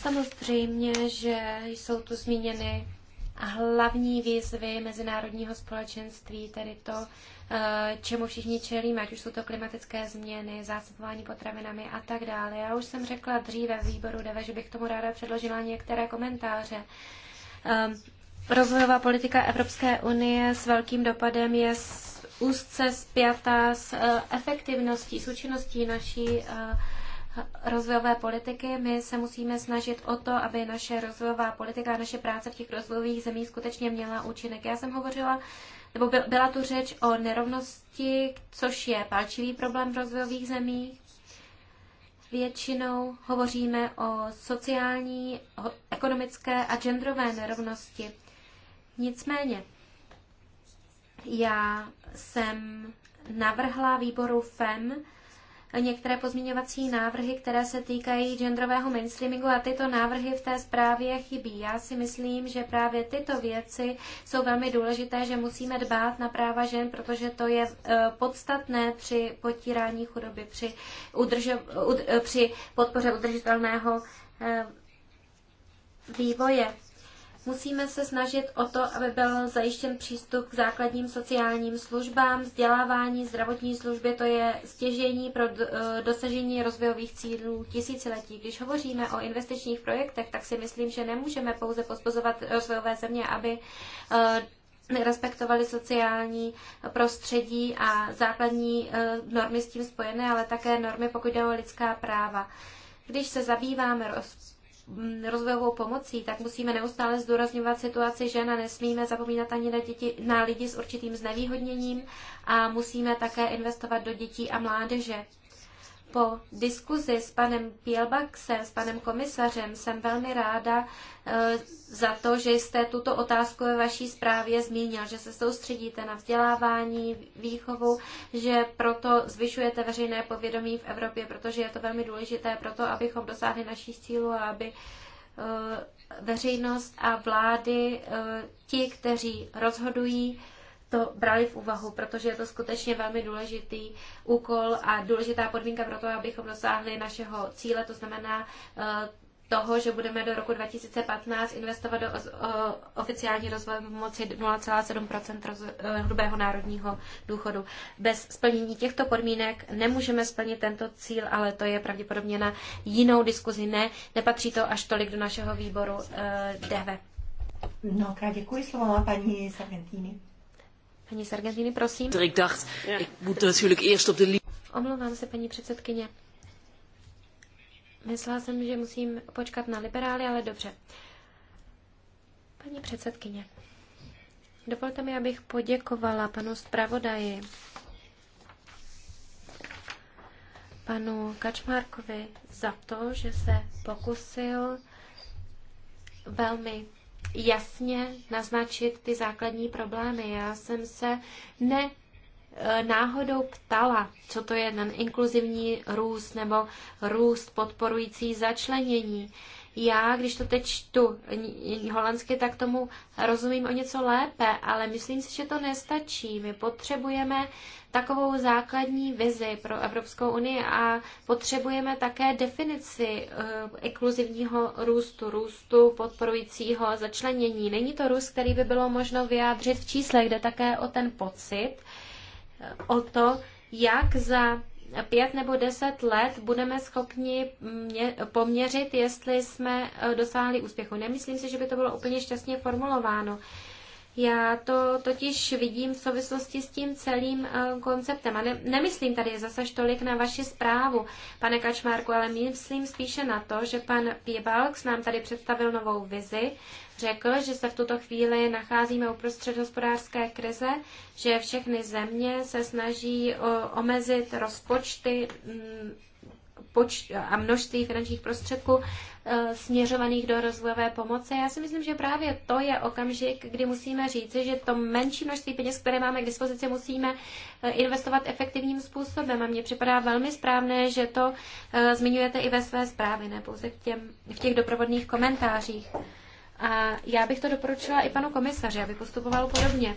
Samozřejmě, že jsou tu zmíněny hlavní výzvy mezinárodního společenství, tedy to, eh, čemu všichni čelíme, ať už jsou to klimatické změny, zásobování potravinami a tak dále. Já už jsem řekla dříve v výboru DEVE, že bych tomu ráda předložila některé komentáře. Ehm, rozvojová politika Evropské unie s velkým dopadem je úzce spjatá s eh, efektivností, s účinností naší eh, rozvojové politiky. My se musíme snažit o to, aby naše rozvojová politika a naše práce v těch rozvojových zemích skutečně měla účinek. Já jsem hovořila, nebo byla tu řeč o nerovnosti, což je palčivý problém v rozvojových zemích. Většinou hovoříme o sociální, o ekonomické a genderové nerovnosti. Nicméně, já jsem navrhla výboru FEM, některé pozměňovací návrhy, které se týkají genderového mainstreamingu a tyto návrhy v té zprávě chybí. Já si myslím, že právě tyto věci jsou velmi důležité, že musíme dbát na práva žen, protože to je eh, podstatné při potírání chudoby, při, udržo, ud, eh, při podpoře udržitelného eh, vývoje. Musíme se snažit o to, aby byl zajištěn přístup k základním sociálním službám, vzdělávání, zdravotní službě. To je stěžení pro eh, dosažení rozvojových cílů tisíciletí. Když hovoříme o investičních projektech, tak si myslím, že nemůžeme pouze pospozovat rozvojové země, aby eh, respektovali sociální prostředí a základní eh, normy s tím spojené, ale také normy, pokud jde o lidská práva. Když se zabýváme Mm, rozvojovou pomocí, tak musíme neustále zdůrazňovat situaci žen a nesmíme zapomínat ani na, děti, na lidi s určitým znevýhodněním a musíme také investovat do dětí a mládeže. Po diskuzi s panem Pielbaxem, s panem komisařem, jsem velmi ráda eh, za to, že jste tuto otázku ve vaší zprávě zmínil, že se soustředíte na vzdělávání, výchovu, že proto zvyšujete veřejné povědomí v Evropě, protože je to velmi důležité pro to, abychom dosáhli našich cílů a aby eh, veřejnost a vlády, eh, ti, kteří rozhodují, to brali v úvahu, protože je to skutečně velmi důležitý úkol a důležitá podmínka pro to, abychom dosáhli našeho cíle, to znamená eh, toho, že budeme do roku 2015 investovat do eh, oficiální rozvoje moci 0,7 eh, hrubého národního důchodu. Bez splnění těchto podmínek nemůžeme splnit tento cíl, ale to je pravděpodobně na jinou diskuzi. Ne, nepatří to až tolik do našeho výboru DV. Mnohokrát děkuji, slovo má paní Sargentini. Paní z Argentiny, prosím. Ik dacht, ik moet natuurlijk eerst op de Omlouvám se, paní předsedkyně. Myslela jsem, že musím počkat na liberály, ale dobře. Paní předsedkyně, dovolte mi, abych poděkovala panu zpravodaji, panu Kačmárkovi za to, že se pokusil velmi jasně naznačit ty základní problémy. Já jsem se ne e, náhodou ptala, co to je ten inkluzivní růst nebo růst podporující začlenění. Já, když to teď čtu holandsky, tak tomu rozumím o něco lépe, ale myslím si, že to nestačí. My potřebujeme takovou základní vizi pro Evropskou unii a potřebujeme také definici eh, inkluzivního růstu, růstu podporujícího začlenění. Není to růst, který by bylo možno vyjádřit v číslech, kde také o ten pocit, eh, o to, jak za No. pět nebo deset let budeme schopni poměřit, jestli jsme eh, dosáhli úspěchu. Nemyslím si, že by to bylo úplně šťastně formulováno. Já to totiž vidím v souvislosti s tím celým eh, konceptem. A ne, nemyslím tady zase tolik na vaši zprávu, pane Kačmárku, ale myslím spíše na to, že pan Piebalks nám tady představil novou vizi řekl, že se v tuto chvíli nacházíme uprostřed hospodářské krize, že všechny země se snaží eh, omezit rozpočty mm, a množství finančních prostředků eh, směřovaných do rozvojové pomoci. Já si myslím, že právě to je okamžik, kdy musíme říci, že to menší množství peněz, které máme k dispozici, musíme eh, investovat efektivním způsobem. A mně připadá velmi správné, že to zmiňujete i ve své zprávě, ne pouze v, v těch doprovodných komentářích. A já bych to doporučila i panu komisaři, aby postupoval podobně.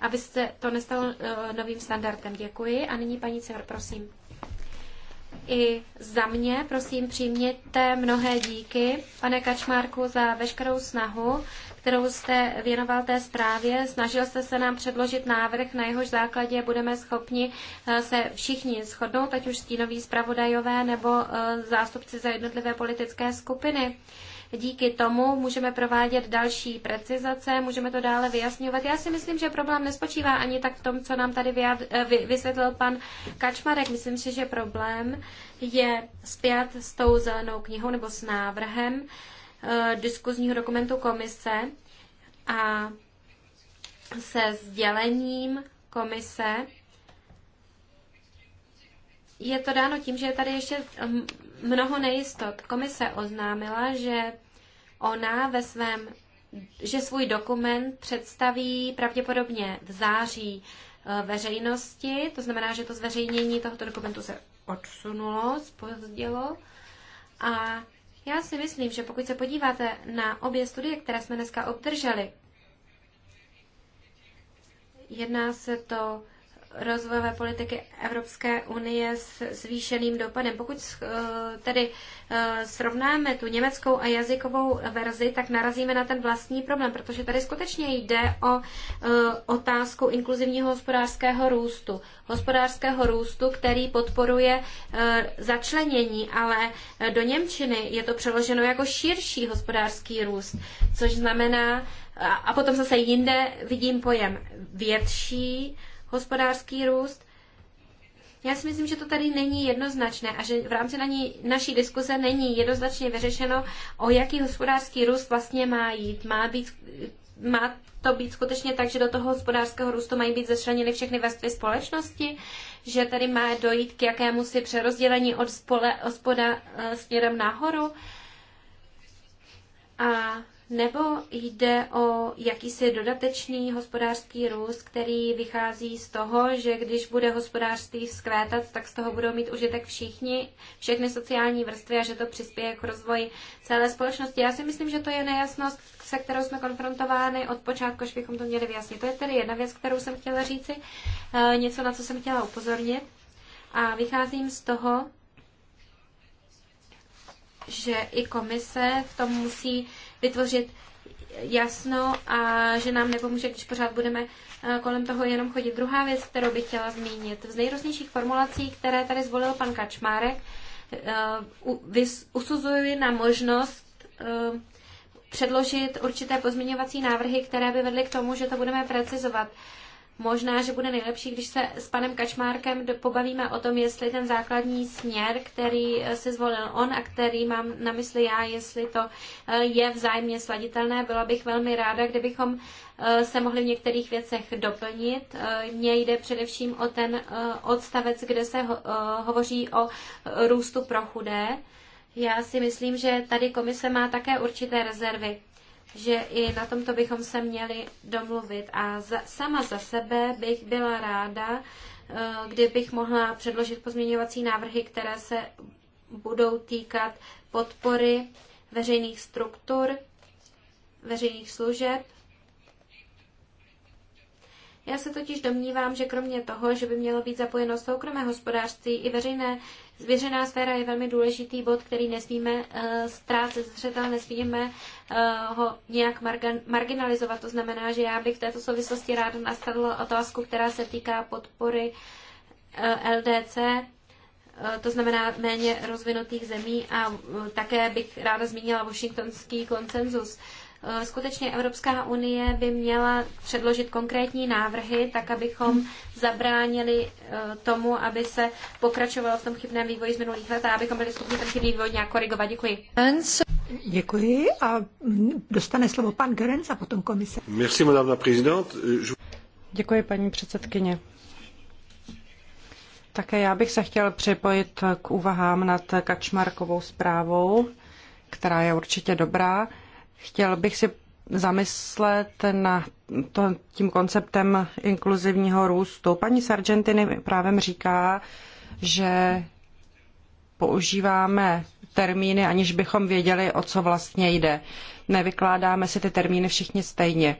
Aby se to nestalo eh, novým standardem. Děkuji. A nyní paní Civr, prosím. I za mě, prosím, přijměte mnohé díky, pane Kačmárku, za veškerou snahu kterou jste věnoval té zprávě. Snažil jste se nám předložit návrh, na jehož základě budeme schopni eh, se všichni shodnout, ať už stínoví zpravodajové nebo eh, zástupci za jednotlivé politické skupiny. Díky tomu můžeme provádět další precizace, můžeme to dále vyjasňovat. Já si myslím, že problém nespočívá ani tak v tom, co nám tady eh, vysvětlil pan Kačmarek. Myslím si, že problém je zpět s tou zelenou knihou nebo s návrhem, Eh, diskuzního dokumentu komise a se sdělením komise je to dáno tím, že je tady ještě eh, mnoho nejistot. Komise oznámila, že ona ve svém, že svůj dokument představí pravděpodobně v září eh, veřejnosti, to znamená, že to zveřejnění tohoto dokumentu se odsunulo, spozdilo a já si myslím, že pokud se podíváte na obě studie, které jsme dneska obdrželi, jedná se to rozvojové politiky Evropské unie s zvýšeným dopadem. Pokud eh, tedy eh, srovnáme tu německou a jazykovou verzi, tak narazíme na ten vlastní problém, protože tady skutečně jde o eh, otázku inkluzivního hospodářského růstu. Hospodářského růstu, který podporuje začlenění, ale do Němčiny je to přeloženo jako širší hospodářský růst, což znamená, a potom zase jinde vidím pojem větší hospodářský růst. Já si myslím, že to tady není jednoznačné a že v rámci na ní, naší diskuze není jednoznačně vyřešeno, o jaký hospodářský růst vlastně má jít. Má, být, má to být skutečně tak, že do toho hospodářského růstu mají být začleněny všechny vrstvy společnosti, že tady má dojít k jakému si přerozdělení od spole, hospoda e, směrem nahoru. A nebo jde o jakýsi dodatečný hospodářský růst, který vychází z toho, že když bude hospodářství vzkvétat, tak z toho budou mít užitek všichni, všechny sociální vrstvy a že to přispěje k rozvoji celé společnosti. Já si myslím, že to je nejasnost, se kterou jsme konfrontovány od počátku, až bychom to měli vyjasnit. To je tedy jedna věc, kterou jsem chtěla říci, e, něco, na co jsem chtěla upozornit. A vycházím z toho, že i komise v tom musí vytvořit jasno a že nám nepomůže, když pořád budeme eh, kolem toho jenom chodit. Druhá věc, kterou bych chtěla zmínit, z nejrůznějších formulací, které tady zvolil pan Kačmárek, eh, usuzuji na možnost eh, předložit určité pozměňovací návrhy, které by vedly k tomu, že to budeme precizovat. Možná, že bude nejlepší, když se s panem Kačmárkem pobavíme o tom, jestli ten základní směr, který eh, si zvolil on a který mám na mysli já, jestli to eh, je vzájemně sladitelné. Byla bych velmi ráda, kdybychom eh, se mohli v některých věcech doplnit. Mně jde především o ten odstavec, kde se hovoří o růstu pro chudé. Já si myslím, že tady komise má také určité rezervy že i na tomto bychom se měli domluvit. A za, sama za sebe bych byla ráda, eh, kdybych mohla předložit pozměňovací návrhy, které se budou týkat podpory veřejných struktur, veřejných služeb. Já se totiž domnívám, že kromě toho, že by mělo být zapojeno soukromé hospodářství i veřejné Zvěřená sféra je velmi důležitý bod, který nesmíme uh, eh, ztrácet zřetel, nesmíme uh, ho nějak margan- marginalizovat. To znamená, že já bych v této souvislosti ráda nastavila otázku, která se týká podpory uh, eh, LDC, uh, to znamená méně rozvinutých zemí a uh, také bych ráda zmínila Washingtonský konsenzus. Uh, Eh, skutečně Evropská unie by měla předložit konkrétní návrhy, tak abychom zabránili eh, tomu, aby se pokračovalo v tom chybném vývoji z minulých let a abychom byli schopni ten chybný vývoj nějak korigovat. Děkuji. Děkuji a mm, dostane slovo pan Gerenc a potom komise. Merci, madame la présidente. Děkuji, paní předsedkyně. Také já bych se chtěl připojit k úvahám nad Kačmarkovou zprávou, která je určitě dobrá. Chtěl bych si zamyslet na to, tím konceptem inkluzivního růstu. Paní Sargentiny právem říká, že používáme termíny, aniž bychom věděli, o co vlastně jde. Nevykládáme si ty termíny všichni stejně.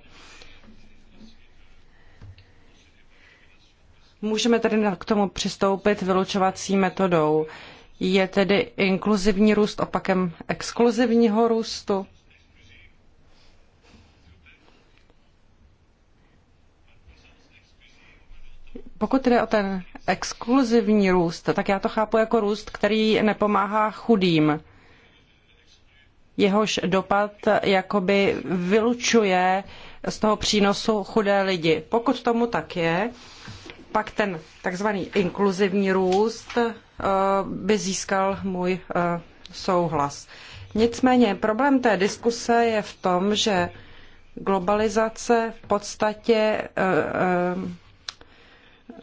Můžeme tedy k tomu přistoupit vylučovací metodou. Je tedy inkluzivní růst opakem exkluzivního růstu? Pokud jde o ten exkluzivní růst, tak já to chápu jako růst, který nepomáhá chudým. Jehož dopad jakoby vylučuje z toho přínosu chudé lidi. Pokud tomu tak je, pak ten takzvaný inkluzivní růst eh, by získal můj eh, souhlas. Nicméně problém té diskuse je v tom, že globalizace v podstatě eh,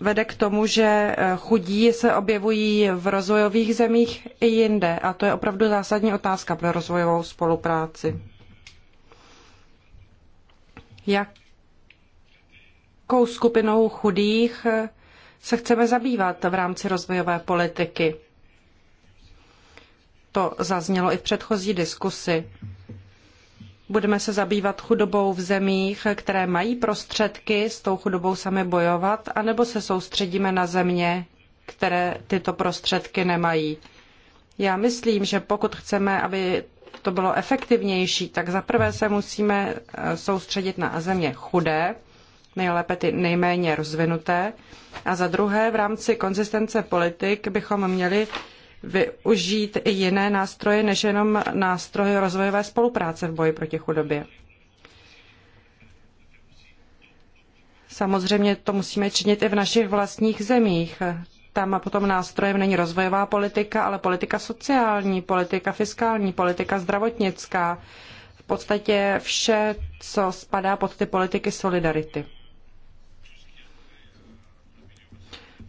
vede k tomu, že eh, chudí se objevují v rozvojových zemích i jinde. A to je opravdu zásadní otázka pro rozvojovou spolupráci. Jakou skupinou chudých eh, se chceme zabývat v rámci rozvojové politiky? To zaznělo i v předchozí diskusi. Budeme se zabývat chudobou v zemích, které mají prostředky s tou chudobou sami bojovat, anebo se soustředíme na země, které tyto prostředky nemají. Já myslím, že pokud chceme, aby to bylo efektivnější, tak zaprvé se musíme eh, soustředit na země chudé, nejlépe ty nejméně rozvinuté, a za druhé v rámci konzistence politik bychom měli využít i jiné nástroje, než jenom nástroje rozvojové spolupráce v boji proti chudobě. Samozřejmě to musíme činit i v našich vlastních zemích. Tam potom nástrojem není rozvojová politika, ale politika sociální, politika fiskální, politika zdravotnická. V podstatě vše, co spadá pod ty politiky solidarity.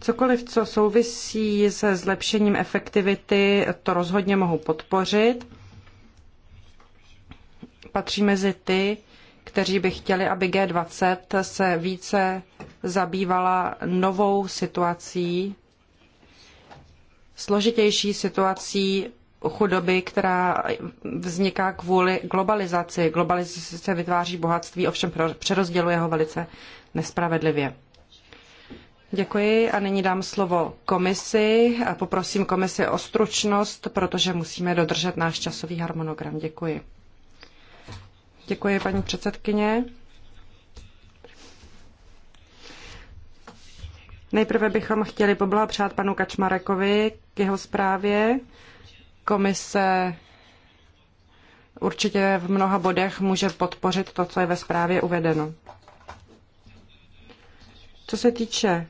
Cokoliv, co souvisí se zlepšením efektivity, to rozhodně mohu podpořit. Patří mezi ty, kteří by chtěli, aby G20 se více zabývala novou situací, složitější situací chudoby, která vzniká kvůli globalizaci. Globalizace vytváří bohatství, ovšem přerozděluje ho velice nespravedlivě. Děkuji a nyní dám slovo komisi a poprosím komisi o stručnost, protože musíme dodržet náš časový harmonogram. Děkuji. Děkuji, paní předsedkyně. Nejprve bychom chtěli poblahopřát panu Kačmarekovi k jeho zprávě. Komise určitě v mnoha bodech může podpořit to, co je ve zprávě uvedeno. Co se týče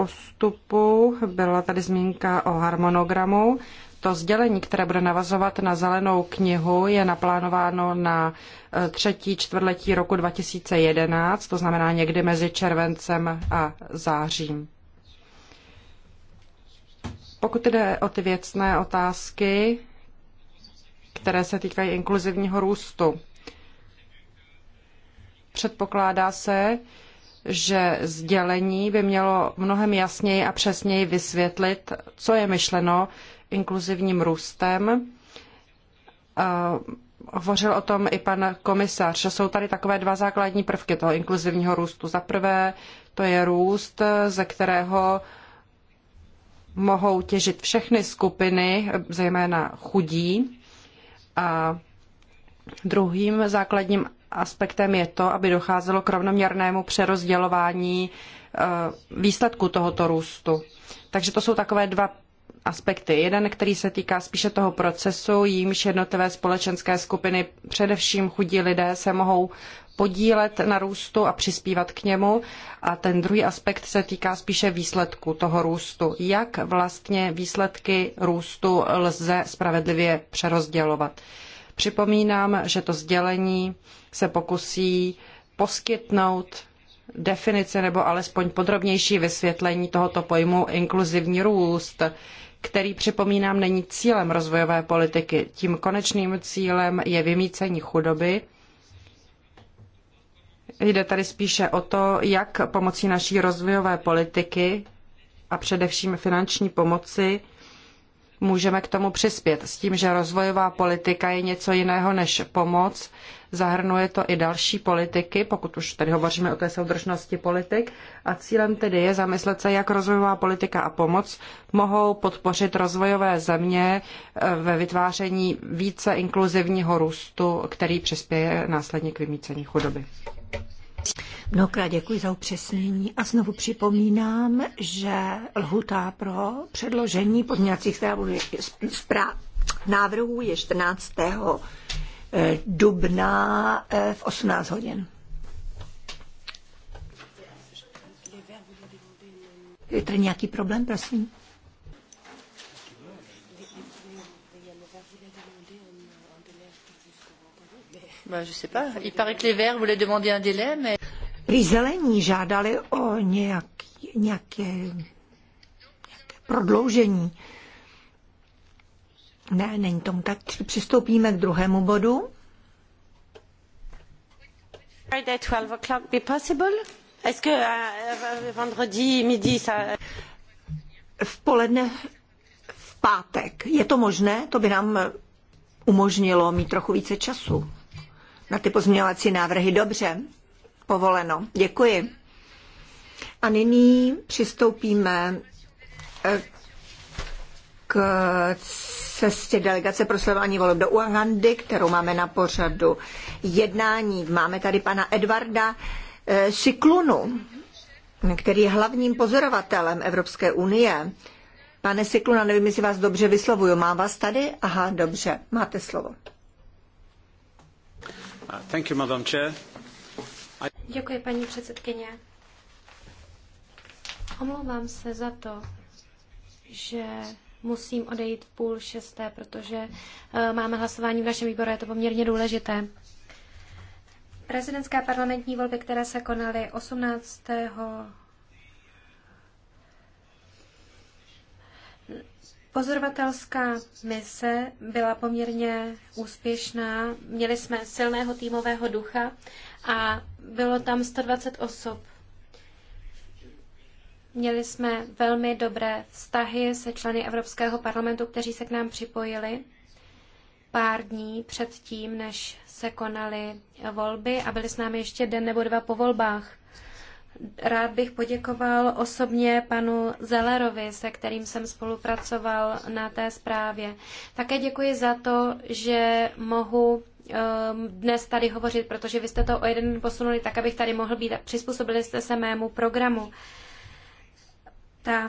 postupu. Byla tady zmínka o harmonogramu. To sdělení, které bude navazovat na zelenou knihu, je naplánováno na eh, třetí čtvrtletí roku 2011, to znamená někdy mezi červencem a zářím. Pokud jde o ty věcné otázky, které se týkají inkluzivního růstu, předpokládá se, že sdělení by mělo mnohem jasněji a přesněji vysvětlit, co je myšleno inkluzivním růstem. Hovořil o tom i pan komisař, že jsou tady takové dva základní prvky toho inkluzivního růstu. Za prvé, to je růst, ze kterého mohou těžit všechny skupiny, zejména chudí. A druhým základním aspektem je to, aby docházelo k rovnoměrnému přerozdělování e, výsledku tohoto růstu. Takže to jsou takové dva aspekty. Jeden, který se týká spíše toho procesu, jímž jednotlivé společenské skupiny, především chudí lidé, se mohou podílet na růstu a přispívat k němu. A ten druhý aspekt se týká spíše výsledku toho růstu. Jak vlastně výsledky růstu lze spravedlivě přerozdělovat. Připomínám, že to sdělení se pokusí poskytnout definice nebo alespoň podrobnější vysvětlení tohoto pojmu inkluzivní růst, který, připomínám, není cílem rozvojové politiky. Tím konečným cílem je vymícení chudoby. Jde tady spíše o to, jak pomocí naší rozvojové politiky a především finanční pomoci můžeme k tomu přispět. S tím, že rozvojová politika je něco jiného než pomoc, zahrnuje to i další politiky, pokud už tady hovoříme o té soudržnosti politik. A cílem tedy je zamyslet se, jak rozvojová politika a pomoc mohou podpořit rozvojové země eh, ve vytváření více inkluzivního růstu, který přispěje následně k vymícení chudoby. Mnohokrát děkuji za upřesnění a znovu připomínám, že lhuta pro předložení podměňacích zpráv návrhů je 14. Eh, dubna eh, v 18 hodin. Je tady nějaký problém, prosím? Prý zelení žádali o nějak, nějaké, nějaké prodloužení. Ne, není tomu tak. Přistoupíme k druhému bodu. Friday 12 o'clock be possible? Est-ce que euh, euh, vendredi midi ça... V poledne v pátek. Je to možné? To by nám umožnilo mít trochu více času na ty pozměňovací návrhy. Dobře, povoleno. Děkuji. A nyní přistoupíme eh, k cestě delegace pro sledování voleb do Ugandy, kterou máme na pořadu jednání. Máme tady pana Edvarda eh, Siklunu, který je hlavním pozorovatelem Evropské unie. Pane Sikluna, nevím, jestli vás dobře vyslovuju. Mám vás tady? Aha, dobře, máte slovo. Děkuji, paní předsedkyně. Omlouvám se za to, že musím odejít v půl šesté, protože eh, máme hlasování v našem výboru, je to poměrně důležité. Prezidentské parlamentní volby, které se konaly 18. Pozorovatelská mise byla poměrně úspěšná. Měli jsme silného týmového ducha a bylo tam 120 osob. Měli jsme velmi dobré vztahy se členy Evropského parlamentu, kteří se k nám připojili pár dní před tím, než se konaly volby a byli s námi ještě den nebo dva po volbách. Rád bych poděkoval osobně panu Zellerovi, se kterým jsem spolupracoval na té zprávě. Také děkuji za to, že mohu um, dnes tady hovořit, protože vy jste to o jeden den posunuli tak, abych tady mohl být. Přizpůsobili jste se mému programu. Ta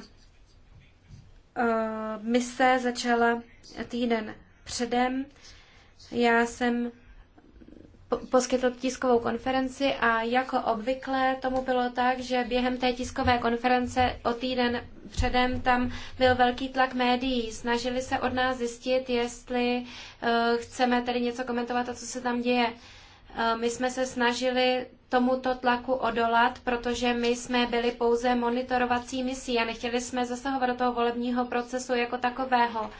uh, mise začala týden předem. Já jsem poskytl tiskovou konferenci a jako obvykle tomu bylo tak, že během té tiskové konference o týden předem tam byl velký tlak médií. Snažili se od nás zjistit, jestli eh, chceme tedy něco komentovat a co se tam děje. Eh, my jsme se snažili tomuto tlaku odolat, protože my jsme byli pouze monitorovací misí a nechtěli jsme zasahovat do toho volebního procesu jako takového.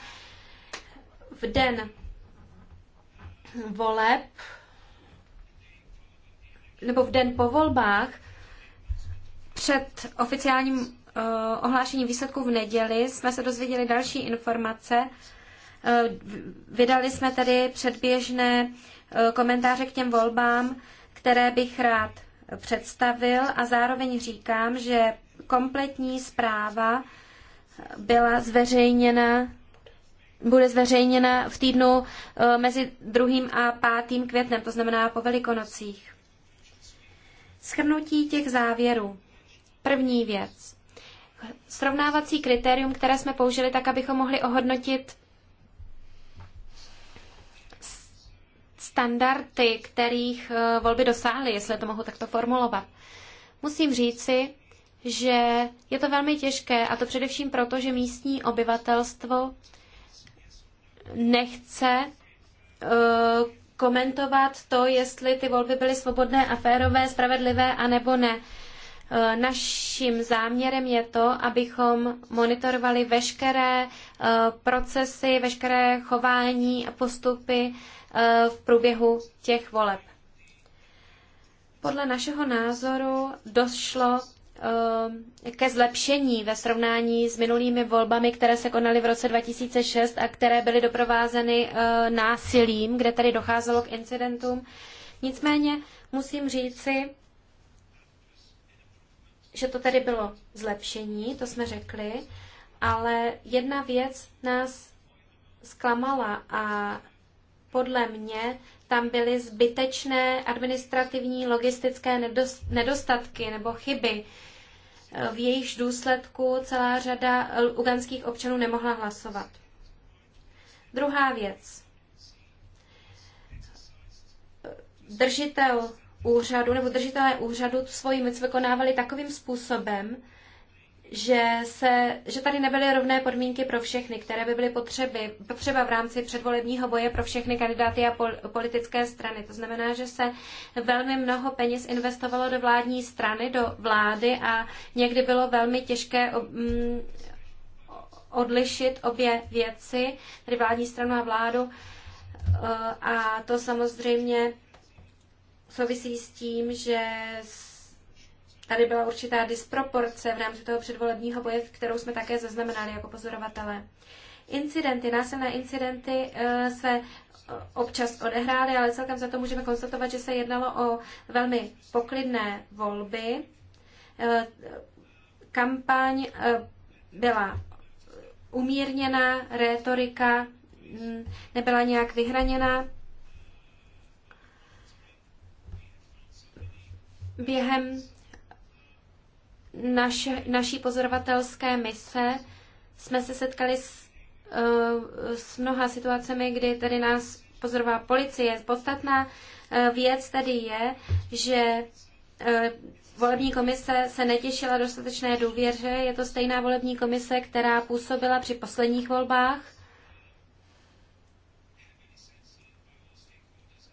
V den voleb nebo v den po volbách před oficiálním uh, ohlášením výsledků v neděli jsme se dozvěděli další informace. Uh, vydali jsme tady předběžné uh, komentáře k těm volbám, které bych rád představil a zároveň říkám, že kompletní zpráva byla zveřejněna bude zveřejněna v týdnu mezi 2. a 5. květnem, to znamená po velikonocích. Schrnutí těch závěrů. První věc. Srovnávací kritérium, které jsme použili tak, abychom mohli ohodnotit standardy, kterých eh, volby dosáhly, jestli to mohu takto formulovat. Musím říci, že je to velmi těžké, a to především proto, že místní obyvatelstvo nechce eh, komentovat to, jestli ty volby byly svobodné a férové, spravedlivé a nebo ne. E, naším záměrem je to, abychom monitorovali veškeré e, procesy, veškeré chování a postupy e, v průběhu těch voleb. Podle našeho názoru došlo Eh, ke zlepšení ve srovnání s minulými volbami, které se konaly v roce 2006 a které byly doprovázeny eh, násilím, kde tady docházelo k incidentům. Nicméně musím říci, že to tady bylo zlepšení, to jsme řekli, ale jedna věc nás zklamala a podle mě tam byly zbytečné administrativní logistické nedostatky nebo chyby v jejíž důsledku celá řada uganských občanů nemohla hlasovat. Druhá věc. Držitel úřadu nebo držitelé úřadu svoji moc vykonávali takovým způsobem, že, se, že tady nebyly rovné podmínky pro všechny, které by byly potřeby, potřeba v rámci předvolebního boje pro všechny kandidáty a politické strany. To znamená, že se velmi mnoho peněz investovalo do vládní strany, do vlády a někdy bylo velmi těžké mm, odlišit obě věci, tedy vládní stranu a vládu. E, a to samozřejmě souvisí s tím, že Tady byla určitá disproporce v rámci toho předvolebního boje, kterou jsme také zaznamenali jako pozorovatelé. Incidenty, násilné incidenty eh, se eh, občas odehrály, ale celkem za to můžeme konstatovat, že se jednalo o velmi poklidné volby. Eh, kampaň byla umírněná, rétorika mm, nebyla nějak vyhraněná. Během naš, naší pozorovatelské mise jsme se setkali s, eh, s mnoha situacemi, kdy tady nás pozorová policie. Podstatná eh, věc tady je, že eh, volební komise se netěšila dostatečné důvěře. Je to stejná volební komise, která působila při posledních volbách.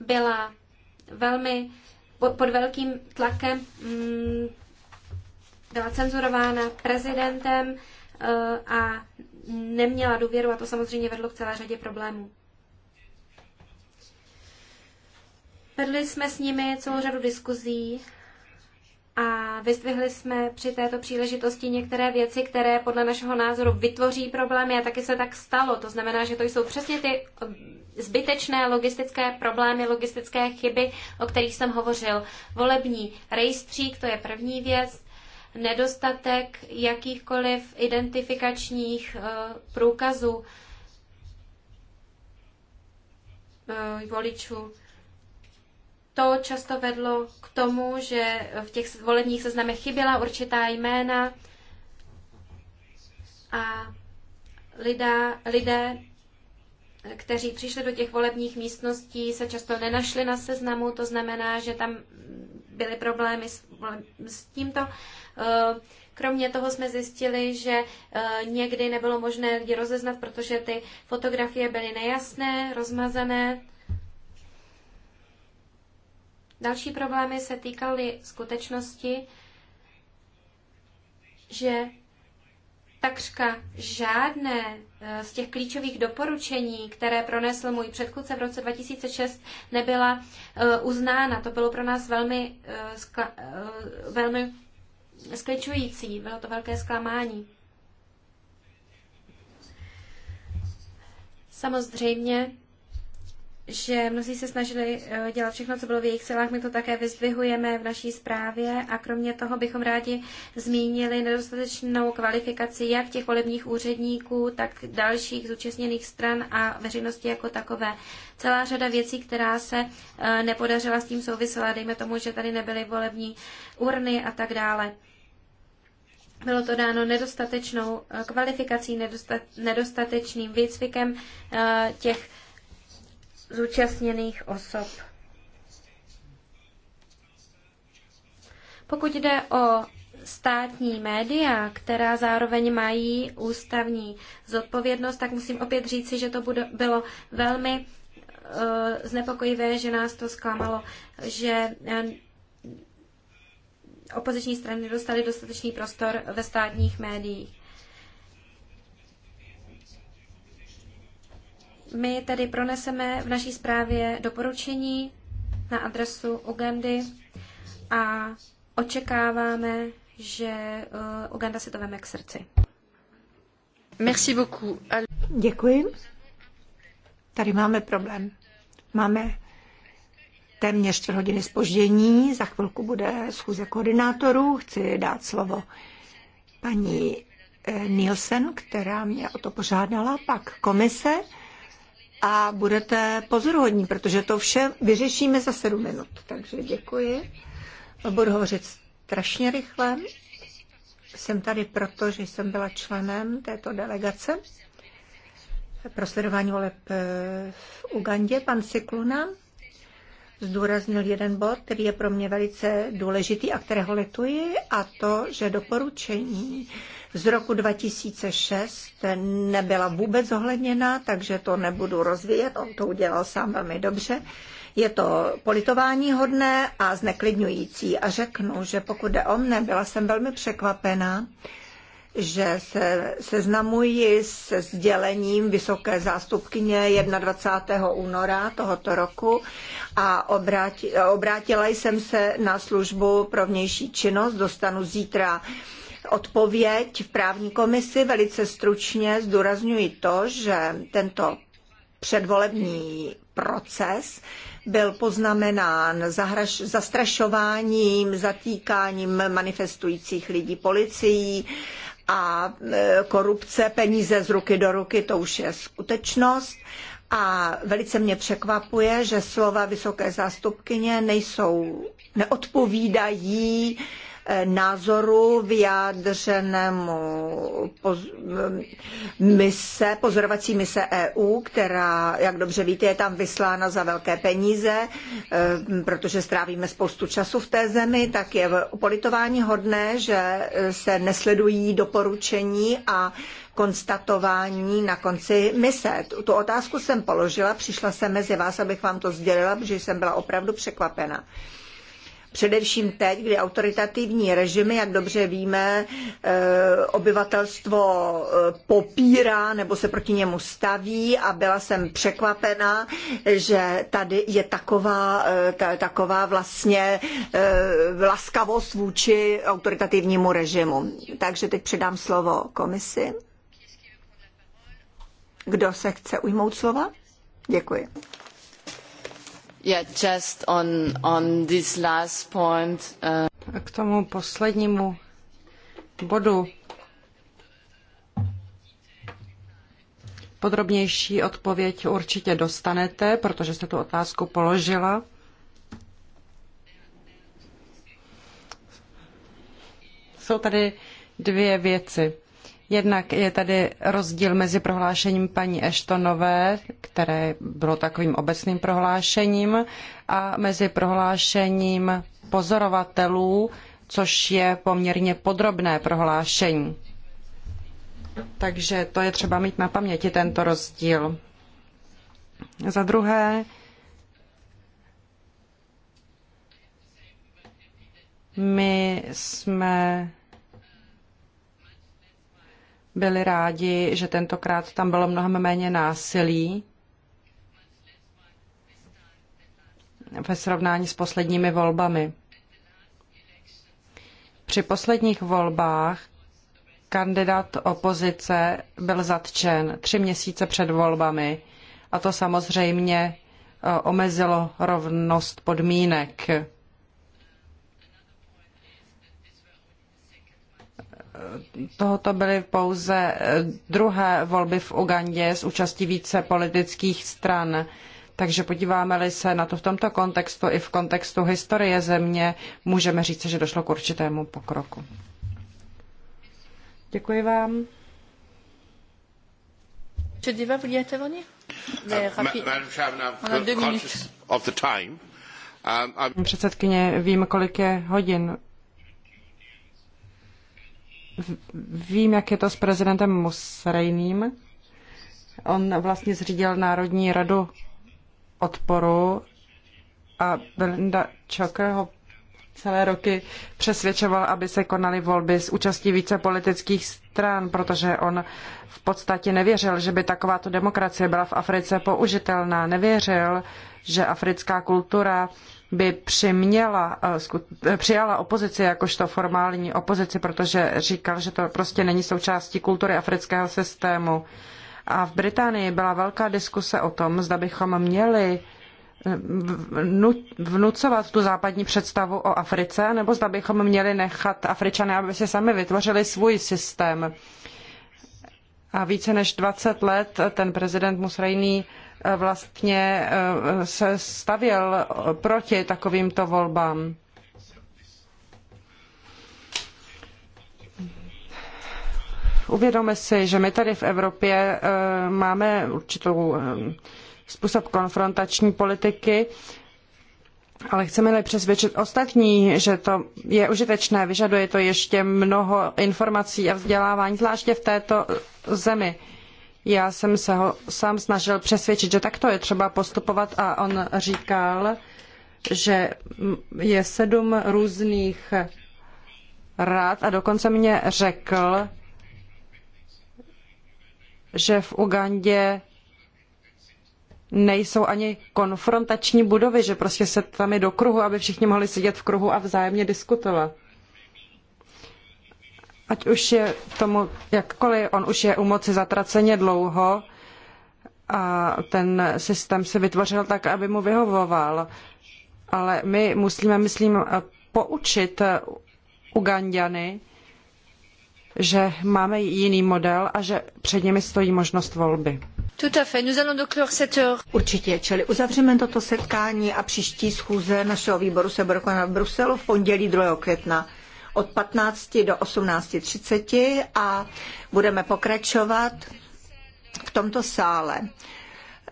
Byla velmi pod velkým tlakem mm, byla cenzurována prezidentem eh, a neměla důvěru a to samozřejmě vedlo k celé řadě problémů. Vedli jsme s nimi celou řadu diskuzí a vyzdvihli jsme při této příležitosti některé věci, které podle našeho názoru vytvoří problémy a taky se tak stalo. To znamená, že to jsou přesně ty eh, zbytečné logistické problémy, logistické chyby, o kterých jsem hovořil. Volební rejstřík, to je první věc nedostatek jakýchkoliv identifikačních eh, průkazů eh, voličů. To často vedlo k tomu, že v těch volebních seznamech chyběla určitá jména a lidé, lidé kteří přišli do těch volebních místností, se často nenašli na seznamu, to znamená, že tam byly problémy s, s tímto Eh, kromě toho jsme zjistili, že eh, někdy nebylo možné lidi rozeznat, protože ty fotografie byly nejasné, rozmazané. Další problémy se týkaly skutečnosti, že takřka žádné eh, z těch klíčových doporučení, které pronesl můj předchůdce v roce 2006, nebyla uznána. To bylo pro nás velmi, velmi skličující, bylo to velké zklamání. Samozřejmě, že mnozí se snažili eh, dělat všechno, co bylo v jejich silách. My to také vyzdvihujeme v naší zprávě a kromě toho bychom rádi zmínili nedostatečnou kvalifikaci jak těch volebních úředníků, tak dalších zúčastněných stran a veřejnosti jako takové. Celá řada věcí, která se eh, nepodařila s tím souvisela, dejme tomu, že tady nebyly volební urny a tak dále bylo to dáno nedostatečnou eh, kvalifikací, nedostatečným výcvikem eh, těch zúčastněných osob. Pokud jde o státní média, která zároveň mají ústavní zodpovědnost, tak musím opět říci, že to bylo velmi eh, znepokojivé, že nás to zklamalo, že opoziční strany dostaly dostatečný prostor ve státních médiích. My tedy proneseme v naší zprávě doporučení na adresu Ugandy a očekáváme, že eh, Uganda si to veme k srdci. Merci beaucoup. Děkuji. Tady máme problém. Máme téměř čtvrt hodiny spoždění. Za chvilku bude schůze koordinátorů. Chci dát slovo paní eh, Nielsen, která mě o to požádala, pak komise a budete pozorhodní, protože to vše vyřešíme za sedm minut. Takže děkuji. Budu hovořit strašně rychle. Jsem tady proto, že jsem byla členem této delegace pro sledování voleb eh, v Ugandě, pan Sikluna zdůraznil jeden bod, který je pro mě velice důležitý a kterého letuji, a to, že doporučení z roku 2006 nebyla vůbec zohledněna, takže to nebudu rozvíjet, on to udělal sám velmi dobře. Je to politování hodné a zneklidňující a řeknu, že pokud jde o mne, byla jsem velmi překvapená, že se seznamuji se sdělením vysoké zástupkyně 21. února tohoto roku a obrátila jsem se na službu pro vnější činnost. Dostanu zítra odpověď v právní komisi. Velice stručně zdůrazňuji to, že tento předvolební proces byl poznamenán zahraš, zastrašováním, zatýkáním manifestujících lidí policií, a e, korupce, peníze z ruky do ruky, to už je skutečnost. A velice mě překvapuje, že slova vysoké zástupkyně nejsou, neodpovídají názoru vyjádřenému poz, mise, pozorovací mise EU, která, jak dobře víte, je tam vyslána za velké peníze, eh, protože strávíme spoustu času v té zemi, tak je politování hodné, že se nesledují doporučení a konstatování na konci mise. Tu otázku jsem položila, přišla jsem mezi vás, abych vám to sdělila, protože jsem byla opravdu překvapena. Především teď, kdy autoritativní režimy, jak dobře víme, eh, obyvatelstvo eh, popírá nebo se proti němu staví a byla jsem překvapena, že tady je taková, eh, taková vlastně laskavost vůči autoritativnímu režimu. Takže teď předám slovo komisi. Kdo se chce ujmout slova? Děkuji. Uh, k tomu poslednímu bodu podrobnější odpověď určitě dostanete, protože jste tu otázku položila. Jsou tady dvě věci. Jednak je tady rozdíl mezi prohlášením paní Eštonové, které bylo takovým obecným prohlášením, a mezi prohlášením pozorovatelů, což je poměrně podrobné prohlášení. Takže to je třeba mít na paměti tento rozdíl. Za druhé, my jsme byli rádi, že tentokrát tam bylo mnohem méně násilí ve srovnání s posledními volbami. Při posledních volbách kandidát opozice byl zatčen tři měsíce před volbami a to samozřejmě eh, omezilo rovnost podmínek tohoto byly pouze eh, druhé volby v Ugandě s účastí více politických stran. Takže podíváme-li se na to v tomto kontextu i v kontextu historie země, můžeme říct, že došlo k určitému pokroku. Děkuji vám. Uh, um, předsedkyně, vím, kolik je hodin. Vím, jak je to s prezidentem Musrejným. On vlastně zřídil Národní radu odporu a Belinda Čokr ho celé roky přesvědčoval, aby se konaly volby s účastí více politických stran, protože on v podstatě nevěřil, že by takováto demokracie byla v Africe použitelná. Nevěřil, že africká kultura by přiměla, eh, eh, přijala opozici jakožto formální opozici, protože říkal, že to prostě není součástí kultury afrického systému. A v Británii byla velká diskuse o tom, zda bychom měli eh, vnucovat tu západní představu o Africe, nebo zda bychom měli nechat Afričany, aby si sami vytvořili svůj systém. A více než 20 let ten prezident Musrejný Eh, vlastně eh, se stavěl proti takovýmto volbám. Uvědomme si, že my tady v Evropě eh, máme určitou způsob konfrontační politiky, ale chceme-li přesvědčit ostatní, že to je užitečné, vyžaduje to ještě mnoho informací a vzdělávání, zvláště v této zemi. Já jsem se ho sám snažil přesvědčit, že takto je třeba postupovat a on říkal, že je sedm různých rád a dokonce mě řekl, že v Ugandě nejsou ani konfrontační budovy, že prostě se tam je do kruhu, aby všichni mohli sedět v kruhu a vzájemně diskutovat ať už je tomu jakkoliv, on už je u moci zatraceně dlouho a ten systém se vytvořil tak, aby mu vyhovoval. Ale my musíme, myslím, poučit Ugandiany, že máme jiný model a že před nimi stojí možnost volby. Určitě, čili uzavřeme toto setkání a příští schůze našeho výboru se bude konat v Bruselu v pondělí 2. května od 15 do 18.30 a budeme pokračovat v tomto sále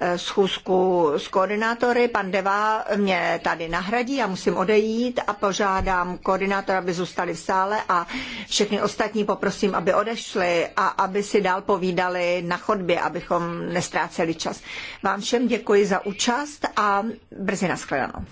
eh, schůzku s koordinátory. Pan Deva mě tady nahradí, já musím odejít a požádám koordinátora, aby zůstali v sále a všechny ostatní poprosím, aby odešli a aby si dál povídali na chodbě, abychom nestráceli čas. Vám všem děkuji za účast a brzy nashledanou.